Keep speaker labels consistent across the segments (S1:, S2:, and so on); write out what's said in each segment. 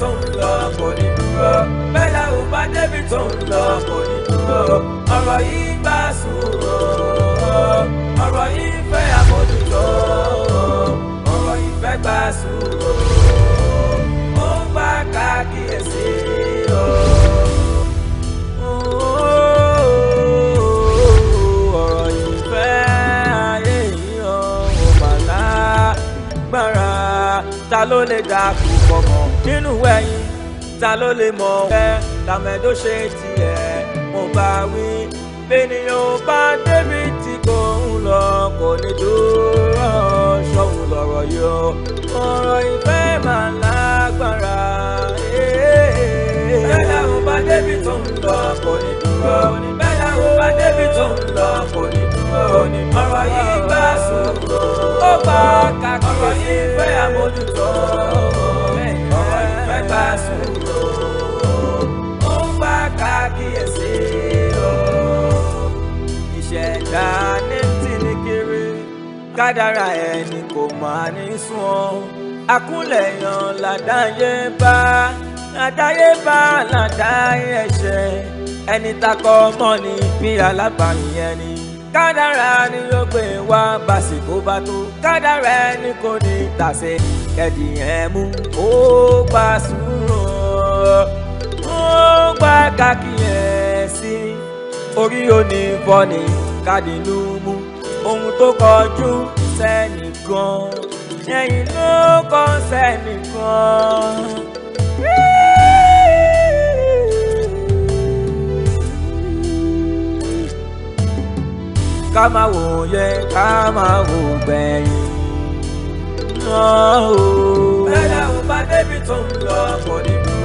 S1: tó ń lọ kò ní dúró bẹ́ẹ̀ ò bá débi tó ń lọ kò ní dúró ọ̀rọ̀ yìí gbà sùúrù ọ̀rọ̀ yìí fẹ́ àmójútó ọ̀rọ̀ yìí fẹ́ gbà sùúrù ó ń bá káàkiri o. ta ló lè dà nínú ẹ̀yìn ta ló lè mọ̀ ẹ́ tàmẹ́dó ṣe tiẹ̀ mo bá wí bẹ́nìyàn bá débi tí kò ń lọ kò ní dúró ṣọ́hun lọ̀rọ̀ yọ ọ̀rọ̀ ìfẹ́ máa lágbára. bẹ́ẹ̀ ló bá débi tó ń lọ kò ní dúró bẹ́ẹ̀ ló bá débi tó ń lọ kò ní dúró ọ̀rọ̀ yìí gbà sùúrù ó bá kàkiri ọ̀rọ̀ yìí fẹ́ àmójútó. ọ̀dà ní tìní kiri kádàrà ẹni kò máa ní sùn ọ́ akúnlẹ̀ yan làdáyé bá làdáyé bá làdáyé ẹ̀ṣẹ̀ ẹni takọ ọmọ ní bí alábàáyé ẹni kádàrà ni yóò gbé wá bàṣìkò bá tó kádàrà ẹni kò ní tàṣe kẹdìyẹn mú ó gbà sùúrù ó gbà kàkíyèsí orí òní fọ́ kádìlúmú ohun tó kọjú sẹ́nìkan ẹ̀yìn ló kọ́ sẹ́nìkan. ká máa wòye ká máa wò gbẹ̀yìn. bẹ́ẹ̀ ni àwọn bá débi tó ń lọ kò ní.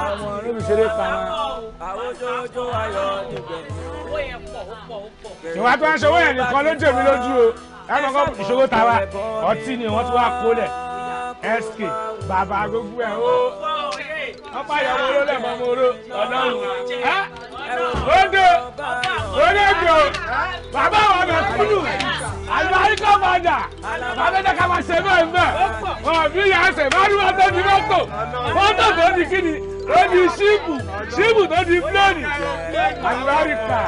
S1: àwọn olóbìṣeré kan wọn. àwọn ojoojó ayọ̀
S2: níbẹ̀.
S3: owó yẹn pọ̀ ó pọ̀ ó pọ̀.
S1: ìwà tó ń ṣe owó yẹn nìkan ló ń tèmi
S2: lójú o ẹnu kan ìṣòro ta wa ọtí ni wọ́n ti wá kó lẹ̀ sk bàbá gbogbo ẹ̀ o
S1: ọba yà wọ́n lọ́lẹ̀ mọ́ mo ro ọlọ́run ẹ́ odo
S3: onígbò bàbá wọn bẹ kúlù
S1: àlùbáríkà padà bàbá ká máa ṣe bẹ́ẹ̀ bẹ́ẹ̀ wọn bí yà á ṣe bá rí wọn tó di mọ́tò mọ́tò tó di kíni ó di ṣíìpù ṣíìpù tó di plẹ́ẹ̀nì àlùbáríkà.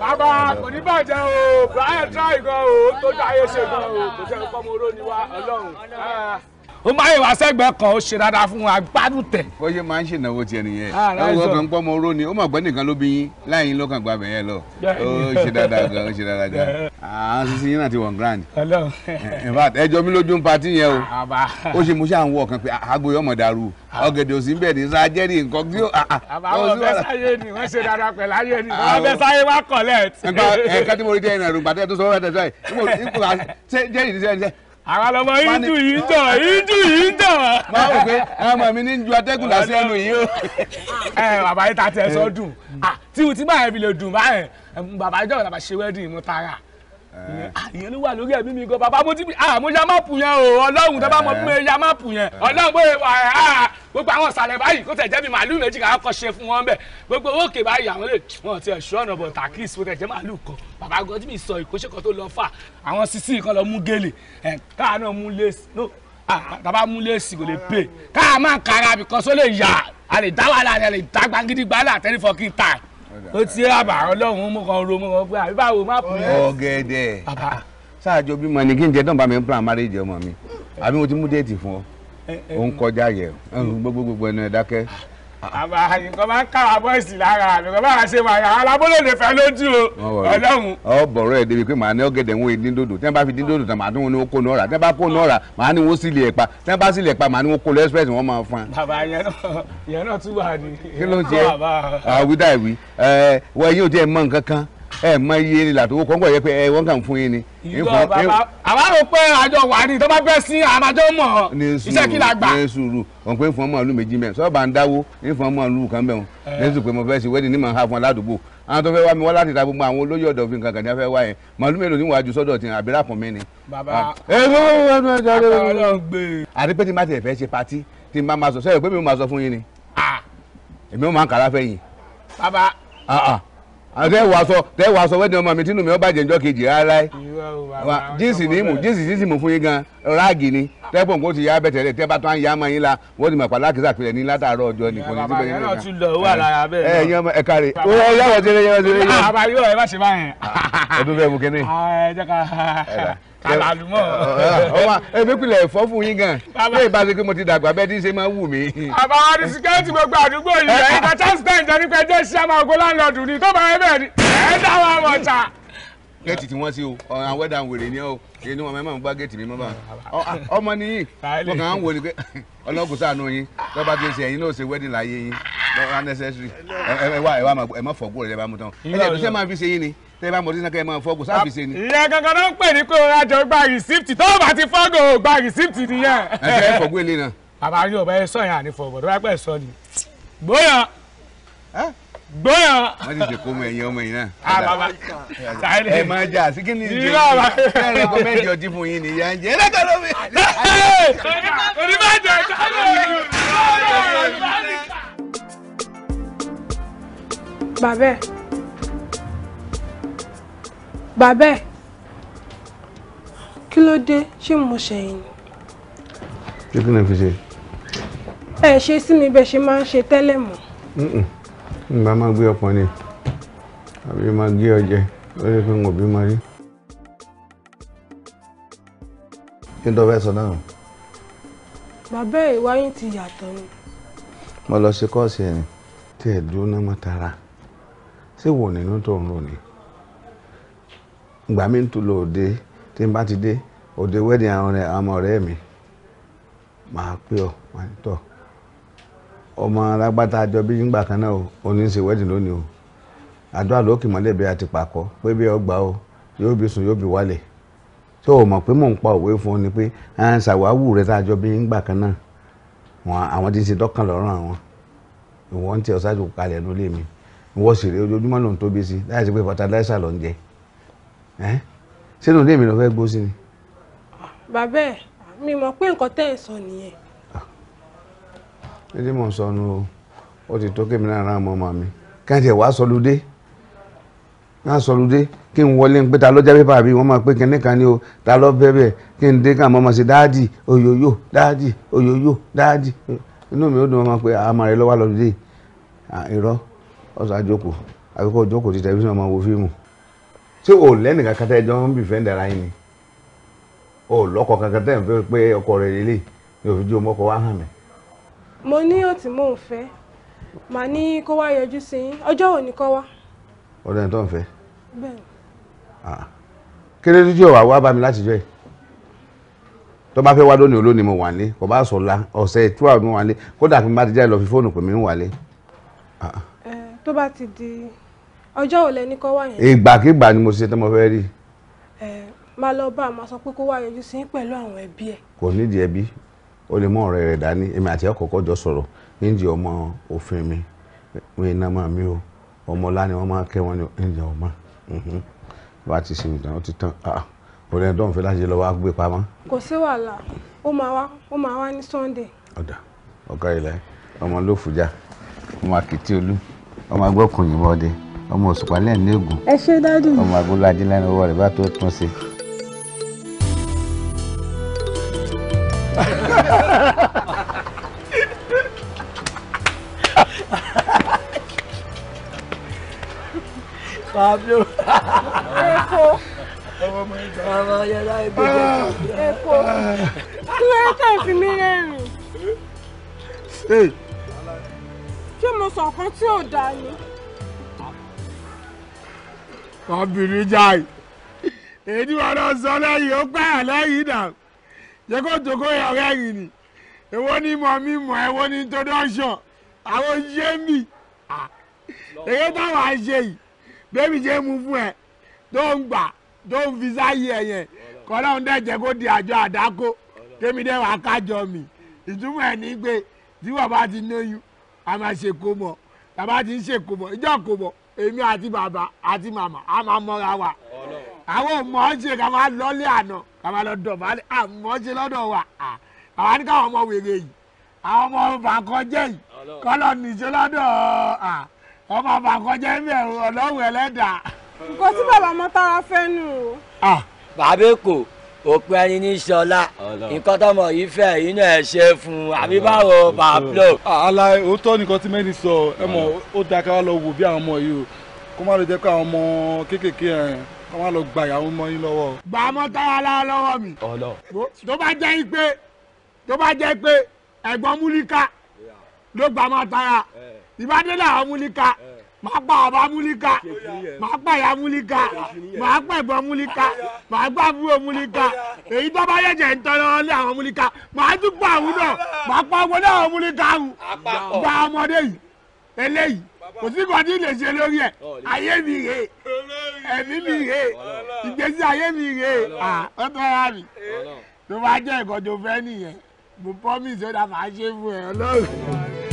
S1: bàbá kò ní
S2: bàjẹ́ o brian try gan o tó dáyé ṣe gan o kò sẹ́ni pọ́nmọ́ olóníwá ọlọ́run. Ah ó máa yẹ wá sẹ́gbẹ̀ẹ́ kan ó ṣe dáadáa fún wa gbádùn tẹ̀. bóyá máa ń ṣènáwó tiẹ̀ nìyẹn ah, ọwọ́ kan pọ́ mọ oró ni ó mọ̀ gbọ́ nìkan ló bí yín láyìn ló kàn gba abẹ̀yẹ lọ ó ṣe dáadáa gan ó ṣe dáadáa gan àwọn sísìn yín náà ti wọ̀n grand in fact ẹjọ́ mi lójú ń patí yẹn o ah, ó ṣe mo ṣáà ń wọ̀ kan pé aago yóò mọ̀ dàrú ah. ọ̀gẹ̀dẹ̀ òsì ń bẹ̀ ní sájẹ́rì nǹkan kí ó. àbáwọ̀ bẹ́ẹ̀ sáyé ni wọ́n ṣe dáadáa pẹ̀lú ayé ni wọ́n bẹ́ẹ̀ sáyé wá kọ̀lẹ́ẹ̀tì. ẹ̀ka tí mo rí jẹ́ ìrìnàrò gbàtẹ́ tó sọ ọ́ ẹ̀ tẹ̀síwájú jẹ́rì ní sẹ́yìn sẹ́yìn àwọn ọmọ hindu yìí ń tàn hindu yìí ń tàn. máa wò pé ọmọ mi ní ju atẹ́gùn lásì ẹnu yìí o. ẹ bàbá yìí ta tẹ ẹ sọ dùn tí tí báyìí fi lè dùn báyìí bàbá ìjọba làbà ṣe wẹ́dìn tara. Ah, ìyẹn ló wà lórí ẹ̀mí mi gan bàbá mo ti ah mo ya máàpù yẹn o ọlọ́run tó bá mọ fún mi ya máàpù yẹn ọlọ́run bóyá wà á ah, gbogbo àwọn ìsàlẹ̀ báyìí kó tẹ̀ jẹ́ mi màálù méjì kà á kọ́ ṣe fún wọn bẹ́ẹ̀ gbogbo òkè báyìí àwọn lè wọn ti ẹ̀ṣọ́ ọ̀nà bọ̀ takis kó tẹ̀ jẹ́ màálù kan bàbá gan tí mi sọ ìkóṣe kan tó lọ fà àwọn sisi kan lọ mú gèlè ẹ̀ káà náà mú léèsì no bàbá ah, mú léèsì kò lè pè káà má kára bìkọ́só lè yà á lè o ti aba ọlọ́run mú kan ro mú kan pé àbí báwo má pè é. ọ̀gẹ̀dẹ̀ sáàjọ bímọ ni kí n jẹ dán bá mi plan marriage ọmọ mi àbí mo ti mú déètì fún ọ ó ń kọjá yẹ gbogbo gbogbo ẹnu ẹ dákẹ́ àbá nǹkan bá ń káwa bọ́ọ̀sì lára nǹkan bá ṣe wà yàrá fẹ́ lójú o ọlọ́run. ọ bọ̀rọ̀ ẹ̀ débi pé màá ní ọ̀gẹ̀dẹ̀ wọn èdè dòdò tí wọ́n bá fi dín dòdò tán màá tún wọn ní wọn kó nù ọ̀rà bá kó nù màá ní wọn sílẹ̀ ẹ̀pa tí wọ́n bá sílẹ̀ ẹ̀pa màá ní wọn kó lọ express wọn máa fún un. bàbá yẹn náà ẹ mọ iye ni tó kọ́ ń bọ̀ yẹ pé ẹ wọ́n kàn fún yín ni. ìjọ bàbá àwa rò pé àjọ wà ní tó bá fẹ́ sí àmàjọ mọ̀ iṣẹ́ kí la gbà. ní sùúrù òun pé ń fún ọmọ ìlú méjì mẹ́rin sọ́ọ̀bà ń dáwó ń fún ọmọ ìlú kan bẹ́ẹ̀ wọn lẹ́sùn pé mo fẹ́ ṣe wẹ́ẹ̀dì ní màá ha fún ọ ládùúgbò àwọn tó fẹ́ wá mi wọ́n láti ta gbogbo àwọn olóyè ọ̀dọ̀ fi kankan ní afẹ́ wá yẹn màálù mélòó ni wàá ju sọ́dọ̀ tí àbí ràpọ̀ mi ni. Ah. bàbá Ọlọ́run gbé. àti pé tí n bá tiẹ̀ fẹ́ ṣe patí tí n bá máa sọ sẹ́yìn pé mi ò máa sọ fún yín ni. Ah. èmi ò máa ń kàrà fẹ́ yìí. bàbá ah, àtẹ wà sọ tẹ wà sọ wẹ́ẹ̀dì ọmọ mi tínú mi ó kejì rárá wa jíǹsì ní mú jíǹsì sísì mú fún yín gan ráàgì ni tẹ́pọ̀ nǹkó ti yá bẹ̀tẹ̀ rẹ̀ tẹ́ bá tó à ń yá mọ́ yín la wọ́n ti mọ̀ pàlá kìsà pẹ̀lẹ́ ní látàárọ̀ ọjọ́ ni kò ní síbẹ̀ yín lọ́wọ́ ẹ ẹ yan ẹ kárẹ̀ ẹ yàwọ̀ sílẹ̀ yàwọ̀ sílẹ̀ yàwọ̀. àbáyọ ẹ má ṣe báyẹn. ọdún bẹ́ẹ̀ mú kínní. ẹ jẹ́ ká kàlàlùmọ́. ọba ebíkulẹ̀ ẹ̀fọ́ fún yín gan. bàbá yìí bá ṣe pé mo ti dàgbà bẹ́ẹ̀ tí ń ṣe máa wù mí. bàbá wa ní sikẹ́ẹ̀tì gbogbo àdúgbò yìí ẹ̀yin kan chance ten jẹ́ nípa ẹjẹ́ ṣiṣẹ́ máa gbó láńlọ́ọ̀dù ni tó bá yẹ ni ẹ̀ dá wa mọ̀ ta. géètì tí wọ́n ṣe o àwọn wẹ́dà wèrè ni o inú ọmọ ẹ máa ń gbá géètì mi mọ́ bá ọmọ ni yìí wedding láyé yín unnecessary ẹ wá ẹ wá ẹ má fọ̀ gbọ́dọ̀ ẹ bá mú tán ẹ jẹ́ bí sẹ́ máa fi ni tẹ bá mọ̀tí sinaka ẹ máa fọ́gùn sáà fi ṣe ni. ìyẹn gangan náà ń pè ní kó o rájọ gba rìsíptì tó o bá ti fọ́gùn o gba rìsíptì nìyẹn. ẹ fẹ́ fọ̀gbọ́n ilé náà. bàbá yóò bá ẹ sọ yẹn àní fọ̀gbọ́n tó bá pẹ̀ sọ ni. gbóyàn gbóyàn. wọ́n ti jẹ́ kó mọ ẹ̀yìn ọmọ yìí náà. a ah, bàbá sáyẹ́lì. ẹ máa jà sí kí ni ìjẹ́ ẹ rẹ́kọ̀mẹ́ndì ọtí fún yín nìyá ń jẹ́ ẹ lẹ́kọ̀ọ́ lómi. onímọ̀jẹ̀ sáré.
S4: bàbá ẹ̀ bàbá ẹ̀ kí ló dé ṣé mo ṣẹ̀yìn ni. ṣé kí ni fi ṣe. ẹ ṣe sí mi bẹ́ẹ̀ ṣe máa ń ṣe tẹ́lẹ̀ mọ́.
S5: ǹgbà máa gbé ọpọ ni àbí máa gé ọjẹ lórí pé n ò bí máa rí.
S2: kí n tó fẹ́ sọ náà.
S4: bàbá ẹ̀ wáyé ti yàtọ̀ ni.
S2: mo lọ ṣe kọ́ọ̀sì ẹ̀ tí ẹ̀ dúró náà mọ́ tara ṣé wò nínú tó ń rò ni ìgbà mi ń tu lọ òde tí n bá ti dé òde wedding àwọn ọmọ ọ̀rẹ́ mi màá pé ọ màá tọ̀ ọmọ alágbàtà àjọ bí nígbà kan náà ò ní ṣe wedding lónìí o àdúrà lókè mọ́lẹ̀ bí a ti pàkọ́ pé bí ọgbà o yóò bí sùn yóò bí wálẹ̀ tó o mọ̀ pé mò ń pa òwe fún ọ ni pé à ń ṣàwáwù rẹ tá a jọ bí nígbà kan náà wọn àwọn ti ń ṣe dọ́kàn lọ́rùn àwọn ìwọ ń ọ̀ṣájú kalẹ̀ nílé mi ìwọ sì rèé ojoojúmọ́ lòun tóbi sí láì sí pé fertilizer ló ń ṣé ló dé mi lọ fẹ́ gbó sí ni.
S4: bàbá ẹ mi mọ̀ pé nǹkan tẹ́ ẹ̀ sọ nìyẹn.
S2: ẹdí mọ̀ sọnù o ó ti tó kémi náà rán ọmọ ọmọ mi káyọ̀tì ẹ̀ wá sọlúdé náà sọlúdé kí n wọlé pé ta wọ́n máa pé kan o ta lọ́ bẹ́ẹ̀ kí n dé ká mọ́ dáàdì oyoyo dáàdì oyoyo dáàdì inú mi ó dùn ah, ọmọ pé àmà rẹ lọ́wọ́ lọ́dún dé ah, irọ́ ọ̀sán àjòkò àbíkọ́ òjòkò ti tí o lẹ́nu kankan tẹ́ jọ ń bì fẹ́ ń ni o lọ́kọ̀ kankan tẹ́ ń fẹ́ pé ọkọ rẹ̀ lélẹ̀ ni òfin jó mọ́kọ wá hàn mí.
S4: mo ní òtí mò ń fẹ́ màá ní kó wá yọjú sí yín ọjọ́ òní kọ́ wá.
S2: ọ̀dọ̀ ẹni tó ń fẹ́. bẹ́ẹ̀. kéré tó jẹ́ wà wá bá mi láti jọ ẹ̀ tó bá fẹ́ wá lónìí olónìí mo wà ní kò bá sọ la ọ̀sẹ̀ tí wàá mú wa lé kódà kí n bá ti jáde lọ fi fóònù pè mí ń wà lé.
S4: tó bá ti di ọjọ́ òlẹ ní kọ́ wá yẹn.
S2: ìgbàkigbà ni mo ṣe tẹ́ mo fẹ́ rí.
S4: ẹ máa lọ bá a máa sọ pé kó wá yọjú sí pẹ̀lú àwọn ẹbí ẹ.
S2: kò nídìí ẹbí ó lè mú ọ̀rẹ́ rẹ̀ dání èmi àti ọkọ̀ọ̀kọ̀ jọ sọ̀rọ̀ nídìí ọmọ òfin mi wọn iná máa mi o ọmọ ọlá ni máa kẹ́ wọn ní ìjà ọmọ mhm. bá ti sinmi tán ó ti tán ọ̀rẹ́ ẹ̀dọ́ òǹfẹ́ láti lọ wá gbé pamọ́.
S4: kò sí wàhálà ó máa wá ó máa wá ní Sunday. ọ̀dà
S2: ọ̀gá ilẹ̀ ọmọ ló fújà ọmọ akitì olú ọmọ agbọ́kùnrin mọ́dé ọmọ òṣùpá lẹ́yìn lẹ́gùn. ẹ ṣe dádì. ọmọ agolo ajílẹ́nu ọwọ́ rẹ̀ bá tó tún ṣe.
S3: Pablo. Epo.
S4: Ọmọ yẹlá ibi jẹ. Epo. Kí ló tẹ̀ sí mi rẹ́rìn? Ṣé mo sọ̀kan tí ò dáa ni?
S2: obìnrin jáì èdè wọn lọ sọ lẹ́yìn ó pẹ́ lẹ́yìn dà jẹ́ kó tòkó yà rẹ́rìn ni èwo ni mọ̀ mímọ̀ èwo ni introduction àwọn òṣìṣẹ́ mi èyí táwọn àṣẹ yìí bébí jẹ́ mu fún ẹ tó ń gbà tó ń fi sáyé ẹ yẹn kọ́lá ń dẹ̀ jẹ́ kó di àjọ àdákó kémi dẹ́ wàá kájọ mi ìtumọ̀ ẹ̀ ní pé tí wọ́n bá ti nóyún a máa ṣèkómọ tàbá ti ń ṣèkómọ ìjọ kómọ. èmi àti bàbá àti màmá a máa mọra wa àwọn mọ̀ọ́jì ká máa lọ́lé àná ká máa lọ wa àwọn ní káwọn ọmọ wèrè yìí àwọn ọmọ bàkọ́jẹ́ yìí ọmọ bàkọ́jẹ́ mi ọlọwẹ nǹkan tí bàbá fẹ́
S1: òpin ẹni ní sọlá nǹkan tọmọ yìí fẹ́ inú ẹ ṣe fún àbí báwo pablo.
S6: àlà òótọ́ nìkan tí mẹ́rin sọ ẹ mọ̀ ó dáa ká wá lọ wò bí àwọn ọmọ yìí o kó má lọ jẹ́ pé àwọn ọmọ kéékèèké ẹ̀ kó má lọ gba ìyàwó mọ́
S2: yín lọ́wọ́. gbà á mọ́ táwa lára lọ́wọ́ mi. tó bá jẹ́ pé tó bá jẹ́ pé ẹ̀gbọ́n múlíkà ló gbà á mọ́ eh. ìbádé làwọn múlíkà. Eh màá pa ọba múlíkà màá pa ìyá múlíkà màá pa ìbọn múlíkà màá pa àbúrò múlíkà èyí tó bá yẹ̀jẹ̀ ń tọ́lọ́ lé àwọn múlíkà màá tún pa àwọn náà màá pa ọmọ náà àwọn múlíkà àwọn gba ọmọdé yìí eléyìí kò sí kan tí ì lè ṣe lórí ẹ ayé mi rè ẹ̀mí mi rè ìgbésí ayé mi rè ọ tọ́ ya mi tó bá jẹ́ ìkọ́jọ́ fẹ́ nìyẹn mo promise ó dà máa ṣe fún ẹ ọlọ́run.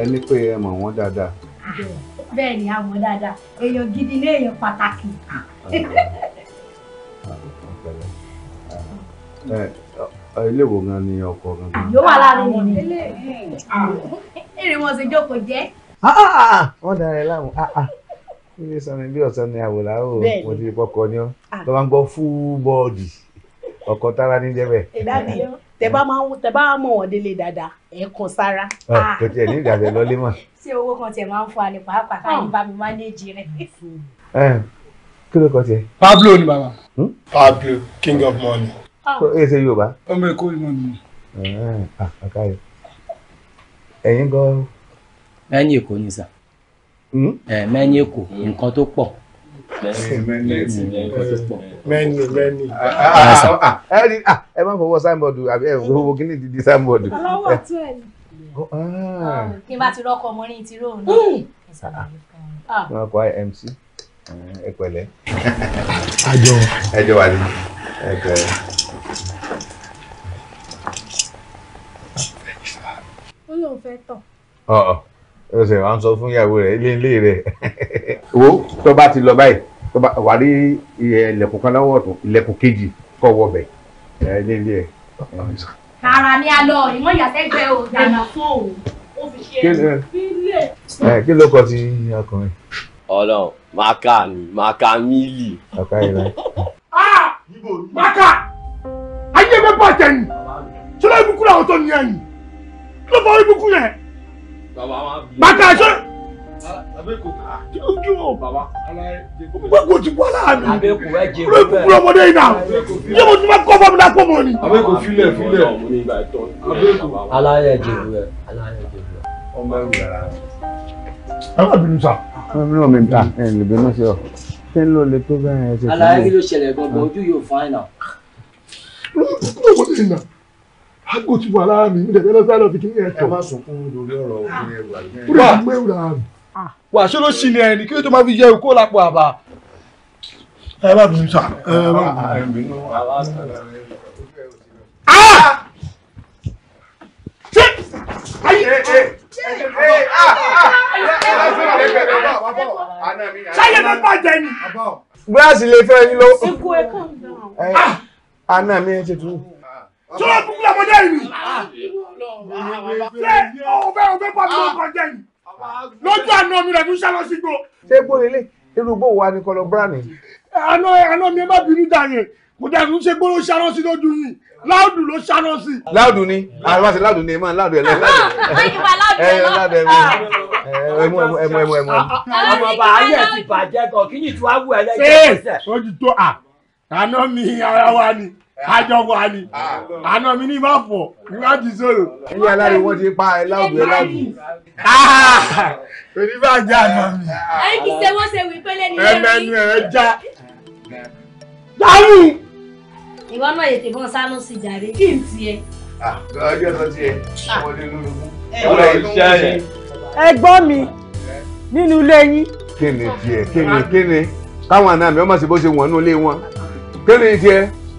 S2: ẹni
S5: pé ẹ mọ̀ wọ́n dáadáa.
S4: bẹ́ẹ̀ ni a mọ̀ dáadáa èèyàn gidi ní èèyàn pàtàkì.
S2: ilé wo gan ni ọkọ gan.
S4: yóò wà láàrin wọn ni. Ah. èrè wọn sì jókòó jẹ. Ah,
S2: ah, wọ́n dára ẹ láwọn ilé sọ mi bí ọ̀sán ni àwòrán o mo ti kọ́kọ́ ni ọ́ lọ́wọ́ ń gbọ́ fúbọ́ọ̀dì ọkọ̀ tára ní jẹ́bẹ̀. ìdájọ́
S4: tẹ bá máa ń tẹ bá mọ̀ wọ́n délé dáadáa ẹ̀ kàn sára. Ah, kò
S2: tiẹ̀ ní ìdàbẹ̀ lọ́lé mọ̀.
S4: ṣé owó kan tiẹ̀ máa ń fún alẹ́ pàápàá ká yín bá mi mánéèjì rẹ̀.
S2: Eh, kí ló kọ tiẹ̀. Pablo ni bàbá. Hmm? Pablo king of money. Ah. ẹ ṣe Yorùbá. ọmọ èkó ìmọ̀ nìyẹn. Eh, ah, àkàyọ ẹ̀yin gan. mẹ́yìn èkó ni sà. Hmm? Eh, mẹ́yìn èkó nǹkan tó pọ̀ mẹ́ni mẹ́ni. ẹ má fọwọ́ signboard àbí ẹ fọwọ́ kíní dídí signboard. aláwọ̀ tó ẹ̀ ní. Ah. Ah,
S4: kí n bá ti rọ́kọ̀ ọmọ ní ìtirò òní. Ah,
S2: wọn kọ mc ẹ pẹ̀lẹ́. àjọ ẹjọ wà ní ẹ pẹ̀lẹ́. ó lóun fẹ́ tọ̀ ó sì wá ń sọ fún ìyàwó rẹ̀ ilé ilé rẹ̀. wo tó bá ti lọ báyìí tó bá wà rí ilẹ̀kùn kan lọ́wọ́ ọ̀tún ilẹ̀kùn kejì kọ́ wọ bẹ̀ ilé ilé ẹ̀.
S4: tààrà ni a lọ ìmọ̀ ìyàsẹ́gbẹ́ o dànù fún òun ó fi ṣe
S2: é. kí ló kọ ti ọkùnrin. Ọlọ́run maka ni maka mílì. maka ah! yìí láì. maka ayé bẹ bàjẹ́ ni ibùkún làwọn tó ní ẹ̀yìn ló fọ ibùkún yẹn bàtà ṣe.
S6: Ah, ah, ojú o gbogbo ti bọ́ láàmì lórí kúkúrú ọmọdé yìí náà yé mo tún bá kọ́ fún mi lápò mọ́ ni. abeko filẹ filẹ alayẹ jẹbu rẹ alayẹ jẹbu rẹ. ọmọ ẹrù rẹ.
S2: ẹ má bínú sá. ọmọ mi ò mi ta ẹ lè bínú sí ọ ṣé ń lò lè tó bẹ́ẹ̀ ẹ ṣe fún mi. alayẹ kí ló
S6: ṣẹlẹ̀ gbọ̀ngàn ojú yóò fáìnà. lórí ọmọdé yìí náà
S5: àgò ti wà lára mi nígbà tẹ́lẹ̀ sáré fi kíní ẹ̀ tọ̀. ẹ má sọ fún
S2: lórí ọ̀rọ̀ òfin ẹ̀wà. wà á
S6: gbẹ́wò lára mi. Ah. wà
S2: á ṣe ló ṣì ní ẹni kí ló tó máa fi yẹ ìkó lápò àbá.
S6: ẹ bá mi sà. ẹ bá mi. Ah, ah! ṣé ayé ẹ ṣáyé bẹ bàjẹ́
S2: ni. bíláàsì lè fẹ́ yín lọ. ṣé kó ẹ kàn dáhùn. àná mi ẹ ṣètò tó o dùn lọ́mọdé yìí
S3: ṣé
S2: ọ̀fẹ́ ọ̀fẹ́ pa mi lọ́kàn jẹ́
S3: yìí
S2: lójú àná mi rẹ̀ tún ṣá lọ sí gbó. ṣé gbólélé irúgbó wa ni kọlọ brani. àná àná mi ẹ má bínú dà yẹn kò dà tún ṣe gbó ló ṣáná sí lójú yìí láùdù ló ṣáná sí. láùdù ni àwọn ah, bá ṣe láùdù ni ẹ máa láùdù ẹ lọ. ẹ ẹ láùdù ẹ lọ
S6: ẹmu ẹmu ẹmu ẹmu ẹmu. ọmọ ọba ayé ti
S1: bàjẹ́ gan kí ni tí wàá wù ẹ lẹ́yìn
S6: ẹsẹ̀. ṣé o ti tó a àná mi ara wa ni àjọ wà ní
S2: àná mi ní má fọ nígbà tí sọ̀rọ̀. ẹni aláriwo ti pa ẹ láàbù ẹ láàbù. òní
S6: ah! bá já àná mi.
S4: ayé kì í ṣe wọ́n ṣe wí pẹ́lẹ́ ní ẹ̀rí. ẹmẹnu
S6: ẹ já. dáhùn.
S4: ìwọ náà yètè fún sánú sí jàre kí n tiẹ̀.
S5: Ah, ọjọ́ tó tiẹ̀
S2: wọlé lórúkú.
S4: ẹ̀gbọ́n mi nínú ilé yín.
S2: kí ni tiẹ̀ kí ni kí ni káwọn àna mi ọmọ sì bó ṣe wọnú ilé wọn kí ni tiẹ̀.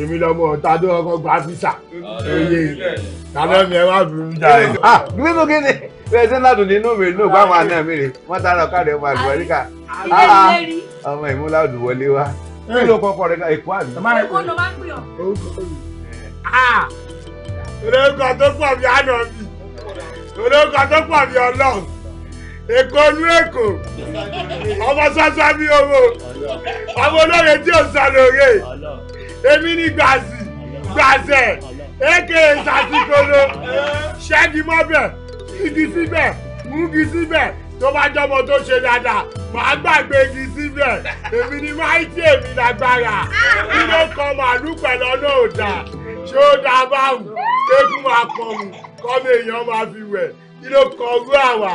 S6: èmi lọmọ ọ̀tá tó ọkọ̀ gba físà oyè tàbí mi ẹ má bínú jáde. gbígbó kí ni
S2: bẹ́ẹ̀ sí ládùn nínú mi nù bá àwọn àna mi rè wọ́n ta lọ káàdì ọmọ àlùbọ́ríkà ọmọ ìmúládùn wọlé wá kí ló kọ́kọ́ rẹ̀ èkó àbí. èkó ló máa ń
S6: pè ọ́. olóògùn àtọ́kùn àbí àná mi olóògùn àtọ́kùn àbí ọlọ́run èkó nú èkó ọmọ sásá bí owó ọmọ olóore tí ò sálóore èmi ni gbàzì gbàzẹ èké ìsàtìkolo ṣẹ́gi mọ́bẹ̀ igi síbẹ̀ múgi síbẹ̀ tó bá jọmọ tó ṣe dáadáa màá gbàgbé igi síbẹ̀ èmi ni máìtì èmi lágbára kí ló kan màálù pẹ̀lú ọ̀nà òdà ṣé ó dáa báwù kékun àpọ̀mù kọ́mọ èèyàn máa fi wẹ̀ kí ló kan ogún àwà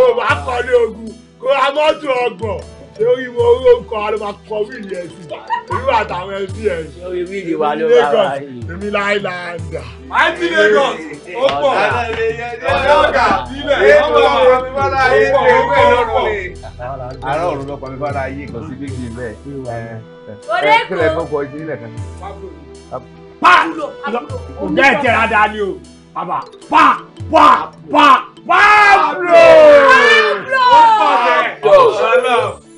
S6: ó bá kọ́lé ogun kó amọ́tò ọgbọ̀n torí mo orúkọ a wíìlì ẹ̀sìn èmi wà ẹbí ẹ̀ sórí wíìlì wa ló máa wà èmi láìláńdà. àìsí Lagos ó pọ̀ ọ̀dọ́ ọ̀gá sílẹ̀
S2: ó pọ̀ ayé tẹ̀ lọ́pọ̀. àárọ̀ òru lọ́pọ̀ àmìbára ayé kan sí bíbí bẹ́ẹ̀. ọ̀rẹ́ kílẹ̀ fọ́pọ̀ ojú nílẹ̀ kan. pa ọ̀gá ẹ̀ tẹ̀ra dání o bàbá pa pa pa Pablo! Pablo! Pablo! Pablo!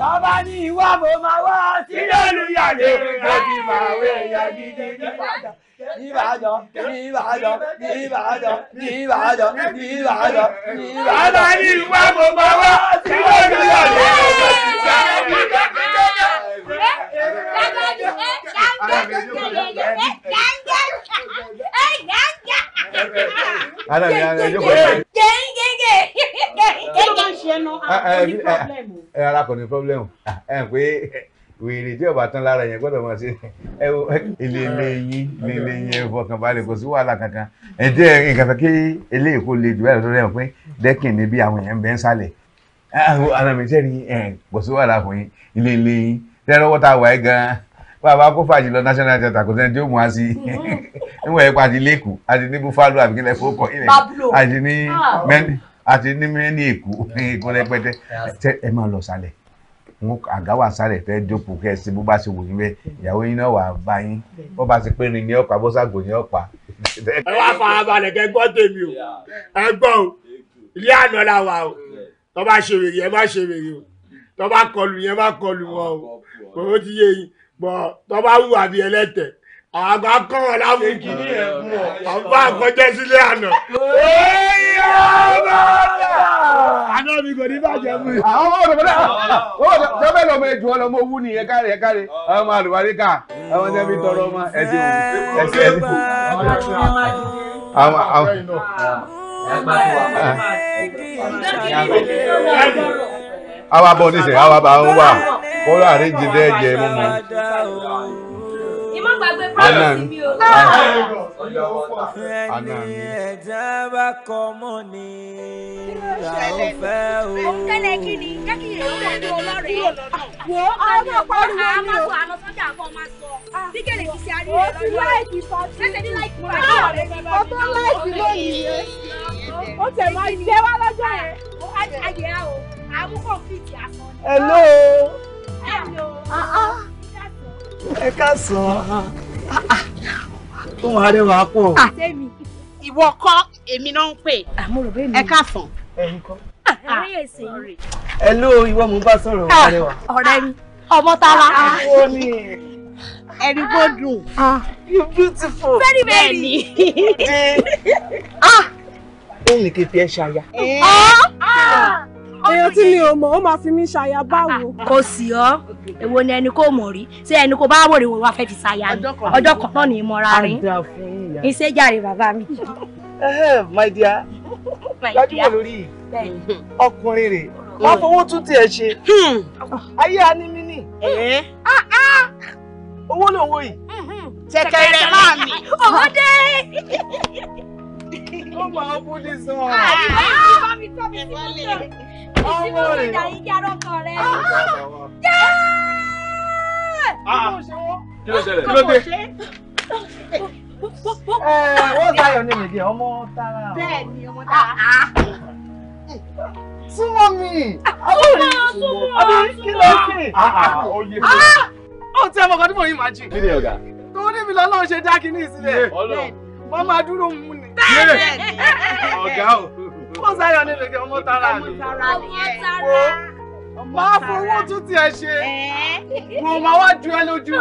S1: Tọ́ba ní ìwà mo máa wá sílé olùyàlè lójú máa wé ẹyẹ gidi nípadà. Ìbàdàn,
S6: Ìbàdàn, Ìbàdàn, Ìbàdàn, Ìbàdàn, Ìbàdàn. Tọ́ba ní ìwà mo máa wá sílé olùyàlè lójú máa wé ẹyẹ gidi nípadà
S2: ara mi ara yóò kọjá. ẹ ara kò ní pọ́blẹ́mù ẹ pé wèrè tí ọba tán lára yẹn gbọ́dọ̀ máa ṣe ẹ wo elele yín elele yín ẹ fọkàn balẹ̀ kò sí wàhálà kankan ẹ jẹ́ nǹkan fẹ́ kí eléyìí kò le jù báyìí lọ́dọ̀ rẹ̀ pé dẹ́kìn ni bí àwọn èèyàn ń bẹ́ ń sálẹ̀ ara mi jẹ́rìí ẹ kò sí wàhálà fún yín elele yín tẹ́rọ wọ́ta wà ẹ́ gan-an bàbá kó fàjì lọ national theatre kò sẹ́ni tí ó mú wa sí mm-hmm. níwọ̀n ẹ̀pọ̀ àti lẹ́kù àti ní buffalo àbí kílẹ̀ fọ́kọ̀ ilẹ̀ àti ní ah. mẹ́ni àti ní mẹ́ni èkó èkó rẹpẹtẹ tẹ ẹ máa lọ sálẹ̀ wọn àga wà sálẹ̀ tẹ jókòó kẹ́ ẹ sí bó bá ṣe wò yín bẹ́ẹ̀ ìyàwó yín náà wà bá yín bó bá ṣe pé ní ní ọ̀pá bó ṣàgò ní ọ̀pá. ẹ wá farabalẹ̀ kẹ́ gbọ́ bò ó ti yé yín bọ̀ tó bá wù àbí ẹlẹ́tẹ̀ àwọn akọ́ wọn láwùjọ àwọn àkọjọ sílé àná.
S3: oye ọba
S6: àná mi kò ní bàjẹ́ mi. àwọn ọmọ òdòdó náà
S2: jọ́bẹ́ lọ́mọ ẹ̀jú ọlọ́mọ owó ni ẹ̀ka rẹ̀ ẹ̀ka rẹ̀ ọmọ àlùbáríkà ọmọ ẹ̀jẹ̀ mi tọrọ ọmọ ẹ̀sìn ẹ̀sìn ẹ̀sìn.
S6: àwọn àwọn àwa bọ̀ nísìnyí àwa bá ń wà kó àríjì dẹ́
S2: jẹ mú mu.
S1: ìmọ̀ gbàgbé pàrọ̀ mi o. bá kọ́ mọ́ ni làwọn fẹ́ o. òǹkẹ́lẹ̀ kí ni jẹ́ kí yèyé wà ní ọlọ́rẹ̀. wo ọmọ pariwo
S3: ni o.
S4: àmọ́ sọ́jà àbọ̀ máa sọ. bí kẹ̀lẹ́ ti ṣe ariwo lọ́rọ̀. o ti láìkì sọ́jú. ṣẹ́ṣẹ́ ní láìkì wà ní ọ̀rẹ́. láìkì lónìí. ó tẹ̀ máa jẹ́ wá lọ́jọ́ yẹn. ó á o. àmúkọ̀ fìdí àkọ́ni. hello
S3: ẹ káàsán ohun arẹwà
S2: pọ̀. Ah.
S4: ìwọ kọ́ èmi náà ń pè ẹ káàsán. ẹ̀yin kọ́. Ah,
S2: ẹ ló ìwọ mo bá sọ̀rọ̀ arẹwà.
S4: Ah, ọ̀rẹ́ mi ọmọ tara. ó ní ẹni bó dùn. you beautiful. very very.
S2: Ah. ó ní kí n fi ẹ ṣaya
S4: èèyàn tí mi ò mọ̀ ó máa fi mí ṣaya báwo. Ah, ah. kò sí ọ èwo ni ẹni kò mọ̀ rí ṣé ẹni kò bá wò rí wọn wá fẹ́ fi ṣaya ni ọjọ́ kan náà ni ìmọ̀ra rí ìṣèjàre bàbá mi. my dear gbajúmọ̀ lórí
S2: ọkùnrin rẹ̀ wọ́n fowó tún tiẹ̀ ṣe hmm. ayé anímínì eh? ah, owó lòun wò yìí ṣẹ̀kẹ̀rẹ̀ láàmì owó dé. Ó máa ń bú ní sàn. Àyè bá mi ìsinmi ló dà yín jáde ọkàn rẹ.
S5: kí ló ṣẹlẹ̀ kí ló dé. wọ́n sáyọ̀ ní mèdè ọmọ tara.
S4: bẹ́ẹ̀ ni ọmọ tara. Ah, ah.
S2: súnmọ́ mi. Ah,
S4: súnmọ́ súnmọ́ kí ló ṣe.
S2: ó ti ẹ̀ mọ̀kàn tí mo yín máa jì. kí ni ọ̀gá. torí mi lọ́lọ́run ṣe dá kínní sílẹ̀. wọ́n máa dúró mú ni. bẹ́ẹ̀ ni ọ̀gá o wọ́n sáyọ̀ nílò kí ọmọ tara mi. Máa fowó tún tiẹ̀ ṣe.
S3: Mo
S1: máa wá ju ẹ lójú.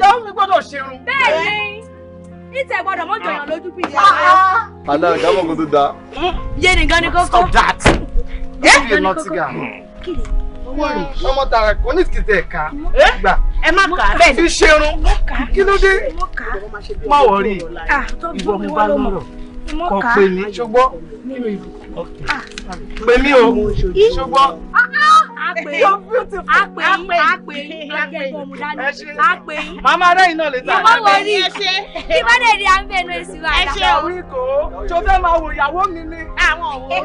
S2: Yàrá mi gbọ́dọ̀ ṣerun. Bẹ́ẹ̀ni, ìtẹ̀ gbọ́dọ̀ mọ́ jọyàn lójú bí ìyá ah, rẹ̀. Ah.
S6: Àná ìdámọ̀ kò tó da.
S2: Yé nìkan ni kókó. that!
S4: Yé nìkan ni kókó
S2: wọ̀nyí ọmọ tààrà kò ní kìtẹ̀ ẹ̀ka
S4: gbà ẹ má kà á bẹ́ẹ̀ ni fi ṣerun kí ló dé má wọrí ah, ìwọ mo bá lọ́rọ̀ kò pè mí ṣùgbọ́n ah, pè mí o ṣùgbọ́n. Àpè àpè àpè àpè. Màmá Adéyìn náà lè ta. Ìwọ́n wo rí kí wọ́n lè rí àmì ẹnu
S2: èsì wa. Ẹ ṣe òun ìkó. Tó fẹ́ máa wo ìyàwó mi ni. Àwọn òwò.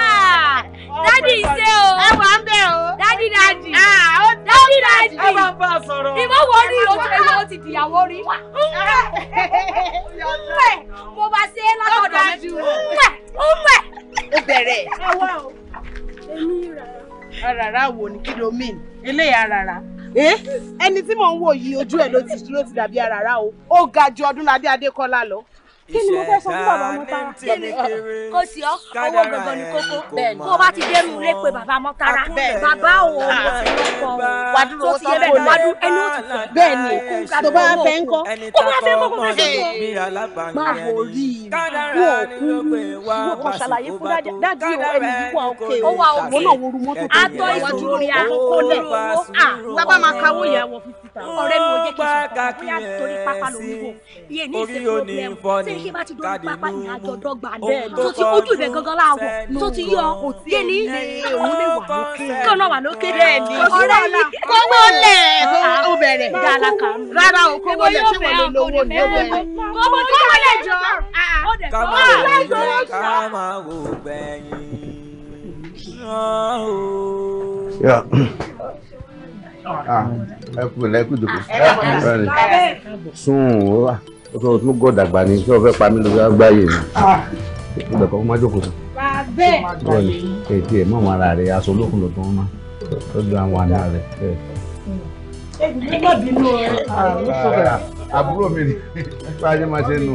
S3: Ah, dádì ṣe o. Ẹ wà ń bẹ̀ o. Dádì
S2: dádì. Ah
S3: dádì ìwọ wo rí o ti dìyàwó
S4: rí nùwẹ̀ mo bá ṣe é lọ́dọ̀ mi nùwẹ̀ nùwẹ̀. ó bẹ̀rẹ̀. ẹ èmi rárá. rárá wo ni kí ló mean eléyà rárá ẹni tí mò ń wò yìí ojú ẹ̀ ló ti dàbí rárá o ó ga ju Ọdúnládé Adékọ́lá lọ kí ni mo fẹ́ sọ fún bàbá mọ́tara kí ni kò sí ọ owó gbọ̀ngàn ní kókó kó o bá ti dérú ilé pé bàbá mọ́tara bàbá o mo ti lọ́kọ̀ wà dúró sí ẹbẹ̀ wà dúró ẹni ó ti fẹ́ bẹ́ẹ̀ ni tó bá fẹ́ ń kọ́ tó bá fẹ́ ń kọ́ kó fẹ́
S1: sọ́kọ́ má
S4: bò rí i
S1: wọ́n kú
S4: wọ́n kọ́ ṣàlàyé fún dájú ẹni yìí wà òkè ah, o wọ́n náà wọ́n rú mọ́tò tó ń bọ̀ wájú
S3: rẹ̀
S1: ní ṣe bá ti dórí pápá ní àjọ̀dọ́gba bẹ́ẹ̀ tó ti ojú ibẹ̀ gangan láàwọ̀
S4: tó ti yọ òtíye ní òun lè wà lókè kí ọ̀nà wà lókè bẹ́ẹ̀ ni ọ̀rẹ́ yìí kọ́kọ́ lẹ̀ kó bẹ̀rẹ̀ rárá o kó wọlé ṣé wọn lè lówó ni ó
S1: bẹ̀rẹ̀
S3: kó wọlé jọ ká máa wò gbẹ̀yìn ká máa wò gbẹ̀yìn ẹ kú ẹ kú dòkó ah, sùn
S2: wọ́n wà ó sọ tún gọ̀dà gbà ní tí wọ́n fẹ́ pa mí lórí agbáyé mi ìgbà ah. kan má jókòó tán. bàbẹ́ ètè ẹ̀ mọ̀mọ́ ara rẹ̀ aṣọ olókùn lọ́tọ́ wọn máa tọ́jú àwọn àná rẹ̀.
S4: Ah,
S2: àbúrò mi ni nípa ayé máa ṣe nù.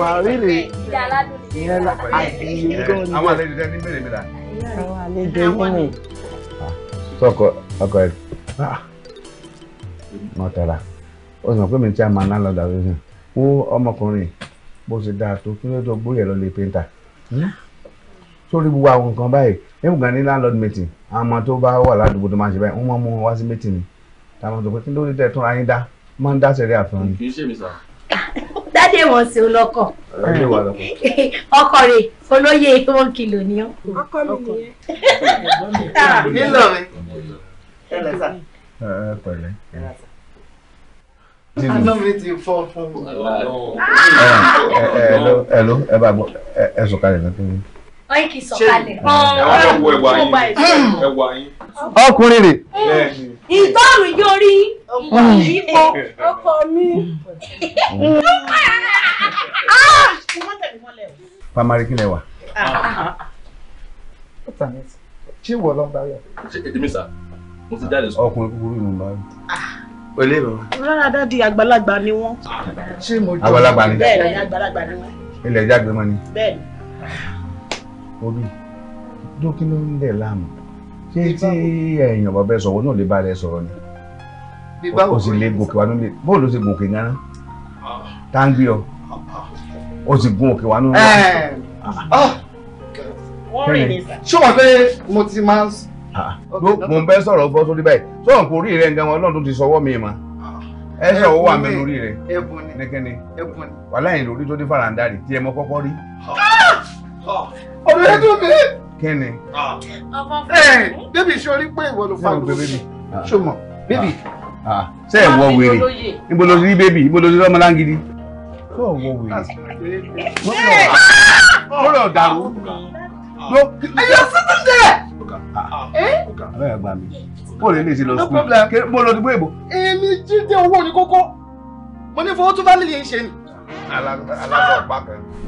S4: wà á rírì ìyẹn
S2: la
S5: àti ìyẹn tó ń lọ. àwọn àlejò tẹ ní bèrè mi rà. àwọn àlejò yìí
S4: ni.
S2: Ah, sọkọ ọkọ ẹ má tẹ̀ra ó sọ pé mi ti àmà náà lọ́dà lórí wo ọmọkùnrin bó ṣe dáa tó kí ló tó gbóyè lọ lè pẹ́ńtà hmm? sórí gbogbo àwọn nǹkan báyìí even gan landlord meeting àmọ́ tó bá wà ládùúgbò tó máa ṣe báyìí wọ́n máa mú wọn wá sí meeting ni táwọn sọ pé kí ló dé tẹ̀ tún ayé dá máa ń dá sẹ̀rí àfihàn ni. kì í ṣe mi sà
S4: dáde wọn sí olọkọ ọkọ rẹ̀ olóyè one kìlò ni ọ. ọkọ
S3: mi
S5: nìyẹn. Ah. ẹ àná
S2: mi ti fọ́ fún mi.
S5: ẹ ló ẹ bá gbọ́ ẹ sọ̀kalẹ̀ náà fún mi.
S4: wọ́n kì í sọ̀kalẹ̀.
S6: Oh,
S2: oh ọkùnrin rè.
S4: ìtọ́rù yóò rí ìyípo ọkọ mi.
S2: pamari kí lẹ wà. Ah. ṣé wọ́n lọ ń bá yà.
S5: èmi sà mo ti jáde sọ. ọkùnrin kúkúrú ni mo máa ń. Ah. Olé bàbá.
S2: Rárá dádì àgbàlagbà ni wọ́n. Ṣé mo jọ? Àgbàlagbà ni. Bẹ́ẹ̀ni àgbàlagbà ni wọ́n. Ilẹ̀ jágbe mọ́ ni. Bẹ́ẹ̀ni. Obi, dókí ló ń dẹ̀ láàmú. Ṣé tí ẹ̀yàn bàbá ẹ sọ̀rọ̀ náà lè bá rẹ sọ̀rọ̀ ni? Bí báwo ló ṣe lè gòkè wá nílé? Bó ló ṣe gòkè gánà? Táǹgbì ọ. O sì gun òkè wá nílé. Ah. Ah. Ṣé wọ́n fẹ́ mo ti máa mo ń bẹ́ sọ̀rọ̀ sórí báyìí sọ̀rọ̀ kò rí rẹ̀ nǹkan ọlọ́run tó ti sọwọ́ mi mọ́ ẹ ṣe owó àmì lórí rẹ̀ nìkẹ́ni wàhálà yìí lórí tó dé faranda rè tí ẹ mọ kọ́kọ́ rí. ọ̀rẹ́ ah! tó mi. kẹ́ni. ẹ bébì pé ìwọ ló fa lórí ṣọmọ bébì. ṣé ẹ wọ wèrè níbo ló rí bébì níbo ló rí ọmọlángidi ṣé ẹ wọ
S3: wèrè. mo
S2: rọ̀ dàrú. ẹ̀yọ́ sísun dẹ̀ ọ̀gá ẹ̀ gbà mí kó lè lè ṣe lọ sùkúl mo lọ dìbò èbò. èmi jíjẹ owó ní kókó mo ní fowó tó fámìlì yìí ṣe ni.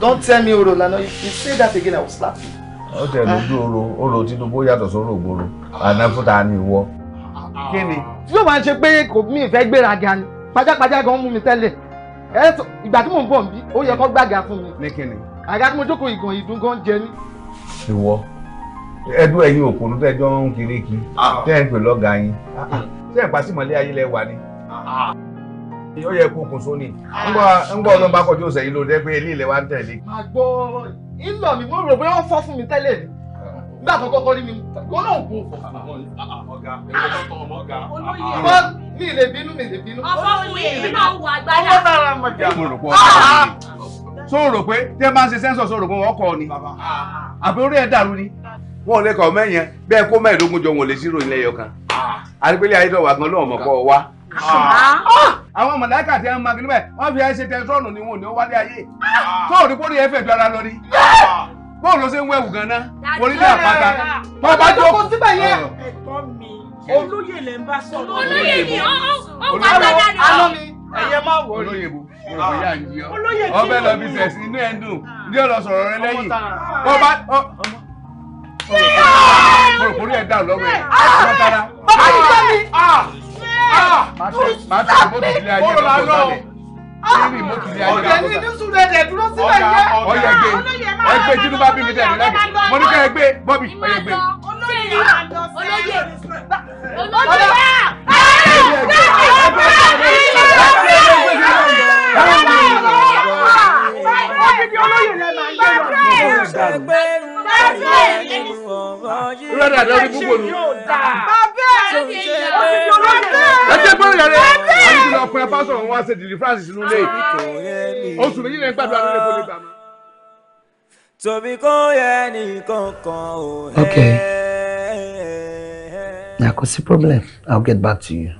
S2: don't tell me oro lana if you say that again i will slap you. ó tẹ̀ lójú oro oro tinubu yàtọ̀ sóró ògbóró ànáfúta ni ìwọ. kí ni. tí yóò máa ṣe pé kò mí ìfẹ́ gbéraga ni pajápajá gan mú mi tẹ́lẹ̀ ìgbà tí mò ń bọ̀ nbí ó yẹ kó gbàgà fún mi. ní kí ni. àga tí mo jókòó ìgàn ìdún gan jẹ ní.
S5: ìwọ. ẹdún ẹ̀yin òpònú tẹjọ ń kiri kí tẹ
S2: ẹ ń pè lọgàá yín ṣé ẹ pàṣímọlé ayé lẹ wà ni ó yẹ kó kun sóni ń gbọ́ ọ̀nà bá kọjú yìí ló pé ilé wa ń tẹ̀lé. àgbo ńlọ mi mo rò pé wọ́n fọ́ fún mi tẹ́lẹ̀ ni nígbà tó kọ́kọ́ rí mi wọ́n náà kú. ọ̀gá ẹ̀rọ tó ọmọ ọ̀gá. olóyè mi ìlè bínú mi ìlè bínú. ọkọ òye yìí máa wọ àgbàdà. ọwọ́ náà ni àbí orí ẹ̀ dàrú ni wọn ò lè kọ mẹ́yẹn bẹ́ẹ̀ kó mẹ́ẹ̀ẹ́dógún jọ wọn ò lè ṣírò ilé ẹyọ kan àdìpẹ́lẹ́ ayédọ̀wà gan lọ́wọ́ mọ̀kọ́ wa. àwọn mọ̀láìkà tí wọ́n máa gbé wọ́n fi ẹsẹ̀ tẹ̀sọ́ọ̀nù ni wọn ò ní wálé ayé tó ò ní kó ní ẹ̀fẹ̀ ju ara lọ ni bóun ló ṣe ń wẹ̀wù gan-an orílẹ̀ àpáta bàbá jókòó síbẹ̀ yẹn. ẹ̀kọ́ mi olóyè lè ń bá sọ̀rọ̀. olóyè ni ó ó wà lọ́dà ni ó. ẹyẹ má wọ olóyè bo olóyè kí ló ń bọ̀ ọbẹ̀ lọ bí sẹ̀sìn inú ẹ̀ ń dùn ní ọ̀rọ̀ sọ̀rọ̀ rẹ lẹ́yìn mo rò kórè ẹ̀ dà lọ́wọ́ ẹ̀ pátára. bàbá mi gbọ́ mi. máa ṣe ìmọ̀tò ilé ayé lọ́wọ́ sálẹ̀
S6: kiri ìmọ̀tò ilé ayé lọ́wọ́ sálẹ̀. ọ̀gá ní
S2: sùúrù ẹ̀dẹ̀ dúró
S6: sílẹ̀ yẹ. ọ̀yẹ̀ gbé ẹgbẹ́ tinubu bá bí mi dẹ̀ nílẹ̀ mo ní ká ẹgbẹ́ bọ́bí ọ̀yẹ̀ gbé.
S2: olóyè
S3: olóyè olóyè
S2: okay na kò sí problem i'll get back to you.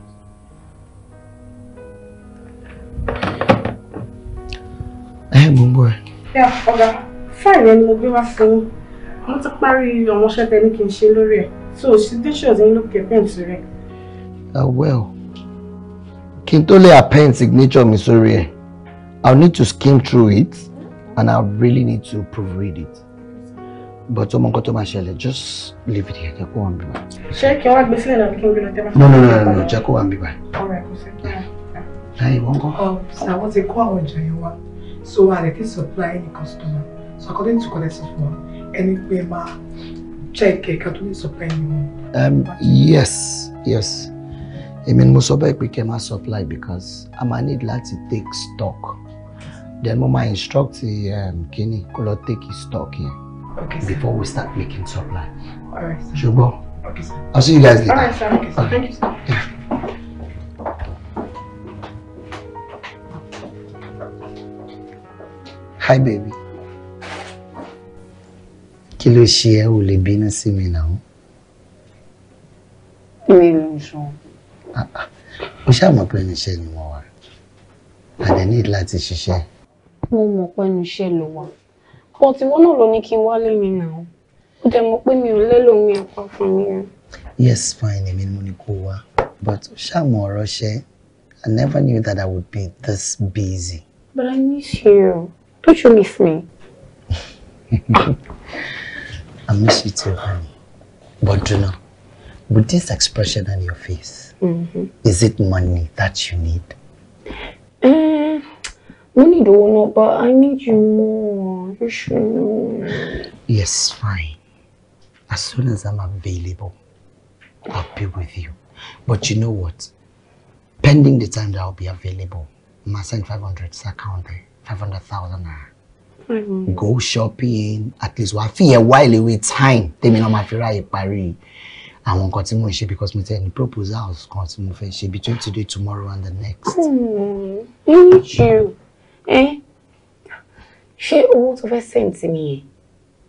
S2: ẹ eh, mú
S4: Yeah, okay fáìlì ẹni mo gbé wá fún yín mo ti parí àwọn iṣẹ́ tẹ ní kí n ṣe lórí ẹ̀ so situation yín ló kẹ́ pẹ́ǹtì rẹ̀.
S2: Ah, well kí n tó lè append signature mi sórí ẹ̀ I'll need to skim through it and I really need to proofread it but ọmọ nǹkan tó máa ṣẹlẹ̀ just leave it here jẹ́ kó wà ń bí wa.
S4: ṣé kí wọ́n gbé sílẹ̀ náà kí n gbé lọ tẹ́lẹ̀. no no no no jẹ́ kó wà ń bí wa. ọ̀rẹ́ kò sí kí wọ́n. láyé wọ́n kọ́. ọ̀ oh, sàwọ́n ti kó àwọn ọjà yẹn wá so wà lè fi supply any customer so according to correct fún ẹni pé check ẹ̀ka tó supply ni
S2: um, yes yes I mean, mo sọ bẹ́ẹ̀ pé kẹ́ supply because a máa need to take stock then mo máa instruct um, kínní kó lọ take his stock here okay, sir. before we start making supply. ṣùgbọ́n okay, sir. I'll see you guys later. All
S3: right, sir. Okay, sir. Okay. Thank you, sir. Yeah.
S2: Hi, baby kí ló ṣe ẹ́ ò lè bínú sí mi náà.
S4: mi ló ń sọ.
S2: Ah, ah. mo ṣàmọ̀ pé níṣẹ́ ni mo wà àdẹ ní láti ṣiṣẹ́.
S4: mo mọ̀ pé níṣẹ́ ló wà pọ̀ tí náà ló ní kí n wálé mi náà ó dẹ̀ mọ̀ pé mi ò lélò mi ẹ̀kọ́ fún mi.
S2: yes fine èmi mo ní kó wá but ṣàmọ̀ ọ̀rọ̀ ṣẹ́ I never knew that I would be this busy.
S4: But I miss you. Don't you miss me?
S2: I miss you too, honey. But you know, with this expression on your face, mm -hmm. is it money that you need?
S4: money don't know, but I need you more. You should know.
S2: Yes, fine. As soon as I'm available, I'll be with you. But you know what? Pending the time that I'll be available, I must send 500 account, 500,000
S3: go
S2: shopping at least wàá fi yẹn wá ìléwé time tèmi náà máa fi ráàyè parí àwọn nǹkan tí mò ń ṣe because mo ti proposal proposals kan tí mo fẹ́ ṣe between today tomorrow and the
S4: next. Hmm, eh? ṣé owó tó fẹ́ sẹ́ǹtì mi yẹn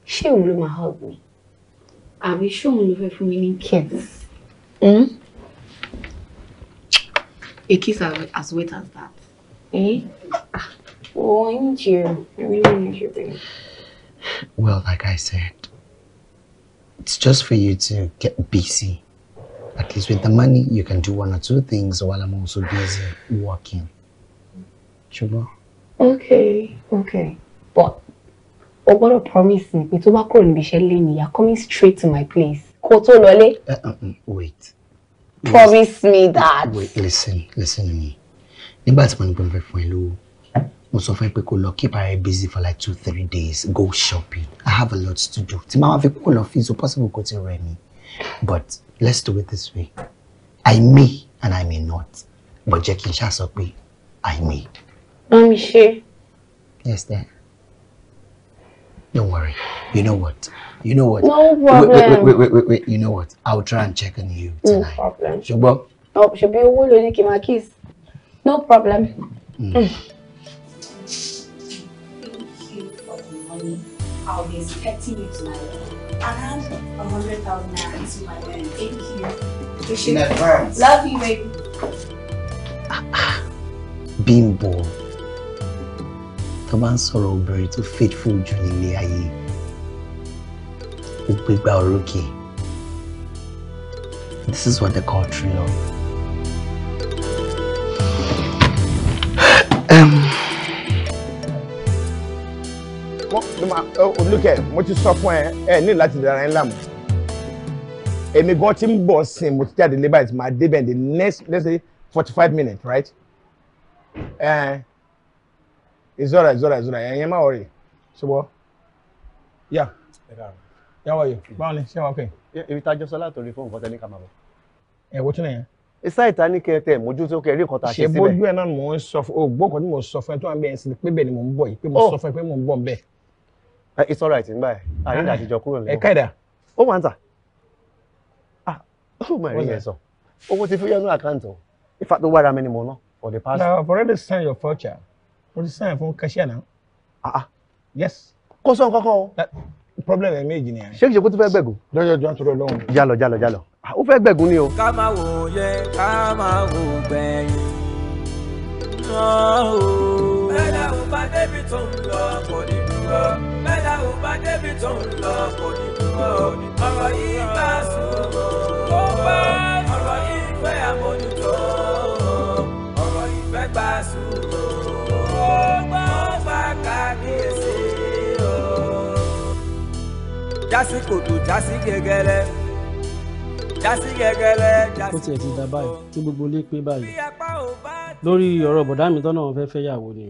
S4: ṣé òun ló máa hug mi àbí ṣé òun ló fẹ́ fún mi ní kiss. Hmm? A kiss as, as wet as that. Eh? Ah. Well, I need you. I really need you, babe.
S2: Well, like I said, it's just for you to get busy. At least with the money, you can do one or two things while I'm also busy working.
S4: Sugar? Okay, okay. But o gbọ́dọ̀ me. mi tó bá kúrò níbi iṣẹ́ lé ni you're coming straight to my place kó tó lọlé. wait. promise me that.
S2: wait listen listen to me nígbà tí mo ní pé mo sọ fún ẹ pé kó lọ keep her busy for like two three days go shopping i have a lot to do tí màá fi kó lọ fi so possible kó ti rẹ mi but let's do it this way i may and i may not but jẹ́ kí n ṣáà sọ pé i may.
S4: wọ́n mi ṣe.
S2: yes then. Don't worry. You know what? You know what? No problem. Wait, wait, wait, wait, wait, wait. You know what? I'll try and check on you
S4: tonight.
S6: No problem. Ṣùgbọ́n.
S4: Oh, ṣebí owó ló ní kí n máa kiss. No problem. Mm. money, I'll be expecting you tomorrow. And a hundred thousand naira to my wedding. Thank you. Appreciate In advance. Love you, baby.
S2: Bimbo. come bá ń sọ̀rọ̀ obìnrin tó faithful jù nílé ayé. Ó gbégbá This is what they call true love. máa olùkẹ́ oh, mo ti sọ fún ẹ ẹ ní láti dára ẹ láàmú èmi gan ti ń bọ̀ sin mo ti jáde lébàá ìtì máa the next let's say forty five minutes right ẹ
S6: ìzọ́ra ìzọ́ra ìzọ́ra ẹ̀yẹn máa wọ̀rẹ̀ ṣùgbọ́n yà
S2: yàwọ̀ yìí báwo ni ṣé wọn pè é. ibi tá a jọ sọ látòrí fún nǹkan tẹ́lẹ̀ ká máa bọ̀. ẹ wo tún nìyẹn isa ìta ní kẹ tẹ mójútó kẹ rí nǹkan tá a ṣe síbẹ̀. ṣe bójú ẹ náà mò ń sọ fún ògbó kan tí mò ń sọ fún ẹ tó wà bẹ́ẹ̀ sí pé bẹ́ẹ̀ ni mò ń bọ̀ yìí pé mo oh. sọ fún ẹ pé mò ń bọ̀ bẹ́ẹ̀. Eh, it's all right nígbà yẹn ah, eh, àrídà àtijọ́ kúrò lẹ́yìn. ẹ̀ka ẹ̀dà. ó wà ń tà ah ó mà rí yẹn sọ owó ti fi yẹnu account o ifá tó wára mi ni mo ná for the past. na I've already sign your voucher o ti sign fún cashier náà. ah ah yes. kó sọ nǹkan o. problem ẹ̀ méjì ni. ṣé kìí ṣe kó tó fẹ́ gbẹ̀gùn. lọ́jọ́ jọ́ ń tọrọ lọ́hùn. jálọ jálọ jálọ ah, ó fẹ́ gbẹ̀gùn ni o.
S1: ká máa wò yẹ ká máa wò gbẹ̀yìn. bẹ́ẹ̀ ni àwọn bá débi tó ń lọ kò ní dúró mẹ́ta ò bá débi tó ń lọ kò ní ọ̀rọ̀ yìí bá sùn ó bá ọ̀rọ̀ yìí fẹ́ àmójútó ọ̀rọ̀ yìí fẹ́ gbà sùn ó gbọ́ gbà kábíyèsí o. jásí kòtò jásí gẹ́gẹ́rẹ́ jásí gẹ́gẹ́rẹ́
S2: jásí kòtò. ó tiẹ̀ ti dà báyìí tí gbogbo ilé pé báyìí lórí ọ̀rọ̀ bọ̀dá mi tọ́nà wọn fẹ́ fẹ́ yàwó ni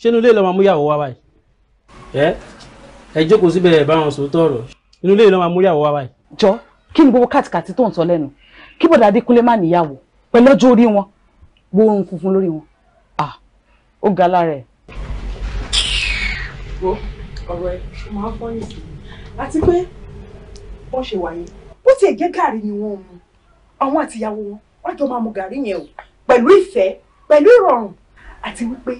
S2: ṣé inú ilé ìlọ́mọ amúyàwó wa báyìí ẹ eh? ẹ jókòó síbẹ̀ ẹ bá wọn sọ tọrọ inú ilé ìlọ́mọ amúríyàwó wa báyìí.
S4: jọ kí ni gbogbo kàtìkàtì tó ń sọ lẹ́nu kí bọ̀dà adékúnlé má níyàwó pẹ̀lú ọjọ́ orí wọn gbóòórùn funfun lórí wọn ah ó ga lára ẹ̀. wo ọ̀rọ̀ ẹ̀ ṣe máa fọ́ nìsín àti pé wọ́n ṣe wà yẹn bó tiẹ̀ jẹ́ gàrí ni wọ́n mu àwọn àtìyàwó wọn wọ́n jọ máa mu gàrí yẹn o pẹ̀lú ìfẹ́ pẹ̀lú ìrọ̀rùn àti wípé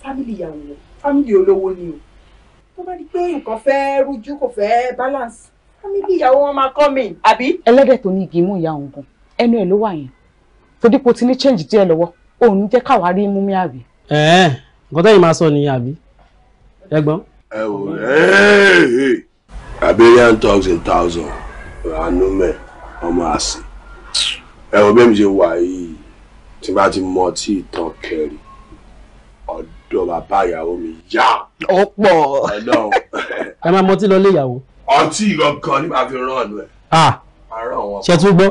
S4: fámìlì ìyàwó fámìlì olówó ni o tó bá di pé nǹkan fẹ́ rújú kò fẹ́ balance àmì bí ìyàwó wọn máa kọ́ mi àbí. ẹlẹ́dẹ̀ tó ní igi mú ìyá òun gan ẹnu ẹ̀ ló wà yẹn tó ti ní change díẹ̀ lọ́wọ́ òun jẹ́ káwa rí mú mi àbí.
S2: nǹkan tẹ́yìn máa sọ ni àbí ẹ gbọ́n.
S6: ẹ wò ẹ abelian talks a thousand anumẹ ọmọ àsè ẹ wò bẹ́ẹ̀ mi ṣe wà yìí tí bá ti mọ tí ìtàn kẹrin ọ̀dọ̀ bàbá ìyàwó mi yá. ó pọ̀
S2: ẹ máa mọtí lọ lé ìyàwó.
S6: ọtí gangan ni màá fi ràn ọ́nù
S2: ẹ̀. ṣe tún gbọ́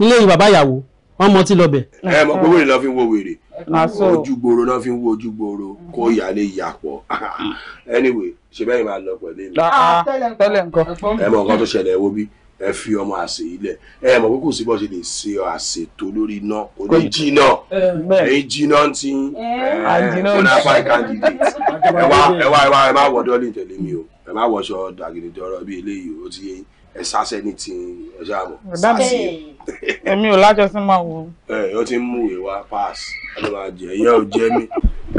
S2: nílé bàbá ìyàwó wọ́n mọtí lọ bẹ̀.
S6: ẹ mọ̀ pé wèrè náà fi ń wo wèrè ojúgboro náà fi ń wo ojúgboro kó ìyáálé ìyàpọ̀ anyway ṣe bẹ́ẹ̀ ni màá lọ pẹ̀lú mi. Ah, ah,
S2: tẹ́lẹ̀ nǹkan ẹ mọ̀ nǹkan tó
S6: ṣẹlẹ̀ ẹ wo bí ẹ fi ọmọ àṣẹ yìí lẹ ẹ mọ̀ pé kò sí bó ṣe lè ṣe àṣẹ tó lórí iná kò ní jìnnà ẹ wá ẹ wá ẹ má wọ dọ́lì tẹ̀lé mi o ẹ má wọṣọ dàgídìdì ọ̀rọ̀ bíi eléyìí ó ti yẹ ẹ sáṣẹ ní ti ẹ ṣáàmù sáṣẹ èmi ò lájọ sí máa wò. ẹ ó ti ń mú ìwé wa pass ẹ ló máa jẹ ìyá ò jẹ mí.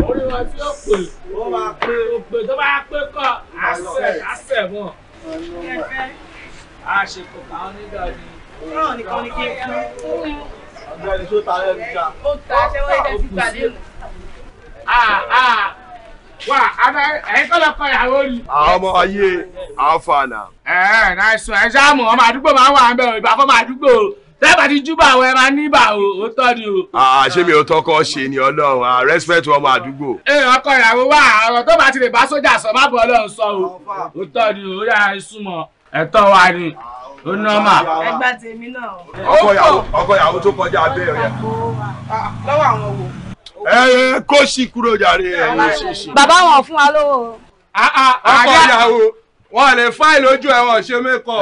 S1: olùwà tí ó pè ó máa pè ó pè tó bá pè kọ àṣẹ àṣẹ
S2: mọ àṣepọ̀ táwọn nígbà ni. ràn nìkan ni kí n fún. ọ̀gbẹ́ni tó ta ẹ ní ta. ó ta aṣẹ́wó ẹ̀jẹ̀ ti gbà lẹ́nu. wà á bẹ ẹ̀yin kọ́ lọ kọ ìyàwó ni.
S6: àwọn ọmọ ayé àfàànà.
S2: ẹ ẹ náà sọ ẹ ṣáà mọ ọmọ àdúgbò máa ń wà ń bẹ ìbá fọmọ àdúgbò tẹ́gbà ti júbà àwọn ẹran níbà ó tọ́ ni o.
S6: àṣé mi ò tọkọ ṣe ni ọlọ́run respect ọmọ àdúgbò. ẹ
S4: ọkọ ìyàwó wa ọ̀rọ̀ tó bá ti lè bá sójà sọ má bọ́ ọlọ́run sọ o
S6: ó tọ́ ni o ó yà á súnmọ́ ẹ̀tọ́ wa ni ó ní ọmọ. ẹgbà tèmi náà. ọkọ ìyàwó tó kọjá abẹ́ rẹ̀.
S4: Ah, lọ́wọ́ àwọn wo.
S6: ẹ ẹ kó sì kúrò jàre ẹ ló ṣe ṣe. bàbá wọn fún wa lówó. Ah, ah, ọkọ ìyàwó wọn lè fáìlì ojú ẹ wọn ṣe mẹkọ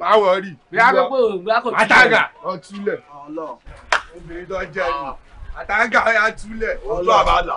S6: máa wọ rí. bí a kò gbọ́ àtàgà ọtúlẹ̀ obìnrin tó jẹ́ yìí àtàgà ẹ̀ àtúlẹ̀ ọtọ́ àbálà.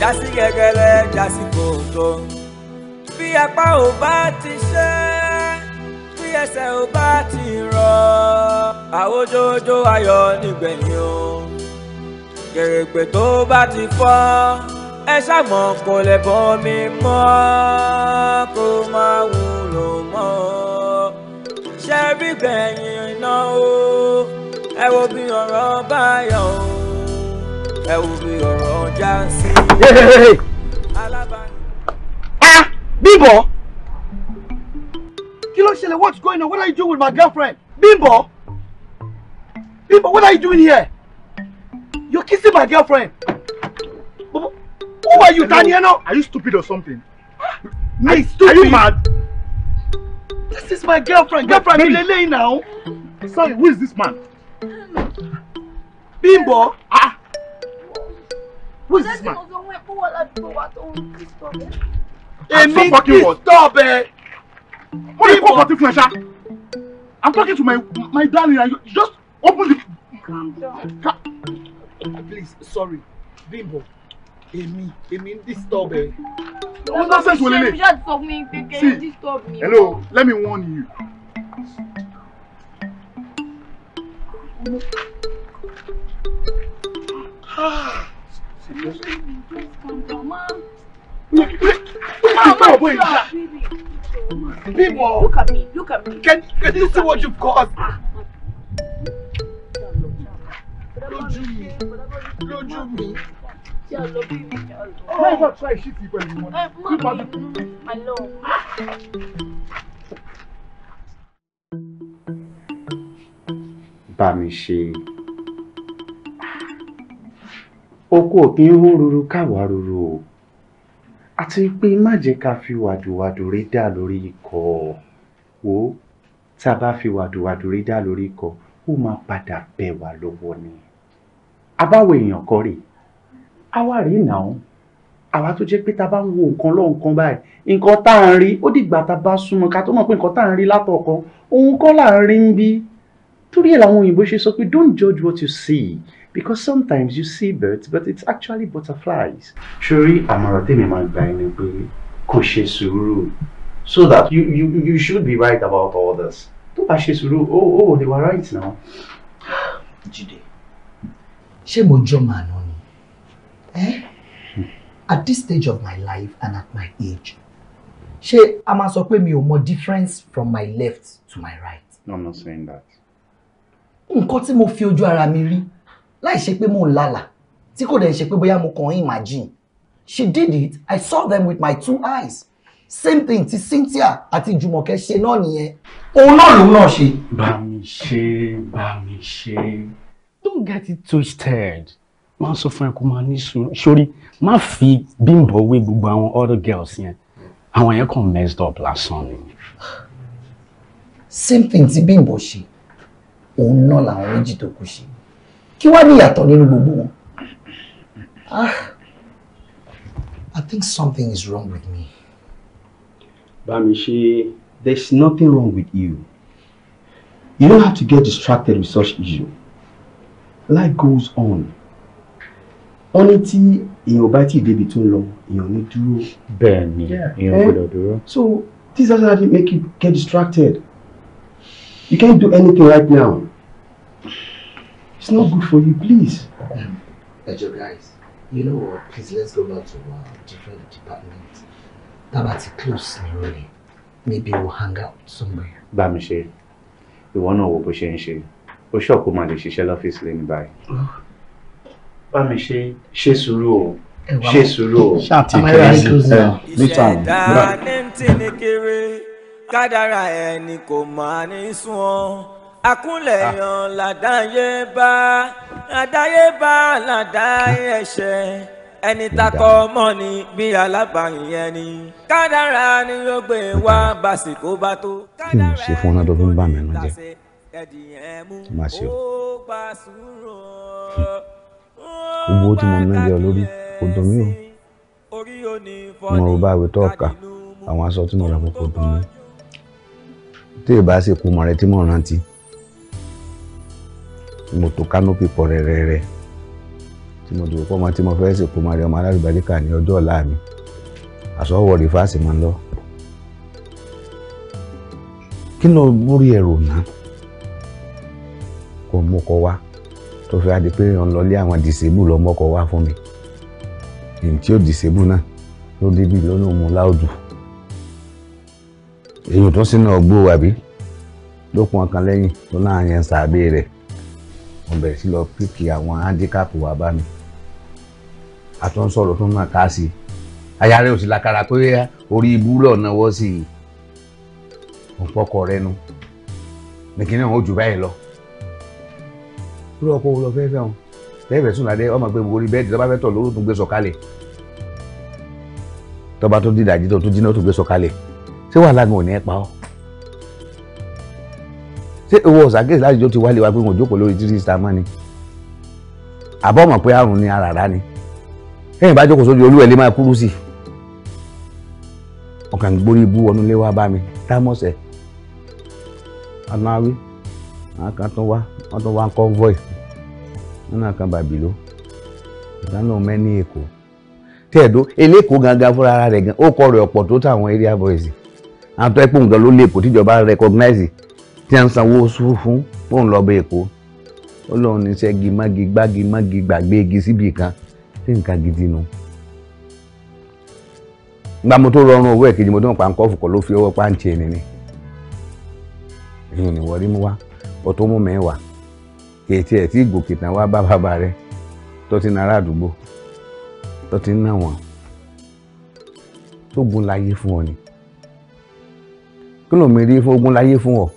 S1: jásí gẹ́gẹ́rẹ́ jásí kòtò bí apá ò bá ti ṣe bí ẹsẹ̀ ò bá ti rọ àwòjòjò ayọ̀ nígbẹ̀yìn o gèrègbè tó bá ti fọ́ ẹ ṣàgbọ̀n kò lè bọ́ mi mọ́ kó má wúlò mọ́ ṣe rí gbẹ̀yìn náà o ẹ wo bí ọ̀rọ̀ bá yọ̀ o ẹ wo bí ọ̀rọ̀ ọjà sí.
S2: ah Bímbọ́ kí ló ṣẹlẹ̀ what's going on what are you doing with my girlfriend Bímbọ́ Bímbọ́ what are you doing here you're kissing my girlfriend who are you tani ẹ náà. are you stupid or something. me are, stupid are you mad. this is my girlfriend girlfriend mi lele now. sorry who is this man.
S6: Bímbọ́. Who is this man? Èmi disturb ẹ.
S2: Mo ní kó bọ̀tí fún ẹ ṣá. I'm talking to my my darling and you just open the.
S4: Calm down.
S2: Please, sorry, Bimbo. Amy, Amy, disturb ẹ. Wọ́n nonsense sẹ́sì wọlé lè.
S4: just talk me pé you disturb me. Hello,
S2: let me warn you.
S6: Ah. Just
S4: come down, mom.
S2: Mama, boy, Can can you see what you've caused? Lójú mi, lójú mi. Oh, I'm shit you, but you
S4: want to. My love.
S2: Bá oko ò kí ń hó ruru káwa ruru o àti pé má jẹ́ ká fi wàdùwàdù rí dá lórí ikọ̀ wo tá a bá fi wàdùwàdù rí dá lórí ikọ̀ ó máa padà bẹ̀ wá lọ́wọ́ ni abáwo èèyàn kọ́ rèé àwa rí nàá àwa tó jẹ́ pé ta bá ń wo nǹkan lọ́wọ́ nǹkan báyìí nǹkan tá à ń rí ó dìgbà ta bá súnmọ́ ká tó mọ̀ pé nǹkan tá à ń rí látọ̀kan òun kọ́ là ń rí ń bí torí ẹ̀ làwọn òyìnbó ṣe sọ pé don't judge what you see because sometimes you see birds but it's actually butterflies. sori àmọ̀ràn tèmi máa gbà yín ni pé so that you you you should be right about all this oh oh they were right now. Jídé ṣé mo jọ eh? at this stage of my life and at my age she a máa mi ò mọ difference from my left to my right.
S4: no i'm not saying that.
S2: nǹkan mo fi ojú ara mi rí láì ṣe pé mò ń lálà tí kò dẹ̀ ṣe pé bóyá mo kàn imagine she did it i saw them with my two eyes same thing ti Cynthia àti Jùmọ̀kẹ́ ṣe náà nìyẹn òun náà lòun náà ṣe. bá mi ṣe bá mi ṣe don't get it twisted máa sọ fún ẹ kó máa ní sórí má fi Bímbọ́ wé gbogbo àwọn other girls yẹn àwọn yẹn kàn messed up lásán ni. same thing tí Bímbọ́ ṣe òun náà làwọn méjì tó kù ṣe kí wá ní ìyàtọ̀ nínú gbogbo wọn. ah i think something is wrong with me. Bamishi, there's nothing wrong with you. You don't have to get distracted with such issue. Life goes on. Wọ́n ní tí èèyàn bá tí ìdébi tó ń lọ, èèyàn ní dúró. Bẹ́ẹ̀ni, èèyàn eh? gbọ́dọ̀ dúró. So this doesn't have to make you get distracted. You can't do anything right now. It's not good for you, please. Um, Ejo, guys, you know what? Please, let's go back to our different departments. Tabati close really. Maybe we'll hang out somewhere. Bámiṣe, ìwọ náà wo bó ṣe ń ṣe. Ó ṣọ̀kú máa lè ṣiṣẹ́ lọ́fíìsì lé ní báyìí. Bámiṣe, she's sùúrù o. Ṣe sùúrù
S6: o. Ṣáàtì kẹ́sì. Ìṣẹ̀dá
S1: ní ti ní kiri, kádàrá akúnlẹ̀yàn ah. làdáyébá làdáyébá làdáyẹ̀ṣẹ̀ ẹni takọ ọmọ ni bí alábàáyìn ẹni kádàrá ni yóò gbé wá básìkò bá
S2: tó. kí ni mo ṣe fún ọ́nà tó fi ń bà mí ẹnu jẹ́ tó máa ṣe o. owó tí mo ná jẹ lórí kò dùn mí o mo ò bá àwẹ̀ tó ọ̀ka àwọn aṣọ tí mo rà kò dùn mí tí èèbá sì kú mọ̀rẹ́ tí mo rántí tí mo tò kánópì pọ̀ rẹ́rẹ́rẹ́ tí mo dùn pọ̀ mọ́ tí mo fẹ́ sìnkú máa rí ọmọ alárùbáríkà ní ọjọ́ ọ̀la mi àsọ̀wọ̀ rìfáàsì máa ń lọ. kí ló mórí ẹ̀rọ náà kò mú ọkọ̀ wá tó fi adé pé ń lọ lé àwọn dìsébù lọ mọ́kọ̀ wá fún mi èyí tí ó dìsébù náà ló débi lọ́nà òun láòdù èyí tó sínú ọgbó àbí ló pọn kan lẹ́yìn tó náà yẹn sàbẹ̀ rẹ̀ wọ́n bẹ̀rẹ̀ sí lọ píkì àwọn handicap wà bá mi àtún sọ̀rọ̀ tó máa ká sí i aya rẹ ò sì lakara pé orí ibú lọ náwó sí i òpọkọ rẹ nu nìkíní àwọn ojú báyìí lọ lórí ọkọ wo lọ fẹ́ fẹ́ wọn tẹ́ẹ̀fẹ̀ sùn ládé ọmọ pé orí bẹ́ẹ̀dì tó bá fẹ́ tọ̀ lórí tó gbé sọ̀kalẹ̀ tó bá tó dídàjí tó tún jiná tó gbé sọ̀kalẹ̀ ṣé wàhálà gan ò ní ẹ pa ọ́ ṣé owó ọ̀sàgẹ́sì láti jó ti wálé wa pé wọn ò jókòó lórí títí ìta mọ́ ni àbọ̀ mọ̀ pé àrùn ni àràrá ni ẹ̀yìn bá jókòó sójú olú ẹ̀ lè máa kúrú sí i ọkàn gbórí ibú wọnú ilé wa bá mi támọ̀sẹ̀ anáwí àwọn kan tó wá wọn bàbí ló ìdáná mẹ́ni èkó tẹ̀dó eléko gangan fúnra ara rẹ̀ gan ó kọ rẹ̀ ọ̀pọ̀ tó táwọn area boys àwọn tó ẹ̀ pòǹgàn ló lé èkó tíjọba recognize tí a ń sanwó oṣù fún fóun lọ bẹ èkó ó lóun iṣẹ ṣẹ́gi mági gbági mági gbàgbé igi síbì kan tí nǹkan gidi nu. nígbà mo tó rọrùn owó ẹ̀kejì mo tó pa nǹkan ọ̀fùkọ̀ ló fi ọwọ́ páńtì ẹni ni ni wọ́n rí wá mú mẹ́wàá kèétí ẹ̀ tí tán wá bá bàbá tó ti wọn tó gun láyé ọ ni kí ogun láyé fún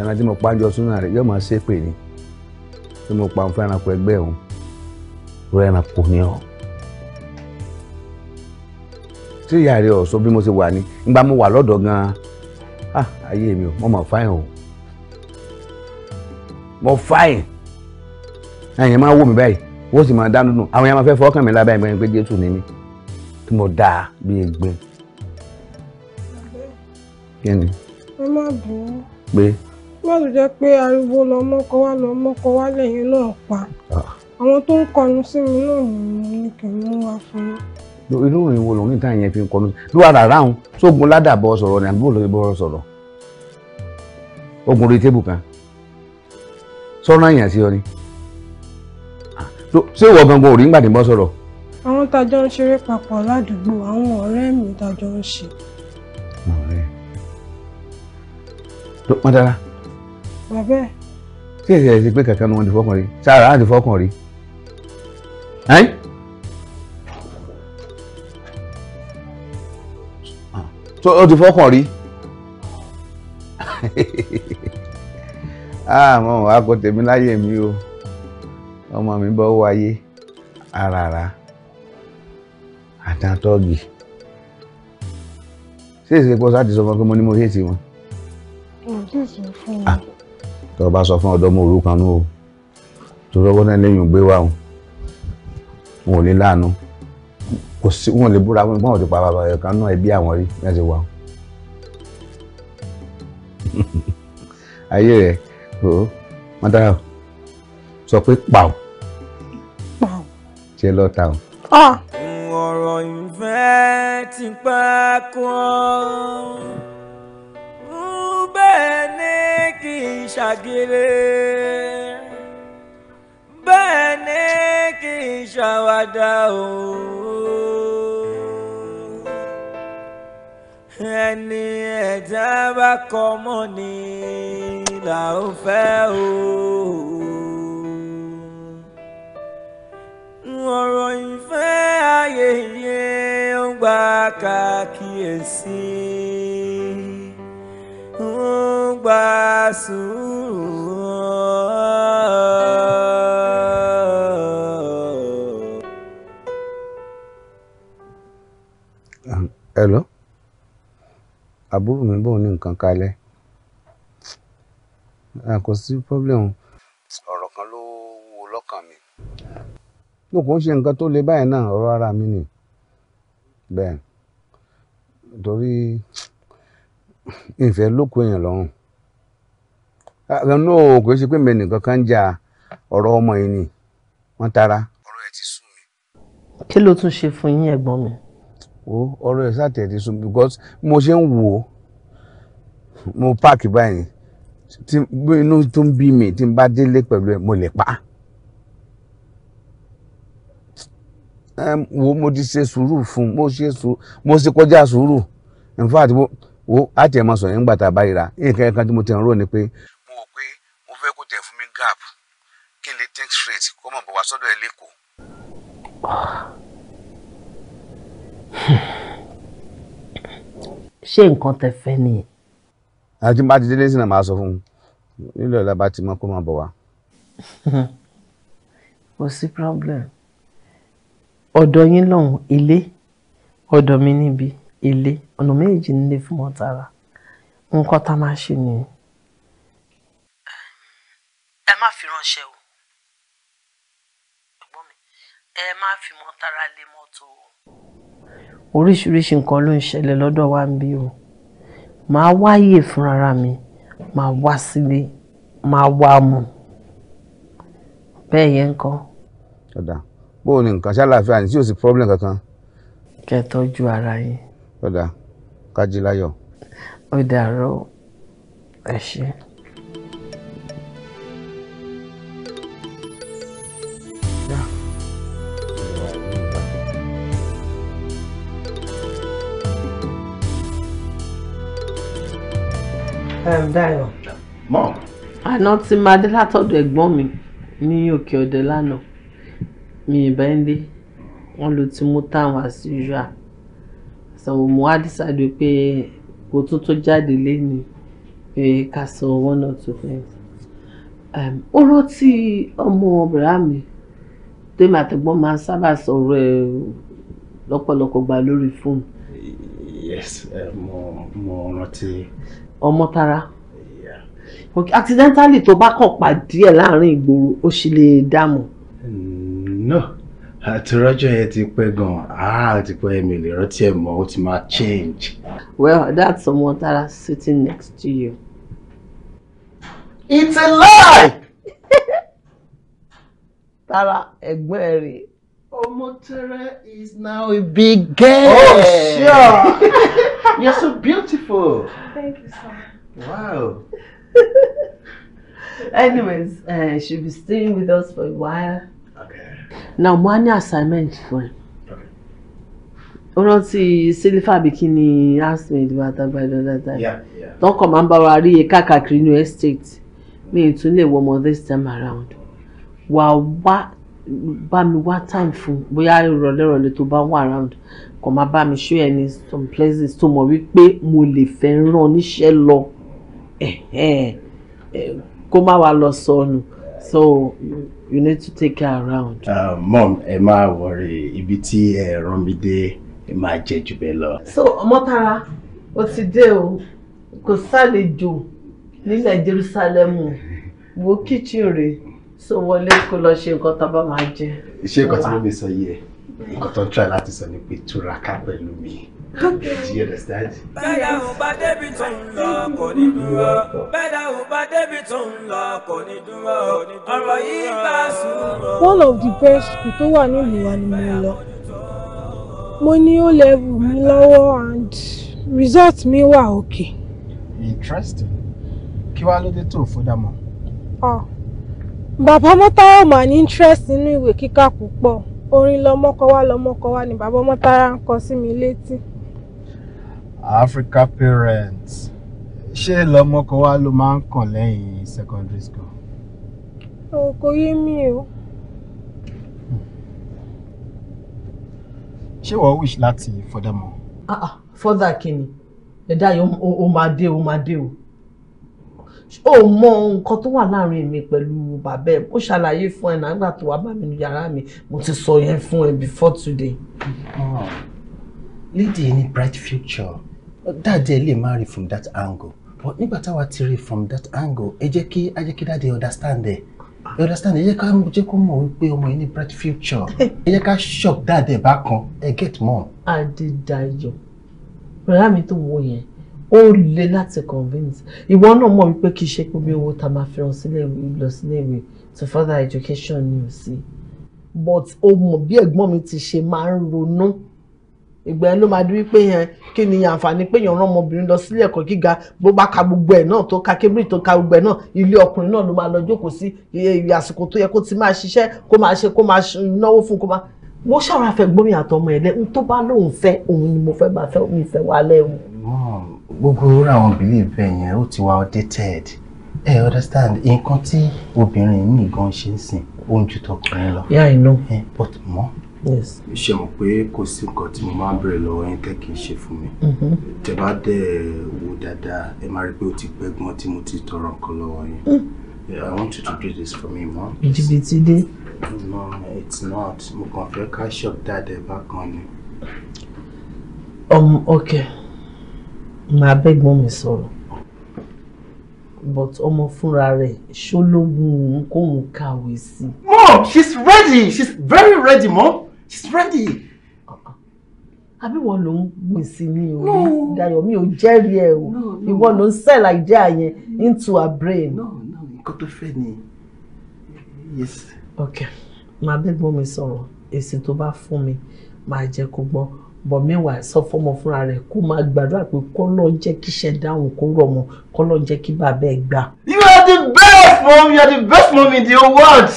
S2: ẹran tí mo pa ń jọ súnà rẹ̀ yóò máa ṣépè ni tí mo pa ń fún ẹranko ẹgbẹ́ òun rẹ ẹranko ni ọ. tí ìyá rẹ ọ̀ sọ bí mo ṣe wà ní ìgbà mo wà lọ́dọ̀ gan-an ah ayé mi ò mo mọ̀ fáìn o mo fáìn ẹ̀yìn máa wò mí báyìí wọ́n sì máa dá nínú àwọn yẹn máa fẹ́ fọwọ́ kàn mí lábẹ́ ìgbẹ́ni pé Jésù ni mí tí mo dáa bí egbin. kí ni. ẹ má pé
S4: má ló jẹ́ pé ariwo lọ́mọ kọ wá lọ́mọ kọ wá lẹ́yìn náà pa àwọn tó ń kọnu sí mi náà ni mo kì í mú wá fún
S2: un. inú ìrìn wo lòun ní táyà yẹn fi ń kọnu ló wà rárá òun sóògùn ládàbọ̀ sọ̀rọ̀ ní àbúrò lórí bọ́ọ̀rọ̀ sọ̀rọ̀ ogun orí tébù kan sọ́nà àyàn sí ọ ni ṣé ìwọ gangan ò rí nígbà tí mo sọ̀rọ̀.
S4: àwọn tajọ ń ṣeré papọ̀ ládùúgbò àwọn ọ̀rẹ́ mi tajọ ń ṣe. ọ̀rẹ́ tó pọ́n dára bàbá ẹ̀.
S2: ṣé èsì ẹ̀sìn pé kankan ni wọ́n ti fọkàn rí sára á ti fọkàn rí. Ah, tó o ti fọkàn rí àmọ́ ah, àgọ́ tèmi láyé mi o ọmọ mi bọ́ wáyé àràrà àtàtọ́gì ṣé èsì pé pọ́sá ti sọ fún ọ pé mo ní mo ṣèṣì wọn.
S3: mo ṣèṣì fún wọn
S2: tó o bá sọ fún ọ̀dọ́mọ òrukàn nù o tó rọ́wọ́ náà lẹ́yìn ògbé wa wọn ò lè láàánú kò sí wọn ò lè búra wọn báwọn ti pa bàbá rẹ̀ kan náà ẹbí àwọn rí ní ẹsẹ̀ wa ayé rẹ̀ o wọ́n sọ pé pàù pàù ṣe lọ́ta o.
S1: Ah! ọ̀rọ̀ ìfẹ́ ti pẹ́ kọ́ fi ṣàgèrè bẹ́ẹ̀ ni kì í ṣàwádà o. ẹni ẹ̀dá bá kọ́ mọ́ ni là ó fẹ́ o. ọ̀rọ̀ ìfẹ́ ayẹyẹ ń gba kàkíyèsí. mgbaso
S2: hello àbúrò mi bò ní nǹkan kalẹ̀ kò sí problem ọ̀rọ̀ kan ló wúwo lọ́kàn mi. mo kò ń ṣe nǹkan tó le báyìí náà ọ̀rọ̀ ara mi ni bẹ́ẹ̀ torí. Torí... ìfẹ́ lóko èèyàn lọ́rùn àgbẹ̀nú o kò ṣe pé mẹ́rin nìkan kan ń jà ọ̀rọ̀ ọmọ yìí ni wọ́n tara. ọ̀rọ̀ ẹ̀ ti sú mi. kí ló tún ṣe fún yín ẹ̀gbọ́n mi. o ọ̀rọ̀ ẹ̀ sàtẹ̀ ti sú because mo ṣe ń wò ó mo páàkì báyìí tí inú tó ń bí mi tí n bá délé pẹ̀lú ẹ̀ mo lè pa á. wo mo ti ṣe sùúrù fún mo ṣe sùúrù mo ṣe kọjá sùúrù in fact Mo wo àti ẹ̀ máa sọ̀rọ̀ nígbà tá a bá ríra nǹkan ẹ̀ka tí mo ti ń rò ni pé mo rò pé mo fẹ́ kó tẹ̀ fún mi gap kí n lè take straight kó mọ̀ bọ̀ wá sọ́dọ̀ ẹ̀ lẹ́kọ̀ọ́. ṣé nǹkan tẹ fẹ́ nìyẹn. àti bá ti délé sí náà máa sọ fún un nílò ọ̀la bá ti mọ kó máa
S4: bọ̀ wá. kò sí problem ọ̀dọ̀ yín lọ́hùn ilé ọ̀dọ̀ mi níbi ile ọnọ m eji nne mụtara nkọta máṣíìnì.
S1: ẹ ẹ
S4: oríṣiríṣi nǹkan ló ń ṣẹlẹ̀ lọ́dọ̀ wa ń bí o màá wáyè fúnra mi màá wá sílé máa wá mu
S2: bẹ́ẹ̀ yẹn nǹkan. bó o ní nǹkan o sì problem kankan. kẹ́ ara yín. ọ̀dà kájíláyọ̀.
S4: ó dàárọ̀ ẹ ṣé.
S2: Um, Dayo. Mom.
S4: Àná tí máa dé
S2: látọ̀dọ̀ ẹ̀gbọ́n mi ní òkè ọ̀dẹ lánàá. Mi ìbá ń dé. Wọ́n lo ti mú táwọn as usual so mo wá decide pé kò tún tó jáde lẹ́nu pé ká sọ one or two things ó rántí ọmọ ọ̀bùrà mi tèmi àtẹ̀gbọ́n máa ń sábà sọ̀rọ̀ ẹ̀ lọ́pọ̀lọpọ̀ gbà lórí fóònù. yes mo mo rántí. ọmọ tara okay accidentally tó bá kàn pàdé ẹ̀ láàrin ìgboro ó sì lè dààmú.
S6: no àti rọ́jọ́
S2: yẹn ti pẹ́ gan-an ah ti pẹ́ mi lè rántí ẹ̀ mọ́ ó ti máa change. well that's someone that is sitting next to you. it's a lie. Tara ẹ̀gbọ́n rẹ̀. Omotere is now a big girl. Oh sure. You're so beautiful.
S3: Thank you so much.
S2: Wow. Anyways, uh, she'll be staying with us for a while. Okay
S4: now mo á ní assignment
S2: fún ẹ ó rántí sílífà bikini housemaid wa àtàgbà ìdọ́dàdà tọkọ máa ń bá wa rí e káàkiri new estate mi ì tún lè wọ ọmọ this time around wà wá bá mi wá time fún bóyá ìrọ̀lẹ́rọ̀lẹ́ tó ba wà around kò máa ba mi show any some places tó mọ̀ wípé mo lè fẹ́ ràn níṣẹ́ eh kó má wàá lọ sọnù.
S4: So, so you, you need to take her around.
S2: Uh, mom ẹ má worry ibi tí ẹ rán mi dé ẹ má jẹ jù bẹ́ẹ̀ lọ. so
S4: ọmọtara o ti
S2: dé o kò sálejò nílẹ̀ jerusalemu wo kíchìn rẹ̀ so wọlé kó lọ ṣe nǹkan tá a bá máa jẹ. ṣé nǹkan tí mo fi sọ yìí ẹ to try láti sọ ni pé túraká pẹ̀lú mi. One of
S4: the best school tó wà nílùú wa ni mo lọ. Mo ní O level mi lọ́wọ́ and result mi wà òkè. Interesting. Kí wàá ló dé tó fọdà mọ́? Ah, bàbá Mọ́tàrà mà ní interest nínú ìwé kíkà púpọ̀. Orin lọmọkọ wá ni bàbá Mọ́tàrà ń kọ sí mi létí.
S2: Africa parents ṣé lọmọkọ wa ló máa ń kàn lẹ́yìn secondary school.
S4: kò yé mi o.
S2: ṣé wọ́n wish láti fọ́dà mọ́.
S4: Ah, ah, fọ́dà kìíní ẹ̀dá yìí ó máa dé ó máa dé o ó mọ nǹkan tó wà láàrin mi
S2: pẹ̀lú bàbá ẹ̀ ó ṣàlàyé fún ẹ nígbà tó wà bá mi ní yàrá mi mo ti sọ yẹn fún ẹ before today. Oh. Lady ní bright future dáadé lè má rí from that angle but nígbà táwa ti rí from that angle ẹ jẹ́ kí ẹ jẹ́ kí dáadé understand ẹ ẹ understand ẹ jẹ́ ká jẹ́ kó mọ̀ wípé ọmọ yìí ní bright future ẹ jẹ́ ká shock dáadé bákan ẹ get more.
S4: Adédayọ̀ rárá mi tó wọ yẹn ó le láti convince ìwọ náà mọ̀ wípé kì í ṣe pé bí owó tá a máa fi hàn lọ
S2: sílé ìwé to further education ni o sí but o mọ̀ bí ẹ̀gbọ́n mi ti ṣe máa ń ronú. No? ìgbà yẹn ló máa di wípé yẹn kí ni àǹfààní pé yẹn rán ọmọbìnrin lọ sílé ẹ̀kọ́ gíga bó bá ka gbogbo ẹ̀ náà tó ka kébìrì tó ka gbogbo ẹ̀ náà ilé ọkùnrin náà ló máa lọ jókòó sí iye àsìkò tó yẹ kó ti máa ṣiṣẹ́ kó máa ṣe kó máa náwó fún kó máa mo ṣàrà fẹ́ gbómi àtọmọ ẹ n tó bá lóun fẹ́ òun ni mo fẹ́ bá fẹ́ mi fẹ́ wà lẹwù. gbogbo orí àwọn belief yẹn ó ti wá outdated ẹ hey, understand nǹkan tí obìnrin mi gan ṣe ń sìn oúnjẹ tọkùnrin lọ. yáà iná. but mọ́ ṣe mọ̀ pé kò sí nǹkan tí mo máa ń bẹ̀rẹ̀ lọ́wọ́ yín tẹ́ ṣe fún mi mm-hmm. tẹ́ bá dẹ̀ wò dáadáa ẹ máa rí pé ó ti pẹ́ gan tí mo ti tọrọ nǹkan lọ́wọ́ yín mm. I want you to do this for me mọ́.
S4: jìbìtì dé.
S2: no it's not mo kàn fẹ́ ká ṣọ́ọ̀bù dáadáa ẹ bá kan ni.
S4: um okay màá
S2: bẹ́gbọ́n mi sọ̀rọ̀ but ọmọ fúnra rẹ̀ ṣó lógun òun kóun kàwé sí. mom she's ready she's very ready mom she's ready. Ah, ah. àbí wọn ló ń gbìn sí mi o Dayọ̀ mi ò jẹ́rìí ẹ o ìwọ ló ń sell idea yẹn into her brain. no no nǹkan tó fẹ́ ni yes. ok màá bẹ́gbọ́n mi sọ̀rọ̀ èsì tó bá fún mi máa jẹ́ kó gbọ́ bọ̀ mẹ́wàá sọ fọmọ fúnra rẹ̀ kó máa gbàdúrà pé kọ́ lọ jẹ́ kí iṣẹ́ dáhùn kó rọ̀ mọ́ kọ́ lọ jẹ́ kí bàbá ẹ̀ gbà.
S5: you are the best mom you are the best mom in the whole world.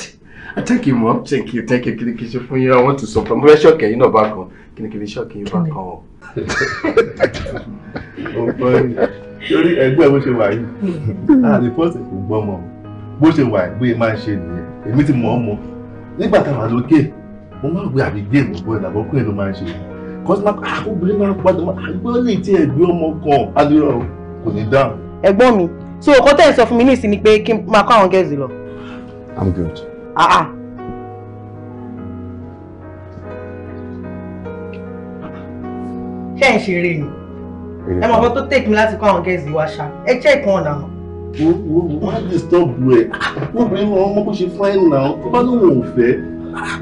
S5: I thank you mom thank you thank you kí ni kí n I want to support mo fẹ́ ṣọ́ọ̀kì ẹ̀yin náà bá kan kí ni kí n fi ṣọ́ọ̀kì yín bá kan o. ọ̀pọ̀ torí ẹgbẹ́ bó ṣe wà yìí àti pọ́ọ̀sì kò gbọ́ mọ́ bó ṣe wà yìí bóyá máa ń ṣe nìyẹn èmi ti mọ̀ ọ́ mọ́ nígbà táwọn àlókè mo máa gbé àbí géèmù bọ́ ìdàgbọ́ kúrò ló máa ń ṣe kọ́sìmá ah, obìnrin máa ń padà àgbẹ̀ ah, lè tí ẹ̀gbẹ́ ọmọ kan adúrà kò ní dáhùn.
S4: ẹ̀gbọ́n mi so òkò tẹ́ ẹ̀ sọ fún mi ní ìsinmi pé kí n máa kọ́ àwọn gẹ́ẹ̀sì lọ. I'm good. Ah, ah ṣé ẹ̀ ń ṣeré ni ẹ mọ̀ fún tó tèkì mi láti kọ́ àwọn gẹ́ẹ̀sì wa ṣá ẹ jẹ́ ìkan ọ̀nà mọ̀.
S5: wọ́n á disturb rẹ̀ obìnrin wọn mọ́ bó ṣe fún ẹ̀ náà tó bá lóun ò fẹ́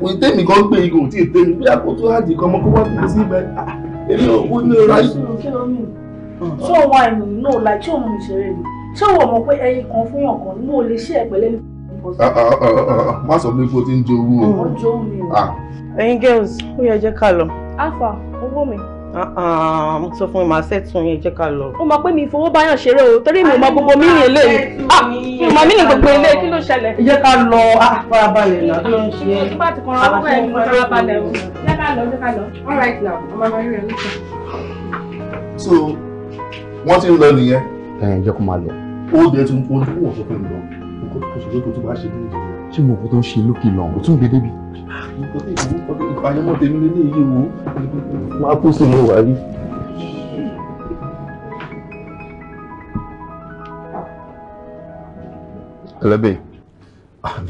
S5: òun tèmi kan gbé igò tí ètè mi bí àkótó
S2: àdì kan mọ́ kó wá dùn sí ibẹ̀ ah, èmi ò wú ní ọ̀rá yìí.
S5: ṣé o
S4: wá ìròyìn náà láì ṣé òun ìṣeré ni ṣé o mọ̀ pé ẹyin kan fún yàn kan ní mo lè ṣe ẹ̀pẹ̀lẹ́ mi. Ah, ah, ah, má
S5: sọ pé kó o ti ń jowú
S4: o. ẹ̀yin girls ó yẹ jẹ́ ká lọ. alpha owó mi. mo sọ fún ẹ màá ṣètún yẹn jẹ́ ká lọ. ó máa pé mi ìfowó báyọ̀ ṣeré o torí mi ò máa gbogbo mílíọ̀nù eléyìí mi ò máa mílíọ̀nù gbogbo eléyìí kí ló ṣẹlẹ̀. ẹ jẹ́ ká lọ farabalẹ̀ náà kí ló ń ṣe é. nígbà tí kan ọkọ ẹ̀ ń farabalẹ̀ o jẹ́ ká lọ jẹ́ ká lọ. all right now ọmọ mi rí ẹ lóṣù.
S2: so wọ́n
S5: ti ń lọ nìyẹn. ẹ jẹ́ kó máa lọ. ó dé tún ojú wò tó fi ń lọ ṣùgbọ́n tó tún bá ṣe ní ìjọba. ṣé mo kò tó ń ṣe lókè lọ o tún gbé débi. ìpàyẹmọ tèmi lé ní iye wo máa kó sí mi wà rí.
S2: ẹlẹ́bẹ̀.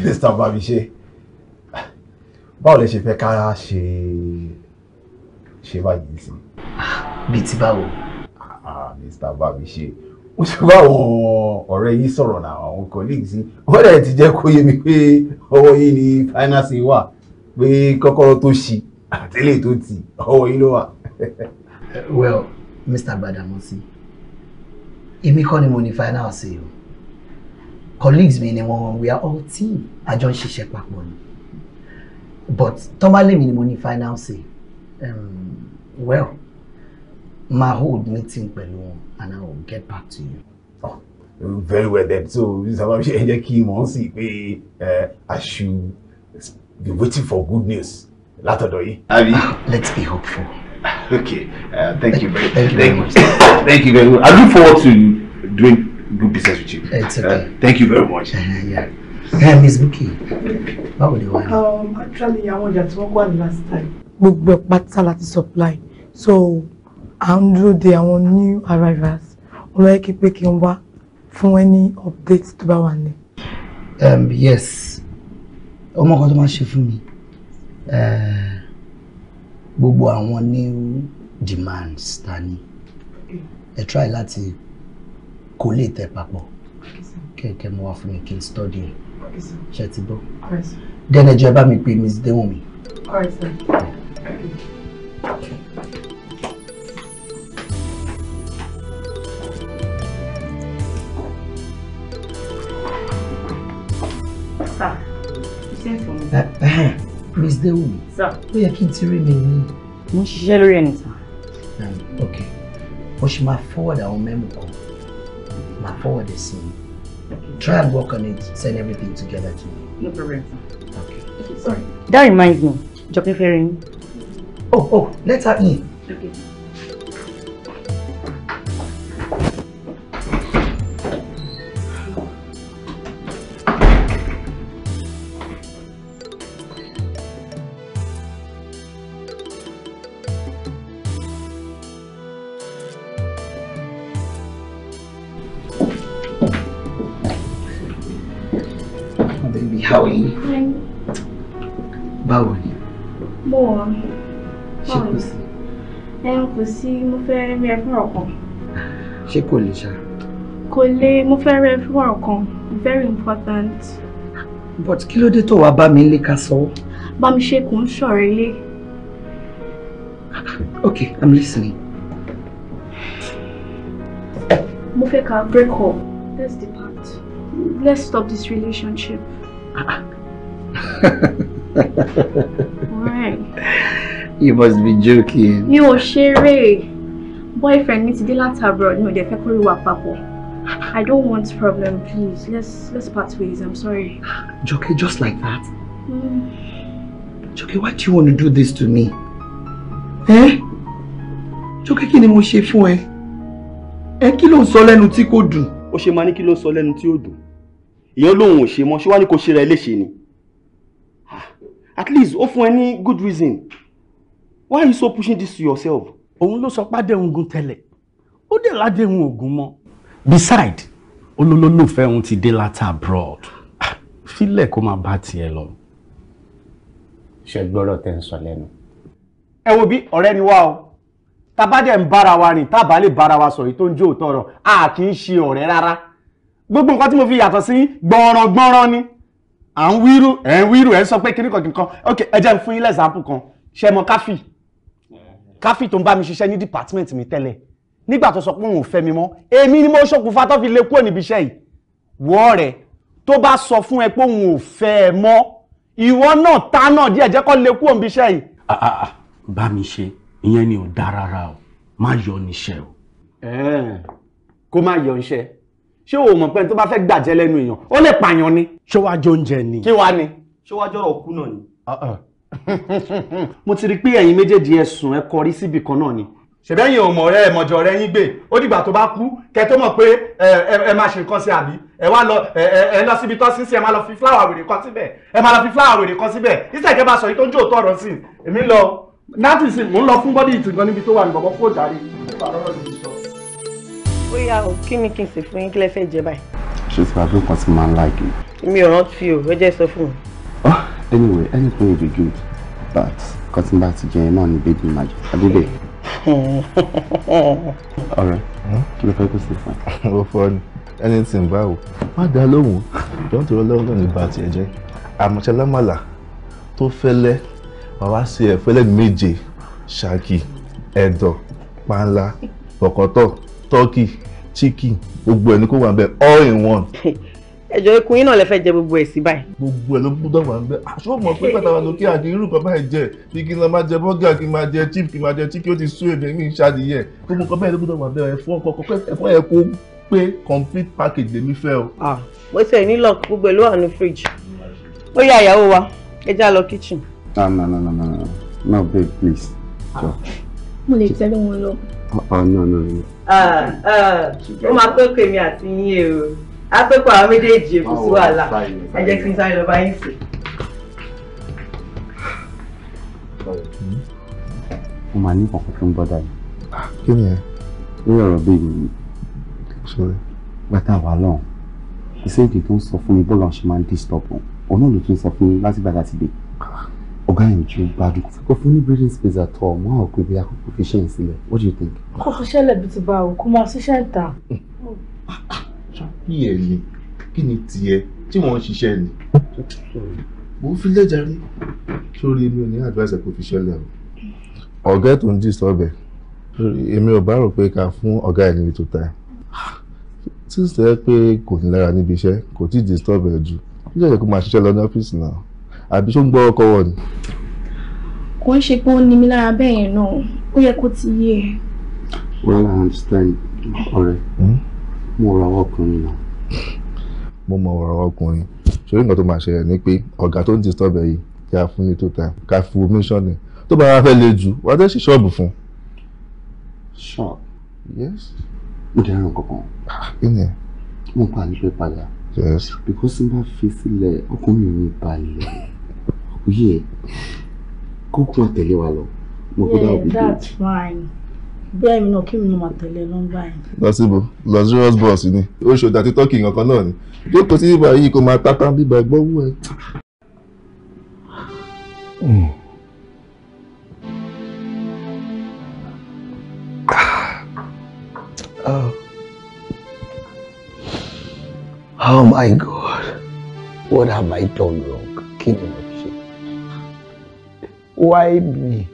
S2: mr babiṣe báwo lẹ ṣe fẹ́ ká ṣe ṣe báyìí sí. bíi ti báwo. mr babiṣe ó ti bá àwọn ọ̀rẹ́ yín sọ̀rọ̀ náà àwọn colleagues wọ́n dẹ̀ ti jẹ́ kó yé mi pé ọwọ́ yín ni finance wà pé kọ́kọ́rọ́ tó ṣí àtẹ́lẹ̀ tó tì ọwọ́ yín ló wà. well mr Gbadamosi èmi kọ́ ni mo ní finance o colleagues mi ni wọ́n we are all team àjọ ń ṣiṣẹ́ papọ̀ ni but tọ́mọ́lé mi ni mo ní finance um, well ma hold meeting pẹ̀lú wọn and I will get back to you. Oh, very well then. So, Sabashi, ẹ jẹ́ kí wọ́n sì pé I should be waiting for good news Later, yìí. Abi, let's be hopeful. Okay, uh, thank you very, thank you very much. Thank you very much. I look forward to doing good business with you. It's uh, okay. Uh, thank you very much. Uh, yeah. Uh, Miss Buki,
S4: báwo ni wàá? Um, actually, àwọn ọjà tí wọ́n wà one last time. Gbogbo ẹ̀ pátá láti supply. So, à ń dúró de àwọn new arrivals ọlọ́yẹ́kí pé kí n wá fún any update tó bá wà ní.
S2: Um, yes ọmọ kan tó máa ṣe fún mi eh, gbogbo àwọn new demands ta ni ẹ try láti kó lè tẹ papọ̀ kẹ̀kẹ́ mo wá fún mi kí n study ṣe ti bọ́ dẹ́nẹ̀jọ́ ẹ bá mi pe Miss Déwùnmí.
S3: All right, Okay.
S4: Sir, iṣẹ́ ìfọ̀mù.
S2: Praise Sir. Ó yẹ kí n ti rí mi ní. Mo ń ṣiṣẹ́ lórí ẹni sàn. Um, ok, mo ṣe máa forward àwọn mẹ́mù kan, máa forward ẹ̀ sí mi. Try and work on it, send everything together to me. No problem, sir. Okay. sorry.
S4: That reminds me, Jọkẹ́ fẹ́ rí Oh, oh,
S2: let her in. Okay.
S4: tí mo fẹ́ rí ẹ fún ọ̀kan. ṣé kò lè ṣá. kò lè mo fẹ́ rí ẹ fún ọ̀kan very important.
S2: but kí ló dé tó wàá bá mi lé ká sọ.
S4: bá mi ṣe kò ń ṣọ̀rẹ́ lé.
S2: okay i'm listening.
S4: mo fẹ́ ká break up let's depart let's stop this relationship. Ah, ah. all right.
S2: You must be joking.
S4: Mi ò ṣeré. Boyfriend mi ti dé láti abroad mi ò dẹ̀ fẹ́ kó rí wa papọ̀. I don't want problem please. Let's let's part ways. I'm sorry.
S2: Joke, just like that?
S4: Mm.
S2: Joke, why do you want to do this to me?
S4: Eh? Joke, kí ni mo ṣe fún ẹ?
S2: Ẹ eh, kí ló ń sọ lẹ́nu tí kò dùn? Ó ṣe máa ní kí ló ń sọ lẹ́nu tí ò dùn. Ìyẹn lòun ò ṣe mọ́, ṣé wá ní kò ṣe ra léṣe ni? Ah, at least ó fún ẹ ní good reason why you so pushing this to yourself. òun ló sọ pàdéhùn ogun tẹ́lẹ̀ ó dé ládéhùn ogun mọ́. beside olólùfẹ́ òun ti dé láti abroad sílẹ̀ ah, kó máa bá tiẹ̀ lọ. ṣe gbọ́dọ̀ tẹ́ ń sọ lẹ́nu. ẹ wo bí ọ̀rẹ́ ni wá o tàbá dẹ̀ ń bára wa rìn tàbá lè bára wa sọ̀rọ̀ tó ń jó òótọ́ ọ̀rọ̀ a kì í ṣe ọ̀rẹ́ rárá gbogbo nǹkan tí mo fi yàtọ̀ sí gbọ̀nràn gbọ̀nràn ni à ń wíru ẹ̀ ń wíru ẹ̀ ń sọ pé kíníkan kíkan ok ẹ jẹ́ fún yín lẹ́sàápù kan ṣe mọ káfíì káfí tó ń bá mi ṣiṣẹ́ ní department mi tẹ́lẹ̀ nígbà tó sọ pé òun ò fẹ́ mi mọ́ èmi ni mo ṣokùnfà tó fi lè kúrò níbi iṣẹ́ yìí wọ́ rẹ̀ tó bá sọ fún ẹ pé òun ò fẹ́ ẹ mọ́ ìwọ náà ta náà díẹ̀ jẹ́ kó lè kúrò níbi iṣẹ́ yìí. Ah, ah, ah, bá mi ṣe ìyẹn ni ò dá rárá o má yọ níṣẹ́ o. kó má yọ níṣẹ́ ṣé o mọ̀ pé tó bá fẹ́ gbàjẹ́ lẹ́nu èèyàn ó lè pààyàn ni. ṣé wàá jọ oúnjẹ ni. kí wàá ni. ṣé wàá jọrọ òkú náà ni. mo ti rí i pé ẹ̀yin méjèèjì ẹ̀sùn ẹ kọrí síbì kan náà ni ṣèbẹ́yìn ò mọ̀ ọ̀rẹ́ ẹ̀mọ̀jọ̀ rẹ yín gbé ó dìgbà tó bá kú kẹ tó mọ̀ pé ẹ máa ṣe nǹkan sí àbí ẹ wá lọ ẹ lọ síbi tó sí sí ẹ máa lọ fi fúláwà wèrè kan síbẹ̀ ẹ máa lọ fi fúláwà wèrè kan síbẹ̀ ìṣèkẹ́ bá sọ yìí tó ń jó òótọ́ ọ̀rọ̀ sí i èmi lọ láti sìn mò ń lọ fún bọ́dí ìtìgan níbi tó wà ní bọ̀bọ̀ kó anyway anything will be good but cotton bá ti jẹun náà
S5: baby magic. jẹ abíbẹ̀.
S4: there?
S5: Alright, ló fẹ́ kó ṣe fún ẹ. ó fọ́ ni anything báwo má dá lóhùn jọ́n tó lọ́wọ́ náà ní bá tiẹ̀ jẹ́ àmọ̀ṣẹ́lámàlà tó fẹ́lẹ́ bàbá sí ẹ̀ fẹ́lẹ́ méje bokoto, ẹ̀dọ̀ panla bọ̀kọ̀tọ̀ tọ́kì chicken gbogbo ẹ̀ ní all in one. ẹjọ ikun yín náà lè fẹ́ jẹ gbogbo ẹ̀ sí báyìí. gbogbo ẹ̀ ló gbúdọ̀ wà ń bẹ́ aṣọ ah, mọ̀ pé pàtàkì àwọn lókè àti irú kan báyìí jẹ kí kí n lọ máa jẹ bọ́gà kí n máa jẹ chip kí n máa jẹ chicken ó ti sú èmi mi ṣàdìyẹ gbogbo kan báyìí ló gbúdọ̀ wà ń bẹ́ ẹ̀fọ́ kọ̀ọ̀kan ẹ̀fọ́ ẹ̀ kó pé complete package lèmi fẹ́ o. Ah,
S4: mo ṣe ní lock gbogbo ẹ̀ ló wà ní fridge ó yá ìyàwó wa ẹ já lọ kitchen.
S5: no no no no no no babe please.
S4: mo lè tẹ́lẹ̀ wọn lọ.
S5: Ah, no no no.
S1: ó máa pé kèmí àti yín apẹ́pọ̀ àwọn méjèèjì kò sí wàhálà ẹ jẹ́ kí n sáré lọ bá yín sí.
S2: mo máa ní kankan tó ń bọ́ dàbí. Ah, kí ni ẹ. lórí ọ̀rọ̀ bíi mi. sọ̀rọ̀. gbàtà wà lọ́hùn ìṣèjì tó ń sọ fún mi bọ́ọ̀lù ọ̀ṣun máa ń disturb O òun náà ló tún sọ fún mi láti gbàgbà ti dé ah. ọ̀gá yẹn ju gbádùn kò fún ní breathing space at all mọ́ àwọn òpin bí akókò fi ṣẹ́yìn sílẹ̀ what do you think.
S4: kò fi ṣẹlẹ̀ bí ti bá o kó máa ṣiṣẹ́ ìta
S5: ṣáàpì ẹ̀ ni kí ni tiẹ̀ tí wọ́n ń ṣiṣẹ́ ni. mo fi lẹ́jà rí sórí mi ò ní advice kò fi ṣẹlẹ̀ o. ọ̀gá tó ń dì sọ́bẹ̀ èmi ò bá rò pé ká fún ọ̀gá ẹ̀ níbi tó ta sísè ẹ pé kò ní lára níbi iṣẹ́ kò tí ì disturb ẹ jù kí lè jẹ́ kó máa ṣiṣẹ́ lọ ní ọ́fíìsì náà àbí ṣó ń gbọ́ ọkọ wọ̀ ni.
S4: kò ń ṣe pé ó ní mi lára bẹ́ẹ̀ yẹn náà ó yẹ kó ti yé e.
S5: well i understand ọ̀rẹ́. Right. Mm -hmm mo rọ ọkùnrin náà. mo mọ ọ̀rọ̀ ọkùnrin sórí nǹkan tó máa ṣẹlẹ̀ ni pé ọ̀gá tó ń disturb ẹ̀ yìí kí a fún ní two time ká fún mission ni tó bá wá fẹ́ le jù wá tẹ́ sí ṣọ́ọ̀bù fún. ṣọ́ọ̀bù. yes. mo dẹ̀ kankan. Ah, kí ni. mo pa nípa ìpadà.
S2: yes. because n bá fi sílẹ̀ ọkùnrin mi balẹ̀ òye kókó àtẹ̀lé wa lọ mo
S5: kó dáa òbí yeah
S4: that's fine bẹ́ẹ̀ mi náà kí mi náà máa tẹ̀lé nọ́mbà yẹn.
S2: lọ́sibò
S5: luxurious boss ni ó ṣòdà tí tọ́kì kankan náà ni jókòó sí bíbá yìí kó máa tápá bíbá ẹgbọ́ wú ẹ. Hmm.
S2: Oh. oh my God, what have I done wrong? Kí of mo Why me?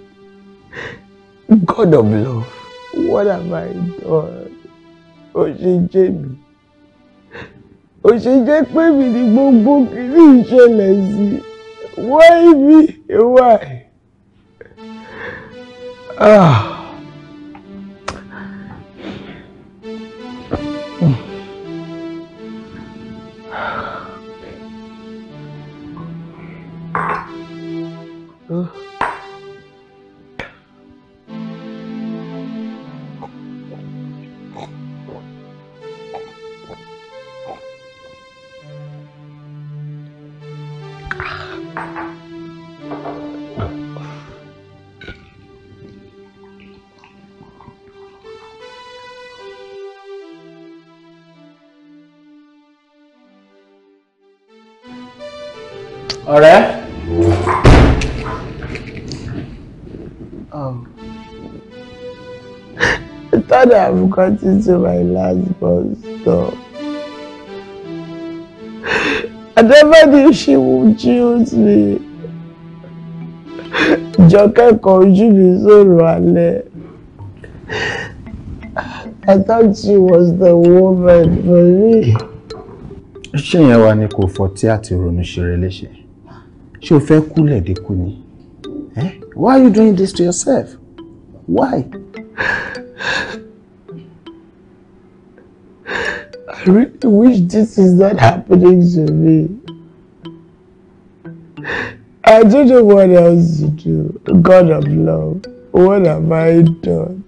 S6: God of love.
S2: What have I done? Ó ṣe jẹ́ mi. Ó ṣe jẹ́ pé mi ni gbogbo kìíní ìṣẹ̀lẹ̀ sí. Why me? Why? Ah. ọ̀rẹ́. Third, I'm cutting to my last bus stop. I never knew she would choose me. Jọkẹ́ kan ojú mi sọ̀rọ̀ I thought she was the woman for me. Ṣé yẹn wá ni kò fọtí àti ronú ṣeré léṣe? ṣé o fẹ́ kúlẹ̀ dínkù ni eh? why are you doing this to yourself why. I really wish this is not happening to me. I don't know what else to do. God of love, what have I done?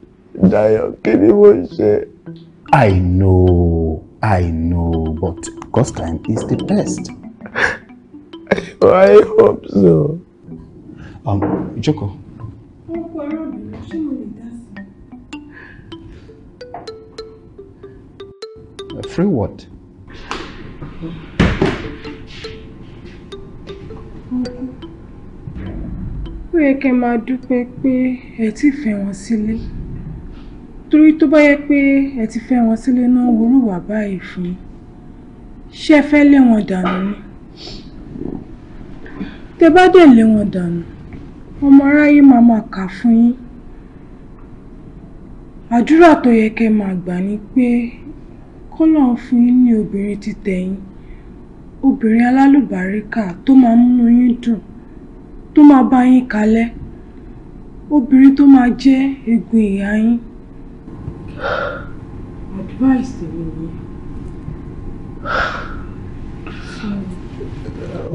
S2: I know, I know, but God's time is the best. I hope so. Um, Joko.
S4: Free what? Ó yẹ kẹ́ máa dúpẹ́ pé ẹ ti fẹ́ wọn sílé torí tó bá yẹ pé ẹ ti fẹ́ wọn sílé náà worúwà báyìí fún ṣé ẹ fẹ́ lé wọn dànù ni tẹ bá dẹ̀ lé wọn dànù ọmọ aráyé máa máa kà fún yín àdúrà tó yẹ kẹ́ máa gbà ni pé kọ́lọ́n fún yín ní obìnrin títẹ̀ yín obìnrin alálùbáríkà tó máa múnú yín dùn tó máa bá yín kalẹ̀ obìnrin tó máa jẹ́ egun ìyá yín. advice mi nìyẹn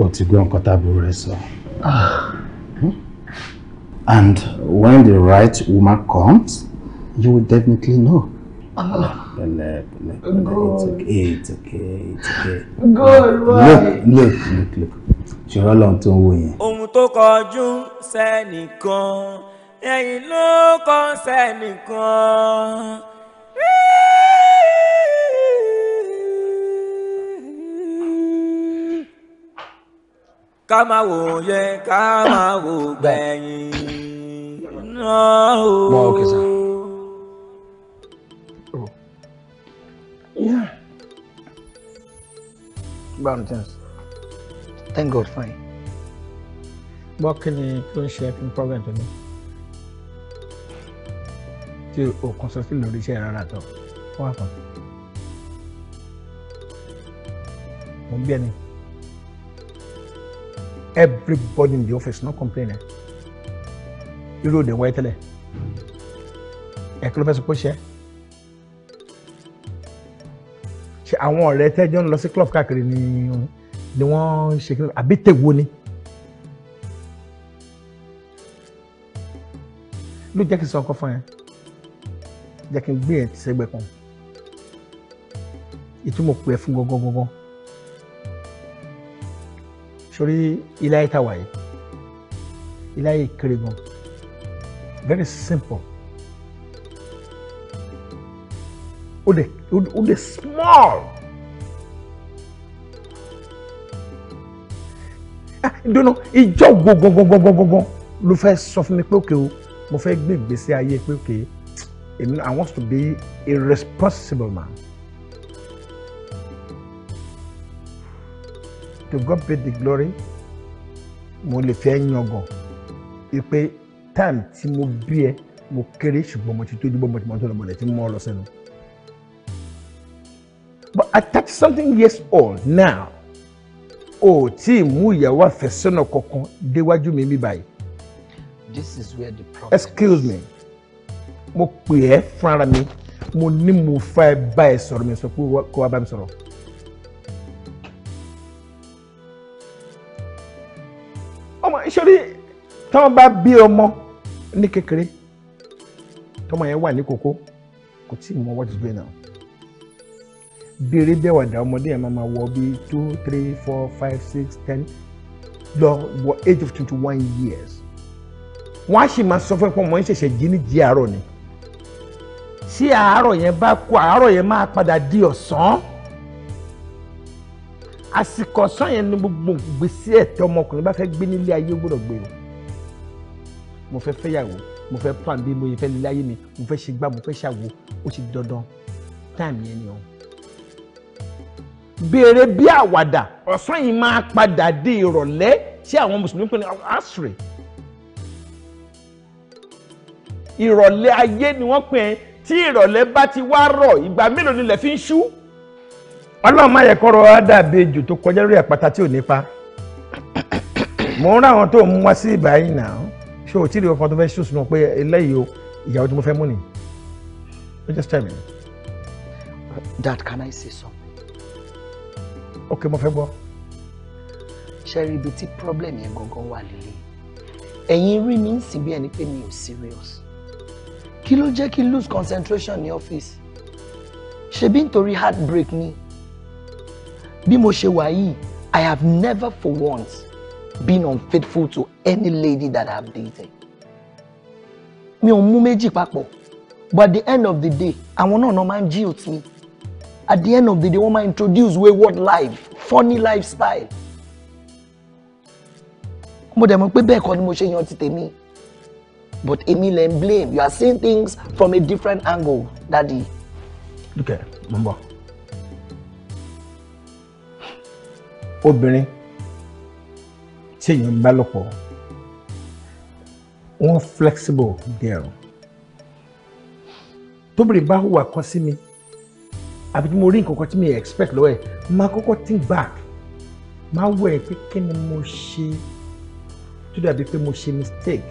S2: o ti gbọ́ nǹkan tábúrò rẹ sọ. Ah. Hmm? And when the right woman comes, you will definitely know. Ah. Pẹ̀lẹ́ pẹ̀lẹ́ pẹ̀lẹ́ it's okay it's okay it's okay. God ah, why? Look look look look ṣòro Ọlọ́run tó ń wò yẹn. Ohun
S1: tó kọjú sẹ́nìkan ẹ̀yìn ló kọ sẹ́nìkan. ká má wò yẹ ká má wò gbẹ̀yìn
S3: náà o.
S2: Yeah. Brown Jones. Thank God, fine. Bọ́ kí ni tó ń ṣe fún problem tó ní? Tí o kàn sọ sí lórí iṣẹ́ rárá tó, wọ́n kàn. Mo ń bí ẹni. Everybody in the office no complaining. Irú òde wáyé tẹ́lẹ̀. Ẹ kí ló fẹ́ sọ pé ṣe? Ṣé àwọn ọ̀rẹ́ tẹ́jọ́ ń lọ sí club káàkiri ni ni wọ́n ṣe kí ló àbí tèwo ni? Ló jẹ́ kí n sọ ọkọ fún yẹn. Jẹ́ kí n gbé yẹn sẹ́gbẹ̀ẹ́ kan. Ìtumọ̀ pé ẹ fún gangan gangan sórí ilé ayé tá a wà yìí ilé ayé kéré gan very simple ó dẹ̀ ó dẹ̀
S6: small.
S2: Ah, dunu ìjọ gbogbogbogbogbogbogbò ló fẹ́ sọ fún mi pé òkè o mo fẹ́ gbé ìgbésí ayé pé òkè I want to be a responsible man. to God be the glory mo lè fẹ́ yangàn wípé time tí mo bí ẹ mo kéré ṣùgbọ́n mo ti tójú bọ́ mo ti mọ tó lọ tí mo lọ sẹ́nu. but at thirty something years old now o tí mú ìyàwó àfẹ́sọ́nà kankan déwájú mi mi báyìí. this is where the problem excuse me mo pè ẹ́ fúnra mi mo ní mo fa ẹ bá ẹ sọ̀rọ̀ mi sọ pé kó wá bá mi sọ̀rọ̀. sórí tí wọ́n bá bí ọmọ ní kékeré tọmọ yẹn wà ní kókó kò tí ì mọ wọ́n ti gbé náà béèrè bẹ́ẹ̀ ọmọdé yẹn máa wọ bíi two three four five six ten lọ wọ age of twenty one years wọ́n á sì máa sọ fún ẹ pé ọmọ yẹn ṣẹ̀ṣẹ̀ jí ní jí àárọ̀ ni tí àárọ̀ yẹn bá kú àárọ̀ yẹn máa padà di ọ̀sán àsìkò ọ̀sán yẹn ni gbogbo gbèsè ẹ̀tọ́ ọmọkùnrin bá fẹ́ gbé nílé ayé gbọ́dọ̀ gbé ni mo fẹ́ fẹ́yàwó mo fẹ́ plan bí mo yẹ fẹ́ nílé ayé mi mo fẹ́ ṣe gbá mo fẹ́ ṣàwo ó ti dandan táìmù yẹn ni o béèrè bí àwàdà ọ̀sán yìí máa padà di ìrọ̀lẹ́ tí àwọn mùsùlùmí pè ní asre ìrọ̀lẹ́ ayé ni wọ́n pè é tí ìrọ̀lẹ́ bá ti wá rọ̀ ìgbà mélòó ni ilẹ̀ fi ń ṣú ọlọ́run má yẹ kọ́rọ̀ dàbí ejò tó kọjá lórí àpáta tí ò nípa mò ń ráwọn tó ń wá sí ìbáyìí nà ó ṣé o tí ìrìn ọkọ tó fẹ́ ṣùsùn pé eléyìí o ìyàwó tí mo fẹ́ mú nìyí ó just tell me. Dad, can I say something? ok mo fẹ́ gbọ́. ṣe rí ibi tí problem yẹn gangan wà lélẹ̀ ẹ̀yin rí mi ń sìn bí ẹni pé mi ò serious kí ló jẹ́ kí lose concentration ní ọ́fíìsì ṣebí nítorí heartbreak ni bí mo ṣe wà yìí I have never for once been unfaithful to any lady that I have dated mi ò mú méjì papọ̀ but at the end of the day àwọn náà náà máa ń guilt mi at the end of the day wọ́n máa introduce wayward life funny lifestyle mo dẹ̀ mọ̀ pé bẹ́ẹ̀ kọ́ ni mo ṣe yan ti tèmi but èmi lè blame you are seeing things from a different angle daddy.
S6: Okay, at mo ń bọ̀.
S2: obìnrin tí èèyàn bá lòpọ̀ wọ́n flexible díẹ̀ o tóbìrì bá hùwà kan sí mi àbí tí mo rí nǹkan kan tí mi expect lọ́wọ́ ẹ̀ máa kọ́kọ́ think back máa wọ̀ ẹ́ pé kí ni mo ṣe tó dàbí pé mo ṣe mistake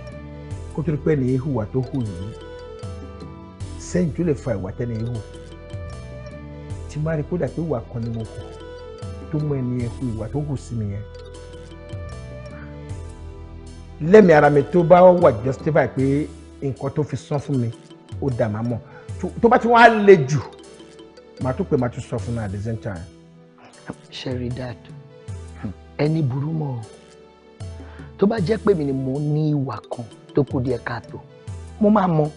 S2: kó tó di pé ní hùwà tó hù yìí sẹ́yìn tó lè fa ìwà tẹ́ni hù tí máa rí kó dà pé hùwà kan ni mo kọ̀ tó mú ẹni yẹn kú ìwà tó hù sí mi yẹn lẹ́mi ara mi tó bá wà justify pé nǹkan tó fi san fún mi ó dà má mọ̀ tó bá ti wá le jù màá tún pè màá tún sọ fún mi at the same time. sherry dad ẹni burú mọ́ ọ tó bá jẹ́ pé mi ni mo ní ìwà kan tó kù díẹ̀ káàtó mo máa mọ̀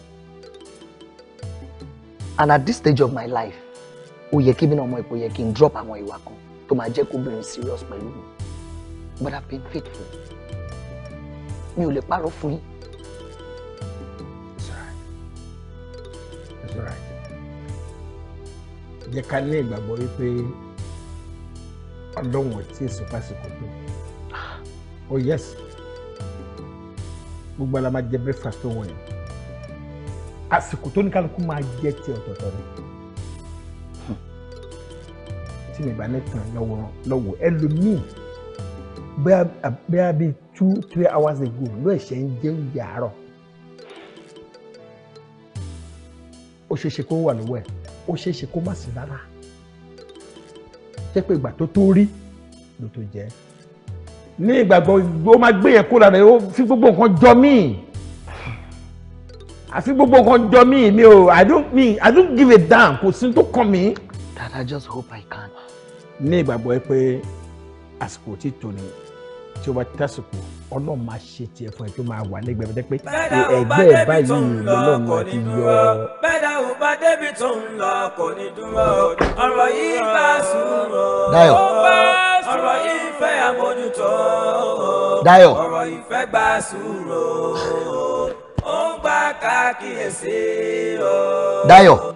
S2: and at this stage of my life ó yẹ kí mi náà mọ̀ ipò yẹ kí n drop àwọn ìwà kan To máa jẹ́ kó bẹ̀rẹ̀ serious pẹ̀lú mi but I've been faithful mi ò lè parọ́ fún yín. jẹ́ ká ní ìgbàgbọ́ wípé ọlọ́run tí èso pàṣípò tó oh yes gbogbo àlá máa jẹ breakfast tó wọ̀nyí àsìkò tó ní kálukú máa jẹ ti ọ̀tọ̀ọ̀tọ̀ rẹ̀ tí mi bá ní tàn lọ́wọ́ lọ́wọ́ ẹlòmíì bẹ́ẹ̀ bíi two three hours ago ló ẹ̀ṣẹ̀ ń jẹ́ oúnjẹ àárọ̀ ó ṣeé ṣe kó wà lọ́wọ́ ẹ̀ ó ṣeé ṣe kó má sí rárá jẹ́ ìgbà tó tó rí ló tó jẹ́ ní ìgbàgbọ́ ó máa gbé yẹn kó lára ó fi gbogbo nǹkan jọ míì àfi gbogbo nǹkan jọ míì mi ò i don't mean i don't give a damn kò sí tó kàn mí that I just hope I can. ní ìgbàgbọ́ ẹ pé àsìkò tí tò ní tí o bá tásìkò ọlọ́run máa ṣe tiẹ̀ fún ẹ tó máa wà nígbà pẹ́ pé ẹgbẹ́ ẹ báyìí lọ́lọ́run ti
S6: yọ.
S1: bẹ́ẹ̀dá ò bá débi tó ń lọ kò ní dúró ọ̀rọ̀ yìí bá sùúrù ọ̀rọ̀ yìí fẹ́ àmójútó
S5: ọ̀rọ̀
S1: yìí fẹ́ gbà sùúrù ó ń gbà káàkiri sí
S5: o.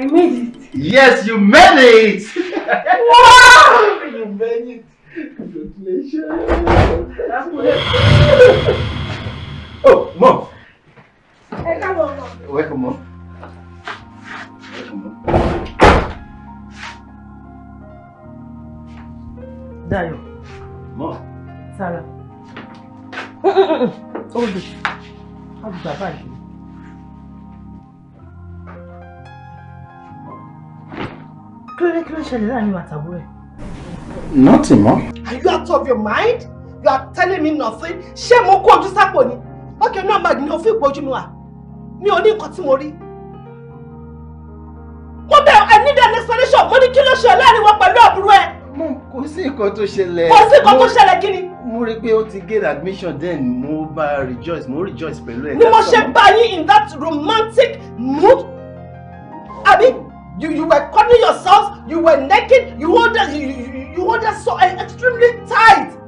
S4: I made
S6: it. Yes, you made it.
S2: wow!
S4: You made it. Congratulations.
S2: Oh, mom.
S4: Hey, come on, mom.
S2: Welcome, mom. Welcome, mom.
S4: Dayo. Mom. Sarah. Hold it. How's the that kí ló dé you ló ṣẹlẹ̀ láàrin ìwà
S5: nothing mọ́.
S4: are you out of your mind? you are telling me nothing. ṣé mo
S2: kó ojú sápò ni? ókè náà màgì ni òfin ìpọ́jú mi wà mi ò ní nǹkan tí mo rí. need an explanation mo ní kí ló ṣẹlẹ̀ láàrin wọn pẹ̀lú àbúrò ẹ̀. mo kò sí nǹkan tó ṣẹlẹ̀. kò sí nǹkan tó ṣẹlẹ̀ mo rí pé ó ti gain admission then mo bá rejoice mo rejoice pẹ̀lú ẹ̀. ni mo ṣe bá yín in that romantic mood Abi. You you were cutting yourselves. You were naked. You hold us. You, you, you hold us extremely tight.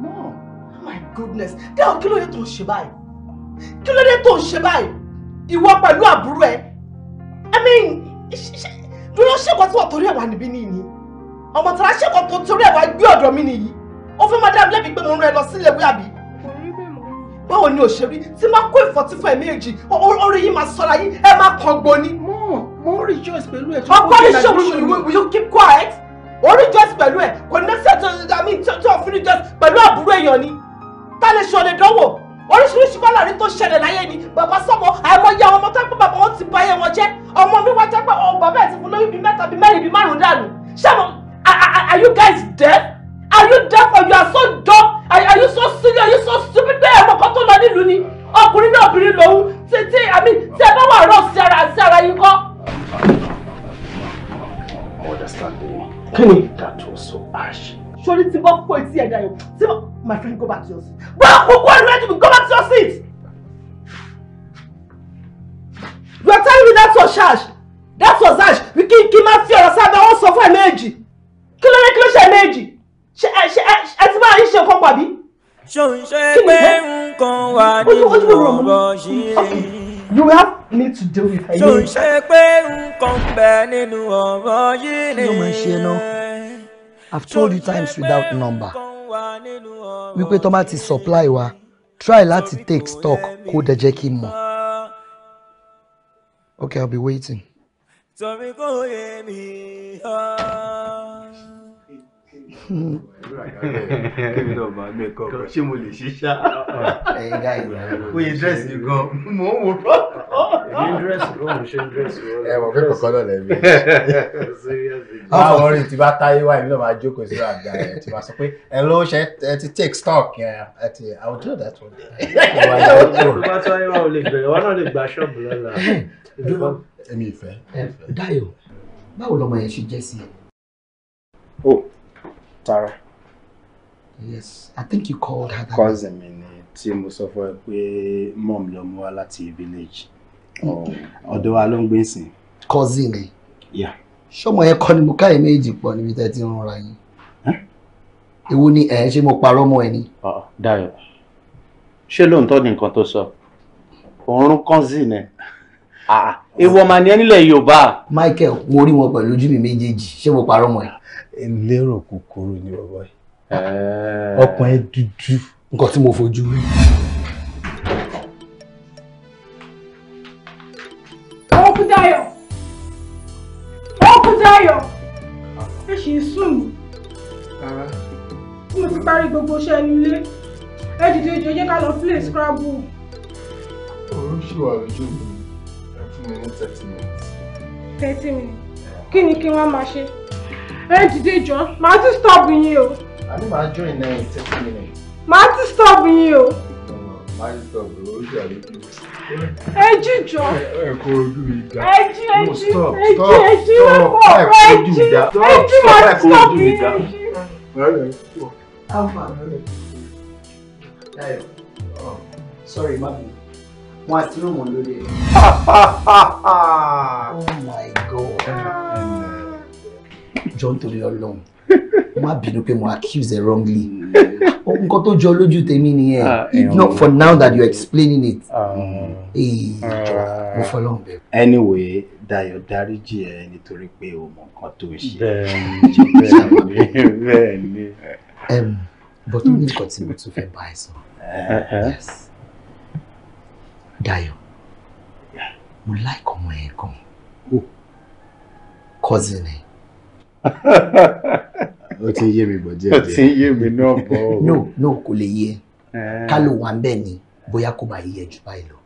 S2: Mom, oh my goodness. Dáhùn kí ló dé tó ń ṣe báyìí? Kí ló dé tó ń ṣe báyìí? Ìwọ pẹ̀lú àbúrò ẹ. I mean, dúró ṣèkọ́ tí wọ́n what ẹ̀ wá níbí nìyí. Ọmọ tara ṣèkọ́ tó torí ẹ̀ wá gbé ọ̀dọ̀ mi nìyí. Ó fẹ́ máa dábìí lẹ́bi pé mo ń rán ẹ lọ sílé wí àbí. Báwo ni òṣèré tí máa kó ìfọ̀tífọ̀ ẹ̀mí èjì orí my máa sọ́ra yìí ẹ máa kàn mo ń rejoice pẹ̀lú ẹ̀. ọkọ ní ṣòro will you keep quiet? ó rejoice pẹ̀lú
S4: ẹ̀ kò ní sẹ́tọ̀ àmì tó fi rejoice pẹ̀lú àbúrò èèyàn ni ta lè ṣọlẹ̀ dánwò oríṣiríṣi bá láàrin tó ṣẹlẹ̀ láyé ni bàbá sọ́mọ àìmọye àwọn ọmọ tó pé bàbá wọn ti ba ayé wọn jẹ́ ọmọ mi wá jẹ́ pé ọmọ oh, bàbá ẹ̀ ti fún lóyún bíi mẹ́ta bíi mẹ́rin bíi márùn-ún dànù ṣàmọ are you guys deaf are you deaf or you are so dumb are, are you so silly are you so stupid bẹ́ẹ̀ ẹ̀mọ kan tó lọ nílùú ni ọkùnrin náà obìnrin lòun tí tí àmì tí ẹ bá wà rọ̀ sí ara sí ara yín kọ́
S2: understanding you? that was so harsh. sori ti bọ́ here, etí ẹ̀dá yòó my friend go back to your seat. wọ́n á kókó ẹ̀rọ ẹ̀jú
S4: mi go back to your seat. you are telling me that was harsh that was harsh kí kí máa fi ọ̀rọ̀ sábẹ́ wọ́n sọ fún ẹ̀ méjì kí ló ní kí
S2: ló She, she, she. ẹ ṣe ẹ ti máa ń ṣe nǹkan pàbí. ṣòun ṣe pé
S1: nǹkan wà nínú ọ̀rọ̀ yìí. you have need to deal with her. ṣò ń ṣe pé
S2: nǹkan I've told you times without number wípé tó bá to supply wa try to take stock Call the jẹ́ mo. Okay, I'll be waiting. torí kò yé mi.
S6: Ah kébì náà máa ní ẹ̀kọ́ ọ̀rọ̀ ṣé mo lè ṣe ṣá.
S5: ẹyin ká
S2: ìgbà rẹ. oye dírẹ́sì gan mò ń wò rọ́. èmi dírẹ́sì gan mo ṣe ń dírẹ́sì rọ́. ẹ mọ̀ pé kọ̀ọ̀kan náà lẹ́bi. báwo rí ti bá táyé wá èmi máa jókòó sí àga ẹ̀ ti máa sọ pé ẹ ló ṣe ẹ ti take stock ẹ ti I will do that one day. ìwà ìjọba tó bá táyé wá o lè bẹ̀rẹ̀ wọn náà lè gba ṣọ́ọ̀bù lọ́la. èmi ìfẹ́. Dayọ̀ báwo lọmọ yẹn ṣe jẹ́ sí Tara. Yes, I think you called her that. Cousin me ni tí mo sọ fún ẹ pé mom ló mú wá láti village. Mm. Oh, ọ̀dọ̀ wa ló ń gbé sìn. Cousin ni. Yeah. Ṣọ́mọ ẹ kọ́ ni mo káyè méjì pọ̀ níbi tẹ́ ti ń rọra yín. Ewu ni ẹ̀ ṣé mo parọ́ mọ́ ẹ ni? Dayọ̀, ṣé lóòótọ́ ni nǹkan tó sọ? Òórùn cousin ẹ̀ ah, ah, ewu ọmọ ni ẹ nílẹ̀ Yorùbá. Michael mo rí wọn pẹ̀lú ojú mi méjèèjì ṣé mo parọ́ mọ́ ẹ? lérò
S6: kúkúrú ni bàbá yìí ọkùnrin
S2: dúdú nǹkan tí mo fojú rí.
S4: Ògúndáyọ̀ Ògúndáyọ̀ ẹ ṣì ń sùn mí. mo ti parí gbogbo iṣẹ́ nílé ẹ dìde jọ jẹ́ ká lọ play scrabble. òun ṣì wà lójú mi ẹ fún mi ní thirty minutes. thirty minutes kí ni kí wọ́n máa ṣe ẹ dìde jọ màá tún stop yín o.
S2: a ní màá join náà in thirty
S4: minutes. màá tún stop yín o.
S6: màá tún stop yín o ó
S2: ṣe àlejò.
S4: ẹ jí jọ. ẹ
S2: kó ojú mi
S5: ga. ẹ
S4: jí stop, jí stop, jí ẹ jí ẹ pọ̀ ẹ
S5: jí ẹ jí màá tún stop yín ẹ jí. alfa
S6: Dayo sorry mabi wọn àti rúmọ lórí ẹ. oh my god jọ nítorí Ọlọ́run
S2: má bínú pé mo accuse ẹ wrongly nǹkan tó jọ lójú tèmi nìyẹn ah, it's not for now that you're explaining it ah. Ah. mo fọlọ́n bẹ́ẹ̀. anyway Dayọ̀ dáríjì ẹ nítorí pé o mọ nǹkan tó ṣe.
S6: bẹ́ẹ̀ni
S2: Um, but ó ní nǹkan tí mo tún fẹ́ bá ẹ sọ. Dayọ̀ mo láìkọ́ ọmọ ẹ̀ gan-an cousin ẹ̀. ó ti ń yé mi bọ̀ díẹ̀ díẹ̀ ó ti yé mi náà bọ̀ o. no no kò lè yé eh. ká ló wà ń bẹ̀ ni bóyá kó máa yẹ jù báyìí lọ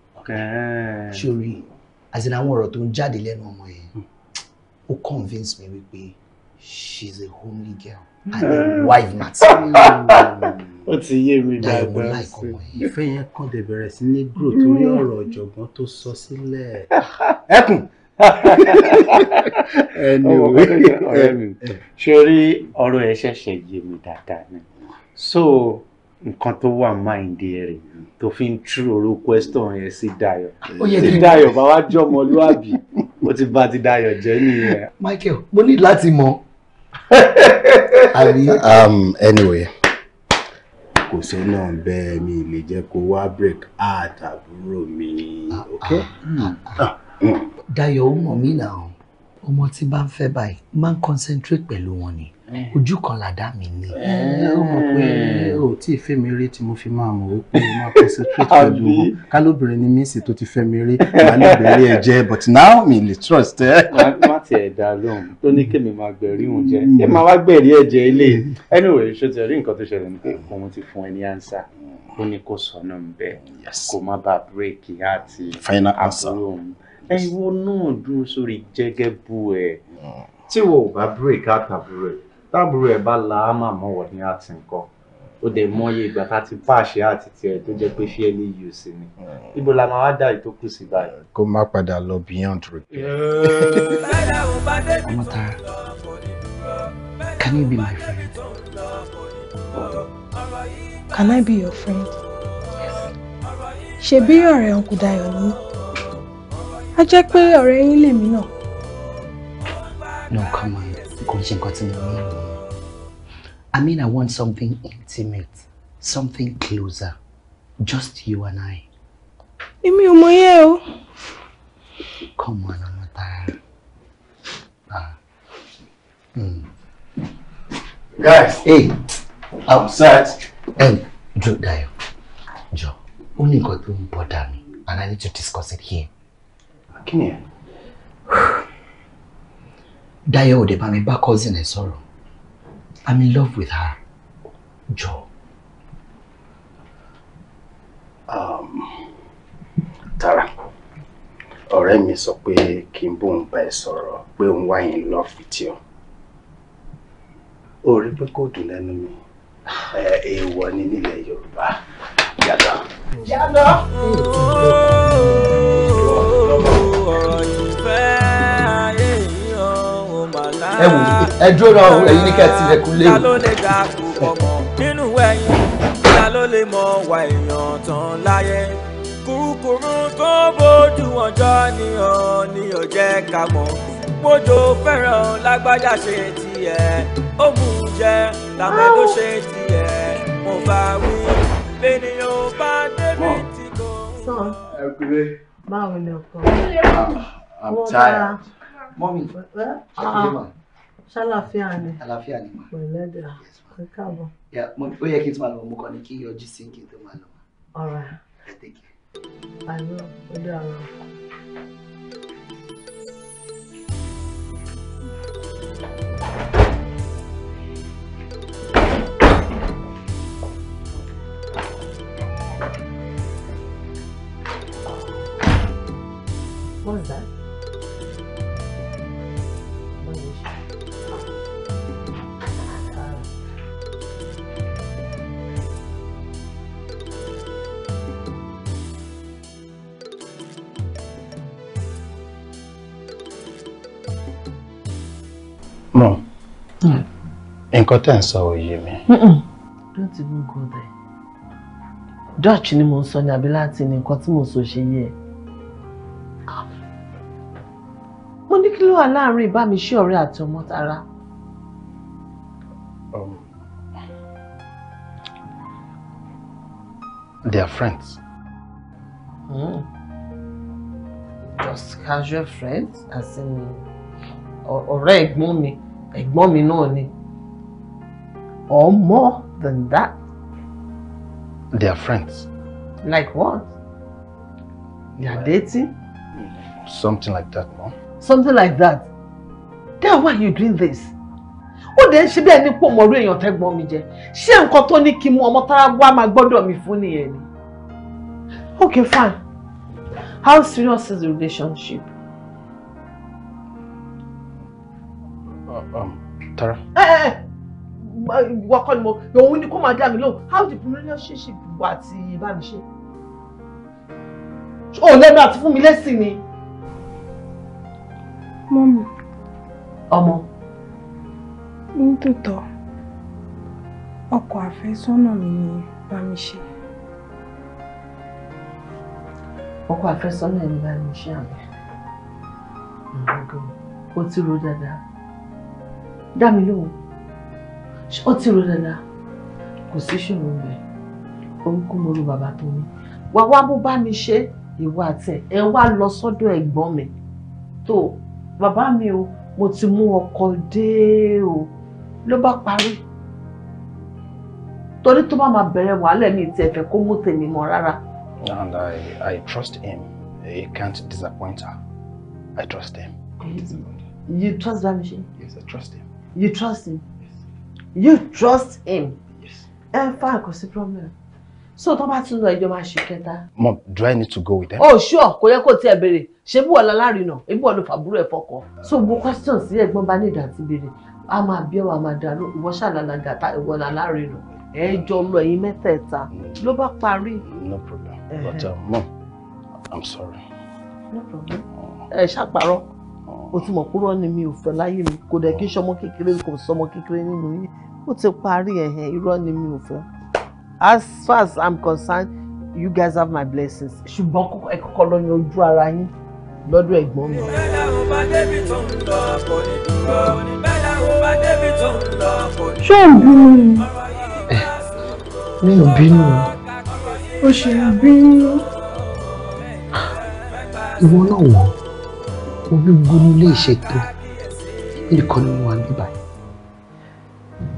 S2: sórí eh. àtìlẹ́ àwọn ọ̀rọ̀ tó ń jáde lẹ́nu ọmọ yẹn hmm. ó convince me wípé she's a homely girl hmm. and a wife material ó ti yé mi dáadáa sí i. ìfẹ́ yẹn kàn dé bẹ̀rẹ̀ sí ní grow torí hmm. ọ̀rọ̀ ọ̀jọ̀gbọ́n tó sọ sílẹ̀. ẹkùn anyway ọ̀rẹ́ mi sórí ọ̀rọ̀ ẹ ṣẹ̀ṣẹ̀ yé mi dáadáa ni so nǹkan tó wà máìndì ẹ rè tó fi ń tú oró question yẹn sí Dayọ̀ sí Dayọ̀ bá wá jọmọ olúwàbí ó ti bá ti Dayọ̀ jẹ́ nìyẹn. Michael mo ní láti mọ. um, anyway kò sọ́nà bẹ́ẹ̀ mi lè jẹ́ kó wá break art àbúrò mi. Ah, okay. Ah, hmm. Dayọ̀ ó mọ̀ mí náà ọmọ tí bá ń fẹ́ báyìí máa ń concentrate pẹ̀lú wọn ni eh. ojú kan làdá mi ni. ẹ eh. ó mọ̀ pé eh, o tí ì fẹ́ mi rí tí mo fi máa mọ̀ pé mo máa concentrate pẹ̀lú wọn kálóbìnrin ni mí sì tó ti fẹ́ mi rí màá lè bẹ̀rẹ̀ ẹ jẹ́ but now mi lè trust ẹ. má ti ẹ̀ dá lóhùn tó ní kémi máa gbẹ̀rí òun jẹ mm. ẹ máa wá gbẹ̀rí ẹ jẹ ilé ẹni òwe ṣó ti rí nǹkan tó ṣẹlẹ̀ ní pé òun ti fún ẹ ní ánsà mm. ó ní kó sọnù ń kó má bàa bírèkì àti àbúrò ìwọ náà dúró sórí jẹgẹbu ẹ mm. tí wọn ò bá break àtàbúrò ẹ táàbúrò ẹ bá la ámà mọwọ ní àti nǹkan ó dẹ̀ mọyé ìgbà tá a ti pàṣẹ àti tiẹ̀ tó jẹ́ pé fairly use ni mm. ibo la máa wá dá ìtókù sí báyìí. kó má padà lọ beyond repair. ọmọ tara
S4: can you be my friend. can I be your friend. ṣebí ọ̀rẹ́ ọkùnrin Dayọ̀ ni a jẹ́ pé ọ̀rẹ́ yín lèmi náà.
S2: no come on kò ń ṣe nǹkan tí mo ní ìwọ̀n i mean i want something intimate something closer just
S4: you and i. èmi ò mọ yẹ o. come on ọmọ tara.
S2: Uh, mm. guys. Hey. I'm sad. Um, Joe Dayo. Joe, Only ní nǹkan bother me, and I need to discuss it here kí ni ẹ. Dayo òde bá mi bá cousin ẹ sọ̀rọ̀ I'm in love with her jọ. Um, Tara ọ̀rẹ́ mi sọ pé kí n bóun bá ẹ sọ̀rọ̀ pé òun wá in love with you ó rí pé kò dùn lẹ́nu mi èèwọ̀ ni nílẹ̀ Yorùbá
S3: yàtọ̀. yàtọ̀.
S2: ẹ wò ẹ náà ẹ̀yin ní ká tilẹ̀kùn léwu. ta ló
S1: lè ga ọmọ nínú ẹ̀yin ta ló lè mọ wà èèyàn tán láyé kùrukùru tó bójú ọjọ́ níyàn níyàn jẹ́ ká mọ̀ mojó fẹ́ràn lágbájá ṣe tiẹ̀ ó mú un jẹ làmẹ́dó ṣe tiẹ̀ mo bá wí lẹ́nìyàn bá débi
S5: tí kò.
S4: sọ́n ẹ̀gbẹ́. báwo ni ọkọ. Ah, I'm tired. Mommy. Uh -uh ṣàlàfíà ni àlàáfíà ni mà pẹ̀lẹ́dà
S2: ẹ káàbọ̀. ó yẹ kí n tún máa lọ mú kọ́ ni kí yọjú sí kí n tó máa lọ. ọ̀rọ̀
S3: ẹ̀ tẹ̀kẹ́. àná ó dára.
S4: What's that? nǹkan tẹ̀ ń sọ òye mi. don't even go there Dutch ni mo ń sọ
S2: ní àbí láti ní nǹkan tí mo sọ ṣe yẹ
S4: mo ní kí ló wà láàrin ìbá mi ṣé ọ̀rẹ́ àti ọmọ tara.
S2: Um, they are friends. Mm. Just casual friends, as in ọ̀rẹ́ ẹ̀gbọ́n mi ẹ̀gbọ́n mi náà ni. No, or more than that. They are friends. Like what? They are dating? Something like that, mom. Something like that? Then why are you doing this? ó dẹ̀ ń ṣe bẹ́ẹ̀ ní pò mọ̀rú èèyàn tẹ́gbọ́n mi jẹ ṣé nǹkan tó ní kí n mú ọmọ tárágbá máa gbọ́dọ̀ mi fún nìyẹn ni.
S4: okay fine how serious is the relationship.
S6: Uh, um, Tara.
S4: Hey, eh, eh, hey, eh. hey ìwọ kọ́ ni mo òun ni kó máa dá mi lóhùn how the relationship wà ti bá mi ṣe.
S2: ó lẹ́nu àti fún mi lẹ́sìn ni.
S4: mọ́mí. ọmọ. nítòótọ́ ọkọ àfẹ́sọ́nà mi ni bá mi ṣe. ọkọ àfẹ́sọ́nà ẹni bá mi ṣe àmì ó ti ro dáadáa dá mi lóhùn ó ti rò dáadáa kò sí ṣòro rẹ orúkú mo ro bàbá tó ní
S2: wà wá bó bá mi ṣe ìwà àtẹ ẹ wá lọ sọ́dọ̀ ẹ̀gbọ́n mi tó bàbá mi o mo ti mú ọkọ dé o ló bá parí torí tó bá máa bẹ̀rẹ̀ wàhálẹ̀ ní ìtì ẹ̀fẹ̀ kó mú tèmi mọ́ rárá. and I, I trust him he can't disappoint her I trust him.
S4: you trust Bamishe. yes I trust him. you trust him you trust him Yes. ń fine, kò sí problem so don't bá to lọ ẹjọ́ máa ṣe kẹta.
S2: mom do i need to go with him? oh
S4: sure kò yẹ kó tiẹ̀ béèrè ṣé bí wọ́n lọ lárinà ebi wọ́n lọ fàbúrò
S2: ẹ̀ fọkọ. so gbogbo question sí ẹ̀gbọ́n bá ní ìdàtí béèrè a máa bí ọ̀wà máa dànù ìwọ ṣàlàlà gàtà ìwọ là no ẹ jọ lọ ẹ̀yin mẹ́tẹ̀ẹ̀ta ló bá parí. no problem
S6: but uh, mom i'm sorry. no
S2: problem ẹ ṣàpàrọ̀ mo ti mọ̀ púrọ́ ni mi ò fẹ́ láyé mi kò dẹ̀ kí sọmọ kékeré kò sọmọ kékeré nínú yín ó ti parí ẹ̀hẹ̀ irọ́ ni mi ò fẹ́ as far as i'm concerned you guys have my blessings ṣùgbọ́n ẹ kọ́kọ́ lọ yan ojú ara yín lọ́dọ̀ ẹ̀gbọ́n mi. ṣé ò ń
S4: bínú ni.
S5: mi ò bínú o.
S4: ó ṣe ń bínú.
S2: ìwọ náà wọ̀ ọ́ olóńgbò nílé ìṣètò nìkan ni mo wà níbà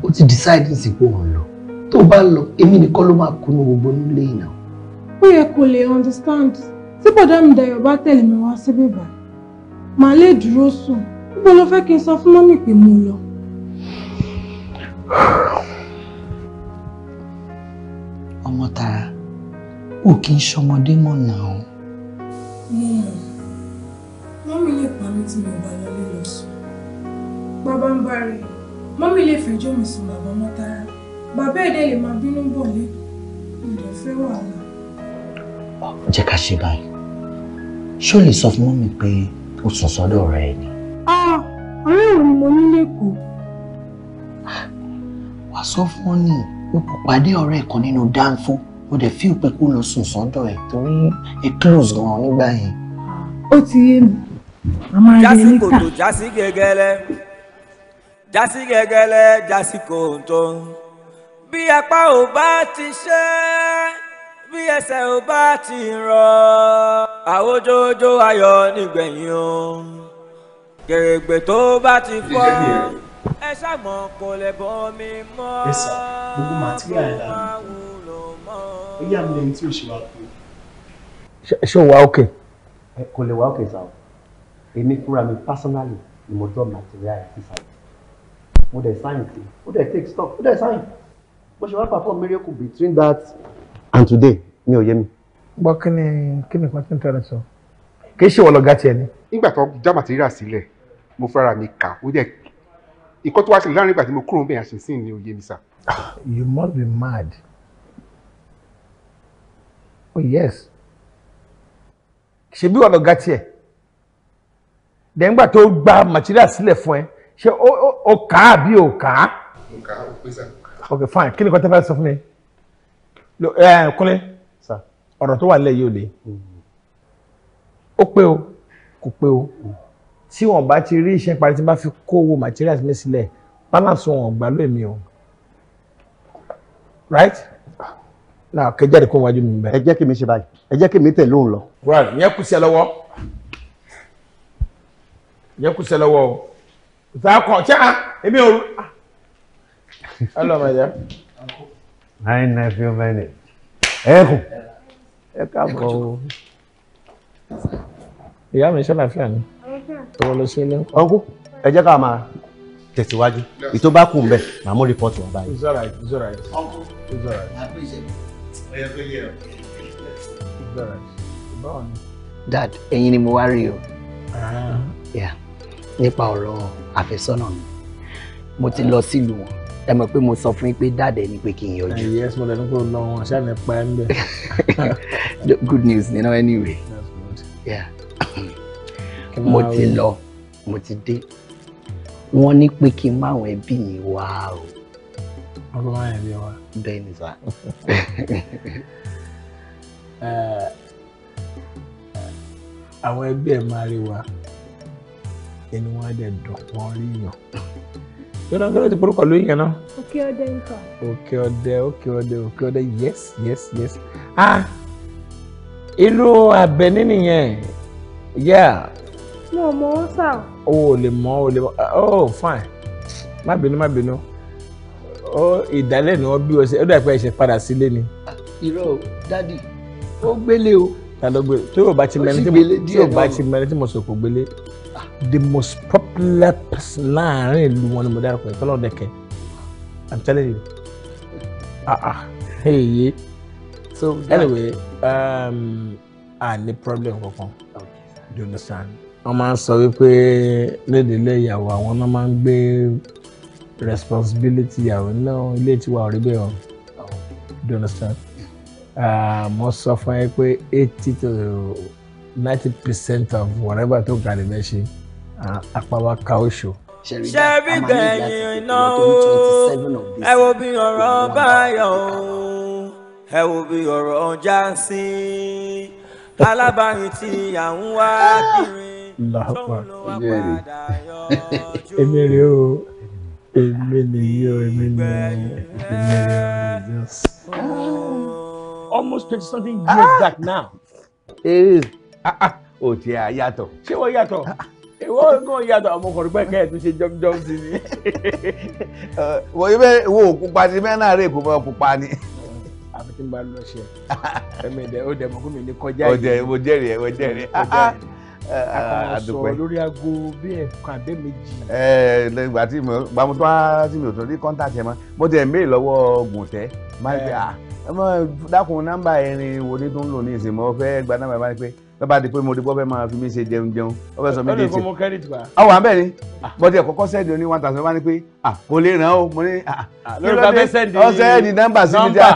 S2: ó ti decide ìsìnkú òun lọ tó bá lọ èmi nìkan ló máa kú ní gbogbo nílé ìnà.
S4: ó yẹ kó lè understand tí bọ̀dá mi Dayọ̀ bá tẹ̀lé mi wá síbí bá màá lè dúró sùn gbogbo ló fẹ́ kí n sọ fún mọ́mì pé mo lọ.
S2: ọmọ tara ò kì í ṣọmọdé mọ̀ náà.
S4: Mm mọ́mí lè pa mí tí mi ò bá lọlé lọ sùn bàbá ń bá rí mọ́mí lè fẹjọ́ mi sùn bàbá mọ́tara bàbá ẹ̀dẹ̀ lè máa bínú bọ̀ lé ìdẹ̀ fẹ́ wàhálà.
S2: jẹ́ ká ṣe báyìí O lè sọ fún mọ́mí pé o sùn sọ́dọ̀ ọ̀rẹ́ ẹ ni.
S4: ọ̀rẹ́ ò ní mo ní lẹ́kọ̀ọ́.
S2: wà á sọ fún ọ ní o kò pàdé ọ̀rẹ́ kan nínú dáńfó o dẹ̀ fi òpin kó lọ sùn sọ́dọ̀ ẹ̀ torí ẹ close gan-an nígbà yẹn. ó ti yé mi Jasi kòtò
S1: jasi gẹ́gẹ́lẹ́ jasi gẹ́gẹ́lẹ́ jasi kòtò bí apá ò bá ti ṣe bí ẹsẹ̀ ò bá ti rọ àwòjòjò ayọ̀ nígbẹ̀yìn o gèrègbè tó bá ti fọ́ ẹ ṣàmọ̀ kò lè bọ́ mi mọ́
S2: gbogbo
S6: màtíríà ẹ̀ lánàá ó yà mí lẹ́yìn tí ò ṣe wá pé.
S2: ṣé ò wá òkè. kò lè wá òkè sáà èmi fúnra mi personally ni mo drop material yẹn sísàlẹ̀ mo dẹ̀ sign it? ó dẹ̀ take stock ó dẹ̀ sign bó ṣe wá perform miracle between that and today mi ò yé mi. gbọ́ kí ni kí ni kọ́ńtìn tẹ́lẹ̀ sọ kì í ṣe ọlọ́gá tiẹ̀ ni. nígbà tó já material sílẹ̀ mo fúnra mi kà ó dẹ̀ ìkọ́ tó wá ṣẹlẹ̀ láàrin ìgbà tí mo kúrò ń bẹ̀yà ṣe sí ni ò yé mi sà. you must be mad. oh yes ṣebí ọlọ́gá tiẹ̀ dẹ́ngbà tó gba material sílẹ̀ fún ẹ ṣé o kà á àbí o kà á. mo kà á o pé ok fine kí ni kò tẹ́ fẹ́ sọ fún mi kúnlẹ̀ ọ̀rọ̀ tó wà nílẹ̀ yìí ò le ó pé o kò pé o tí wọn bá ti rí iṣẹ́ parí tí wọn bá fi kówó materials mi sílẹ̀ balance wọn gbà ló èmi o right náà kẹjáde kó wájú mi bẹ. ẹ jẹ́ kí mi ṣe báyìí ẹ jẹ́ kí mi tẹ̀lé òun lọ. right ìyẹn kù sí ẹ lọ́wọ́ nyɛ kusɛlɛ wɔ o saa kɔ kyɛ a ebi oru ah ɛlɔ ma yɛ.
S5: nine nine few minutes ɛkò ẹ káàbọ̀
S2: o. ìyá mi ṣe láfíà ni ọwọ́ lọ sí ilé. ọkú ẹ jẹ́ ká máa tẹ̀síwájú ìtò bá kù mbẹ màá mú rìpọ́tù ọba yìí. it's alright it's alright it's alright. it's alright. dad ẹ̀yin ni mo wá rí o. Ah. Yeah nípa ọ̀rọ̀ àfẹ́sọ́nà mi mo ti lọ sílùú wọn ẹ mọ̀ pé mo sọ fún yín pé dáàdẹ ni pé kí n yọjú. ẹyẹ ẹsùn ọ̀dọ̀ nípa ọ̀nà wọn ṣáà ní pa ẹ́ ń bẹ̀. good news you know anyway. Yeah. mo ti lọ mo ti dé wọ́n ní pé kí n má àwọn ẹbí yìí wá o. ọlọ́ máa yẹn bí wa. bẹ́ẹ̀ ni sá. Eh, eh, àwọn ẹbí ẹ̀ máa rí wa ẹni wọn á dẹ̀ dùn wọn rí yàn yọ̀dá kí ló ti porúkọ lóyún yẹn náà.
S3: òkè ọdẹ
S4: nǹkan.
S2: òkè ọdẹ òkè ọdẹ òkè ọdẹ yes yes yes ah ìlú Àbẹ̀ní nìyẹn yeah.
S4: mo mọ wọn sá.
S2: o ò lè mọ o lè mọ ah, oh fine má bínú má bínú ó ìdálẹ̀ ni wọ́n bí ọsẹ ó dàgbà ẹ̀ṣẹ̀ padà sílé ni. irọ́ o dádì ó gbélé o. ta ló gbélé tí yóò bá ti mẹni tí mo sọ kò gbélé the most popular person láàrin ìlú wọn ni mo dárúkọ yìí tọ́lọ́ dẹ̀kẹ́ i'm telling you ah ah eye so anyway um, i ní problem kankan do you understand wọ́n máa ń sọ wípé lédèlé ìyàwó àwọn náà máa ń gbé responsibility ìyàwó náà ilé tiwa ò rí bẹ́ẹ̀ o do you understand um, mo sọ fún ẹ pé eighty to ninety percent of whatever tó kàlẹ́ bẹ́ẹ̀ ṣe apáwáká oṣù. ṣẹ́rí gbẹ̀yìn iná o ẹ
S1: wo bí ọ̀rọ̀ bá yọ o ẹ wo bí ọ̀rọ̀ já sí alábàáyìn tí à ń wá kiri
S6: lọ́pọ̀ èmi rè o èmi nìyí o èmi nìyí èmi
S1: rè o
S6: yes. Ah. almost twenty something years back
S2: now. ẹ eh. ẹ ah, ah. o ti a yàtọ̀ ṣé wọ́n yàtọ̀ ìwọ kò yàtọ̀ ọmọkùnrin pẹ̀kẹ́ ẹ̀ tún ṣe jọ́mjọ́m sí ni. wọ́n yí bẹ́ẹ̀ wo òkúpa ti mẹ́rin rẹ̀ kò mọ òkúpa ni. àfi tí n bá lọ ṣe ẹmí ẹ̀dẹ̀ ó dẹ̀ mọ́kúnmí ní kọjá yìí. ọjọ́ mo jẹ́rìí ẹ mo jẹ́rìí àdùpẹ́ sọ lórí aago bí ẹ̀kan abẹ́ méjì. ẹ ẹ lẹ́gbà tí mo gbàmú tó wá tí mi ò tún rí kọ́ńtàkì ẹ̀ mọ́ mo tẹ̀ méè lọ́wọ́ gùntẹ́ máa ń pẹ́ à dákun nọ́mbà ẹ̀rin wo ni tó lò ní ìsìn mo fẹ́ gba nọ́mbà ẹ̀ máa ń pẹ́ tó bá di pé mo di bọ́ bẹ́ẹ̀ máa fi mí ṣe jẹun jẹun ó fẹ́ sọ mí déètì. ọlọ́ọ̀kọ́ mo kẹ́rìtì wa. àwọn abẹ́ ni bọ́dẹ̀ kọ́kọ́ sẹ́ẹ̀dì oní one thousand wá ní pé kò lè ràn ó mo ní. lórúkọ abẹ́ sẹ́ẹ̀dì ọ sẹ́ẹ̀dì nọ́mbà sí mi já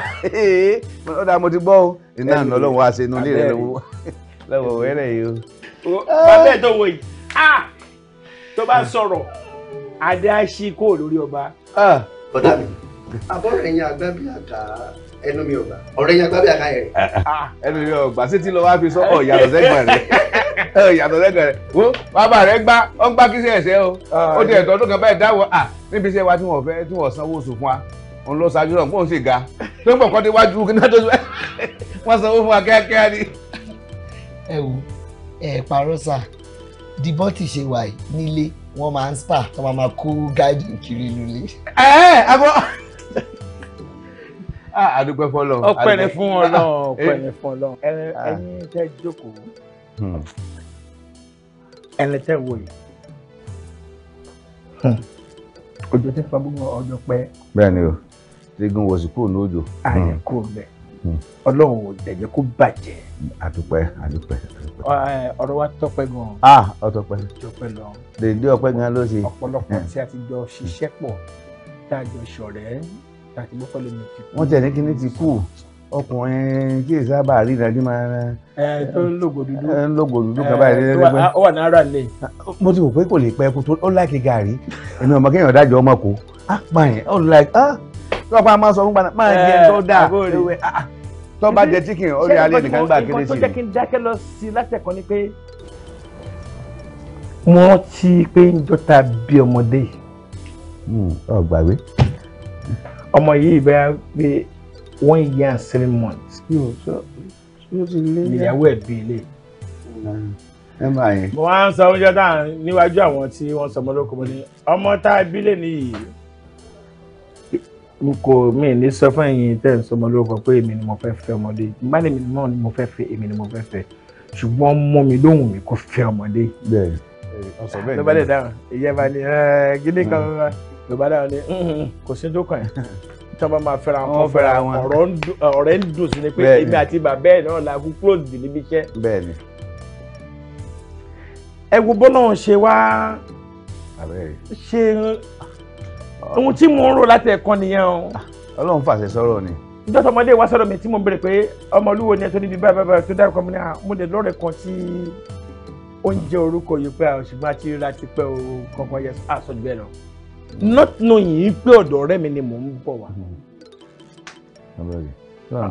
S2: ó dáa mo ti gbọ́ o iná àná ọlọ́run wá ṣe inú ilé rẹ lọ́wọ́ lọ́wọ́ wẹ́rẹ́ yìí o. bàbá ẹ̀ tó wọ yìí tó bá sọ̀rọ̀ adé á ṣí kó lórí ọba. ọ̀dà mi àbọ̀rẹ̀ yẹn àgbẹ̀ bí àdá ẹnu mi ò gbà ọ̀rẹ́ yẹn gbábí àká yẹn rẹ̀. Ah, ẹnu mi ò gbà sí ti lọ wá fi sọ́kọ̀ ìyàtọ̀ sẹ́gbọ̀n rẹ̀ ìyàtọ̀ sẹ́gbọ̀n rẹ̀ wo bàbá rẹ̀ gbá ó ń gbá kí sí ẹ̀sẹ̀ o ah, ó di ẹ̀tọ́ ọdún kan báyìí dáwọ́ à ah, níbi iṣẹ́ wa tí wọ́n fẹ́ tí wọ́n sanwó oṣù fún wa òun ló ṣáájú náà kóun sì ga tó ń bọ̀ kọ́ déwájú kí wọ́n sanwó fún wa kíákíá ni. ẹ wo ẹ parọ́ sà dìbọ́tì ṣe wà nílé wọ́n máa ń spa tó máa máa kó gáàdì kiri nílé. ẹ ẹ àbọ̀ àdúpẹ́ ah, fọlọ. ọpẹ́ ni fún Ọlọ́run ọpẹ́ ni fún Ọlọ́run eh, eh, ah. ẹ̀yin tẹ́ jókòó hmm. ẹni tẹ́ wò yìí òjò hmm. tẹ́ fọ́ gbogbo ọjọ́ pẹ́. bẹ́ẹ̀ni o ṣẹ́gun wọ̀ sí kúrò lójò. àyẹ̀ hmm. kúrò bẹ́ẹ̀ Ọlọ́run ò dẹ̀jẹ̀ kó bàjẹ́. àdúpẹ́ àdúpẹ́. ọ̀rọ̀ wa tọ́pẹ́ gan. ah ọtọpẹ́. tọ́pẹ́ lọ. dèdè ọpẹ́ gan ló ṣe. ọ̀pọ̀lọpọ̀ tí a ti jọ ṣiṣẹ́ pọ̀ tá a jọ ṣọ̀rẹ́ àti gbọ́kọ̀ lómi ti kú. wọ́n tẹ̀ ní kíní ti kú ọkùnrin kí èsì àbá rí ìdájí máa ń. ẹ tó ń lògò dúdú. ẹ ń lògò dúdú kan báyìí lẹ́gbẹ́. ó wà náírà lè. mo ti rò pé kò lè pẹ́ kó tó ó láìkí gàrí èmi ọmọ kéèyàn dájọ ọmọ kó á pa yẹn ó láìkí á tó bá máa sọ fún gbàdá máa jẹ tó dáa tó bá jẹ chicken ó rí alẹ́ nìkan gbà kéré sí i. ṣé ìkọ́ tó jẹ́ kí n dákẹ́ lọ sí i láti ẹ̀kọ́ ni pé wọ́n ti pé ń jọ́ta bí ọmọdé.
S5: Hmm, ọgbàgbé
S2: ọmọ yìí bẹ́ẹ̀ pé one year and seven months. yóò sọ yóò ti lé ní. ìyàwó ẹ̀ bí ilé. ẹ máa yẹ. mo máa ń sọ oúnjẹ dáa níwájú àwọn tí wọ́n sọ ọmọ lóko mo ọmọ tá a bí lè níyì n kò mí ní sọ fún ẹ̀yin tẹ́ ń sọmọ lórúkọ pé èmi ni mo fẹ́ fẹ́ ọmọdé bá lèmi náà ni mo fẹ́ fẹ́ èmi ni mo fẹ́ fẹ́ ṣùgbọ́n mọ́ mi lóhùn mi kò fẹ́ ọmọdé. bẹ́ẹ̀ ọsọ bẹ́ẹ̀ ni ló bá lè dáhùn ìyẹn bá ní gíní kan wá ló bá dáhùn ní kò sí tó kàn yín tí wọ́n bá máa fẹ́ra wọn fẹ́ra wọn ọ̀rẹ́ ń dùn sí ni pé èmi àti bàbá ẹ̀ náà la kú close dì níbi iṣẹ́. bẹ́ẹ̀ni. ẹ wo bọ́nà ṣe wá ṣe ohun tí mo ń rò láti ẹ̀kọ́ nìyẹn o. Ah, ọlọ́run fàṣẹ sọ̀rọ̀ ni ìjọ tọmọdé wa sọ̀rọ̀ mi tí mo bèrè pé ọmọ olúwo ni ẹ tó níbi báyìí báyìí tó dárúkọ mi ní à ah, mo lè lọ́rẹ̀ kan tí oúnjẹ orúkọ yìí pé àwọn ṣùgbọ́n àti ríra pẹ́ o kankan yẹ àsọjú ẹ̀ náà not knowing pé ọ̀dọ̀ ọ̀rẹ́ mi ni mò ń bọ̀ wá. Hmm.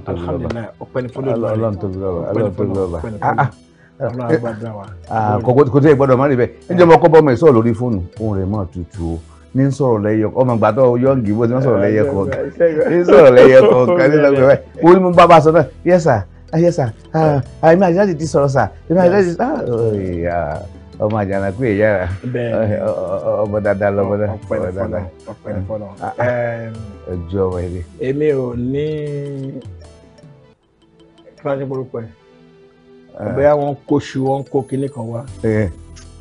S2: alhamdulilayi ọpẹ́ ni fọlọ lọrẹ ọpẹ́ ni fọlọ ọpẹ́ ni fọlọ ah, ah, kò tẹ́ ìgbọ́dọ̀ má rí bẹ́ẹ̀ níjọba ọkọ bọ́mọ ìsọ̀rọ̀ lórí fóònù ohun rẹ̀ mọ̀ tutù o ní ń sọ̀rọ̀ lẹ́yọ ọmọ ìgbà tó yọ̀ǹgì bó ti ń sọ̀rọ̀ lẹ́yọ kọ̀ọ̀kan ní ń sọ̀rọ̀ lẹ́yọ kọ̀ọ̀kan ní lọ́gbẹ̀ẹ́ báyìí mo ní mo bá bá sọ náà yẹ sà yẹ sà àìmí àjẹjáde ti sọ̀rọ̀ sà àìmí àjẹjáde ti sọ̀rọ̀ ah, ọmọ àjànàkú yìí yára ọmọ dáadáa lọmọ náà ọmọ dáadáa ọpẹlẹ fọlọ ojú ọmọ ilé. Ah, ah. èmi ò ní kíláàsì burúkú ẹ bóyá wọn kóṣù wọn kó kinní kan wá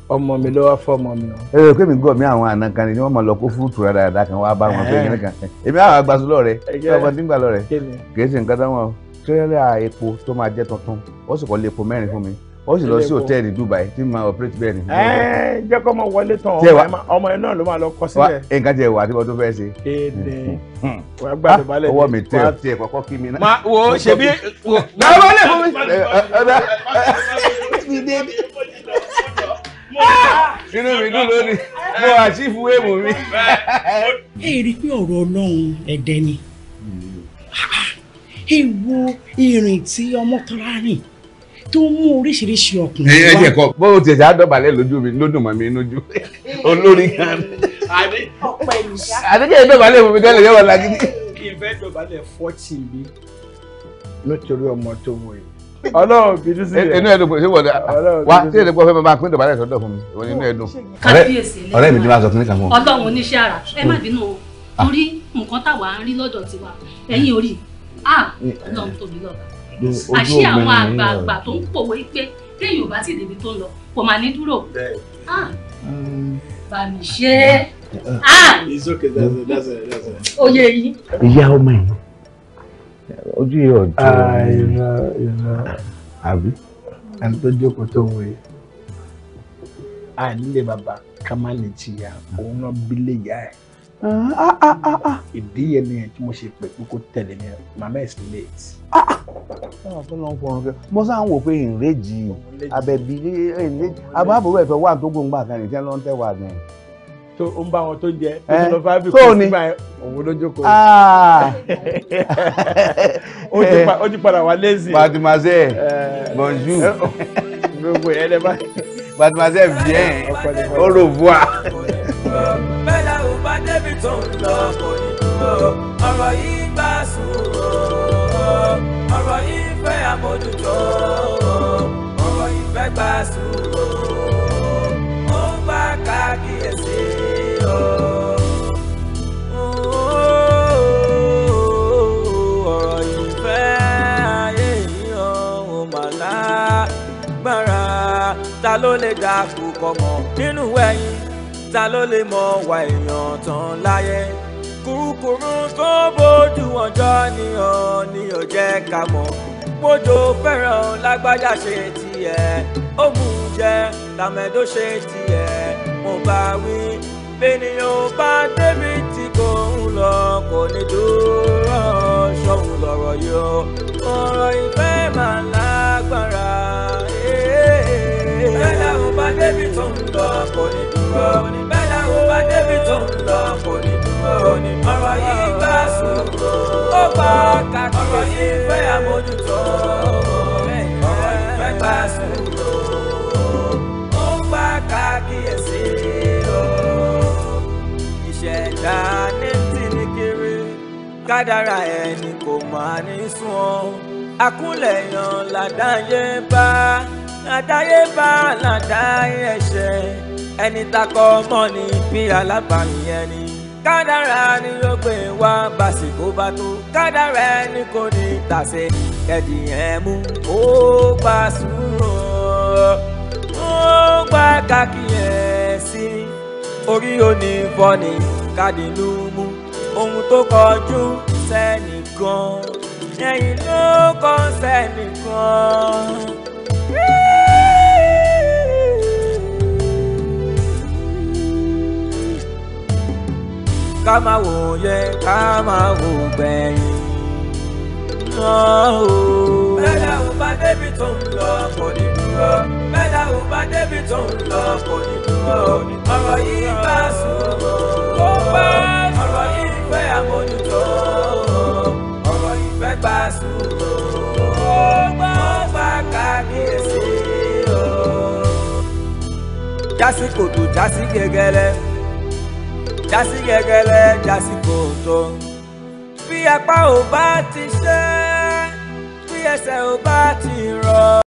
S2: ọmọ mi ló wá fọmọ mi. ẹ ẹ pé mi gbọ́ mi àwọn àna kan ni ni wọ́n máa lọ kó fúrúùtù dáadáa kan wá bá wọn pé kinní kan èmi àwọn agbásùlọ rẹ ọmọ tí ń gbà lọ rẹ kì í ṣe nǹkan táwọn tírẹ́là epo tó máa jẹ́ tuntun ó sì kọ́ lé epo mẹ́rin fún mi ó sì lọ sí hòtẹ́ẹ̀lì Dubai tí mo operate bẹ́ẹ̀ ni.
S6: ẹ jẹ́ kó ọmọ wọlé tán ọmọ ẹ náà ló máa lọ kọ́ sílẹ̀.
S2: nǹkan tiẹ̀ wà tí mo tó fẹ́ ṣe. kéde wàá gbàdúrà balẹ̀ ọwọ́ mi tẹ tiẹ̀ kọ́kọ́ kí mi náà. ma wo ṣebí
S6: wo. gbàdúrà balẹ̀ fún
S2: mi. inú mi dùn lónìí mo àṣìfù èèmù mi. ẹ rí i pé ọ̀rọ̀ Ọlọ́run ẹ̀dẹ́ ni
S4: ẹ wo ìrìn tí ọmọ tọ́lá rìn tó ń mú oríṣiríṣi ọkùnrin wá. ẹ jẹ
S2: kọ bó o tẹsí àdọ̀bálẹ̀ lójú mi lódùn mọ́ mi lójú
S6: olórí kan.
S2: àdéjẹ́ ìdọ̀bálẹ̀ fún mi tẹ́lẹ̀ yọ̀wọ̀ lagidi. kí n fẹ́ dọ̀bálẹ̀ fọ́tì mi nítorí ọmọ tó wọ yìí ọlọ́run bínú sí rẹ inú ẹdùn ṣé wọdà wá tí èdè gbọfẹ máa pín dọ̀bálẹ̀ sọ́dọ̀ fún mi ìwọ ni inú ẹdùn.
S4: kábíyèsí lẹ́yìn ọ̀rẹ́
S5: mi ti máa sọ fún mi kan fún ọ. ọlọ́run
S4: oníṣẹ́ ara ẹ má hmm. bínú o ah. torí nǹkan táwa ń rí lọ́dọ̀ tiwa ẹ̀yìn orí a ah, lọ́n tóbi lọ́ba
S5: àṣé àwọn àgbààgbà
S3: tó
S2: ń pòwe pé téèyàn ò bá sì débi tó ń lọ kò máa ní dúró ah. um. bá mi ṣe é.
S3: Ah. Ah.
S2: oyè yìí. ìyá ọmọ yìí ojú yìí ọjọ́ àbí ẹni tó jókòó tó ń wòye à nílé bàbá ká má lè tìyà òun náà bí lè yá ẹ. Ah, ah, ah, ìdí yẹn ni tí mo ṣe pè pé kó tẹ̀lé mi mama is late. tó lọ ń fọrùn kẹ mo sáà ń wò pé ìrèjì abẹ́bí abáàbòrò ẹ̀fẹ̀ wà tó gbóngbà kan ìjẹ́ ló ń tẹ̀ wà gan. tó o ń bá wọn tó jẹ tó lọ fà bí kò sí báyìí òun ló jókòó. ó ti padà wá lazy. mademoiselle eh. bonjour. Eh, oh, gbogbo yẹn lè bá. mademoiselle bien au revoir bá débi
S1: tó ń lọ kò ní dúró ọ̀rọ̀ yìí gbà sùúrù ọ̀rọ̀ yìí fẹ́ àmójútó ọ̀rọ̀ yìí fẹ́ gbà sùúrù ó gbà kákíyèsí o. ta ló lè dà kú kọmọ nínú ẹ̀yin ta ló lè mọ wà èèyàn tán láyé kúrúkúrú tó bójú ọjọ́ níyàn ni ò jẹ́ ká mọ̀ mojó fẹ́ràn lágbájá ṣe tiẹ̀ ó mú jẹ tàmẹ́dó ṣe tiẹ̀ mo bá wí bẹ́nìyàn bá débi tí kò ń lọ kò ní dúró ṣọ́hun lọ̀rọ̀ yìí ọ̀rọ̀ ìfẹ́ máa lágbára bẹ́lá ò bá débi tó ń lọ kò ní dúró ní bẹ́lá ò bá débi tó ń lọ kò ní dúró ní ọ̀rọ̀ yìí gbà sùúrù ó bá kàkí ọ̀rọ̀ yìí fẹ́ àmójútó ọ̀rọ̀ yìí fẹ́ gbà sùúrù ó bá kàkíyèsí ìṣẹ̀dá ní tìǹkìrì kádàrá ẹni kò máa ní sùn ọ́ akúnlẹ̀ yan làdáyé bá àdáyébá làdáyé ẹ̀ṣẹ̀ ẹni takọ ọmọ ní bí alábàáyé ẹni kádàrá ni yóò gbé wá bàṣìkò bá tó kádàrá ẹni kò ní tàṣe ẹdìyẹn mú ó gbà sùúrù ó gbà kàkíyèsí orí onífọ́ni kádìlú mú ohun tó kọjú sẹ́nìkan ẹ̀yìn ló kọ sẹ́nìkan. ká máa wò yẹ ká máa wò gbẹ̀yìn. bẹ́ẹ̀dá ò bá débi tó ń lọ kò ní dúró bẹ́ẹ̀dá ò bá débi tó ń lọ kò ní dúró ọ̀rọ̀ yìí bá sùúrù ó pẹ́ ọ̀rọ̀ yìí fẹ́ àmójútó ọ̀rọ̀ ìfẹ́ gbà sùúrù ó gbọ́ gbà kábíyèsí. jásí kòtò jásí gẹ́gẹ́rẹ́ jásí gẹ́gẹ́lẹ́ jásí kòtò
S3: bí apá ò bá ti ṣe bí ẹsẹ̀ ò bá ti rọ.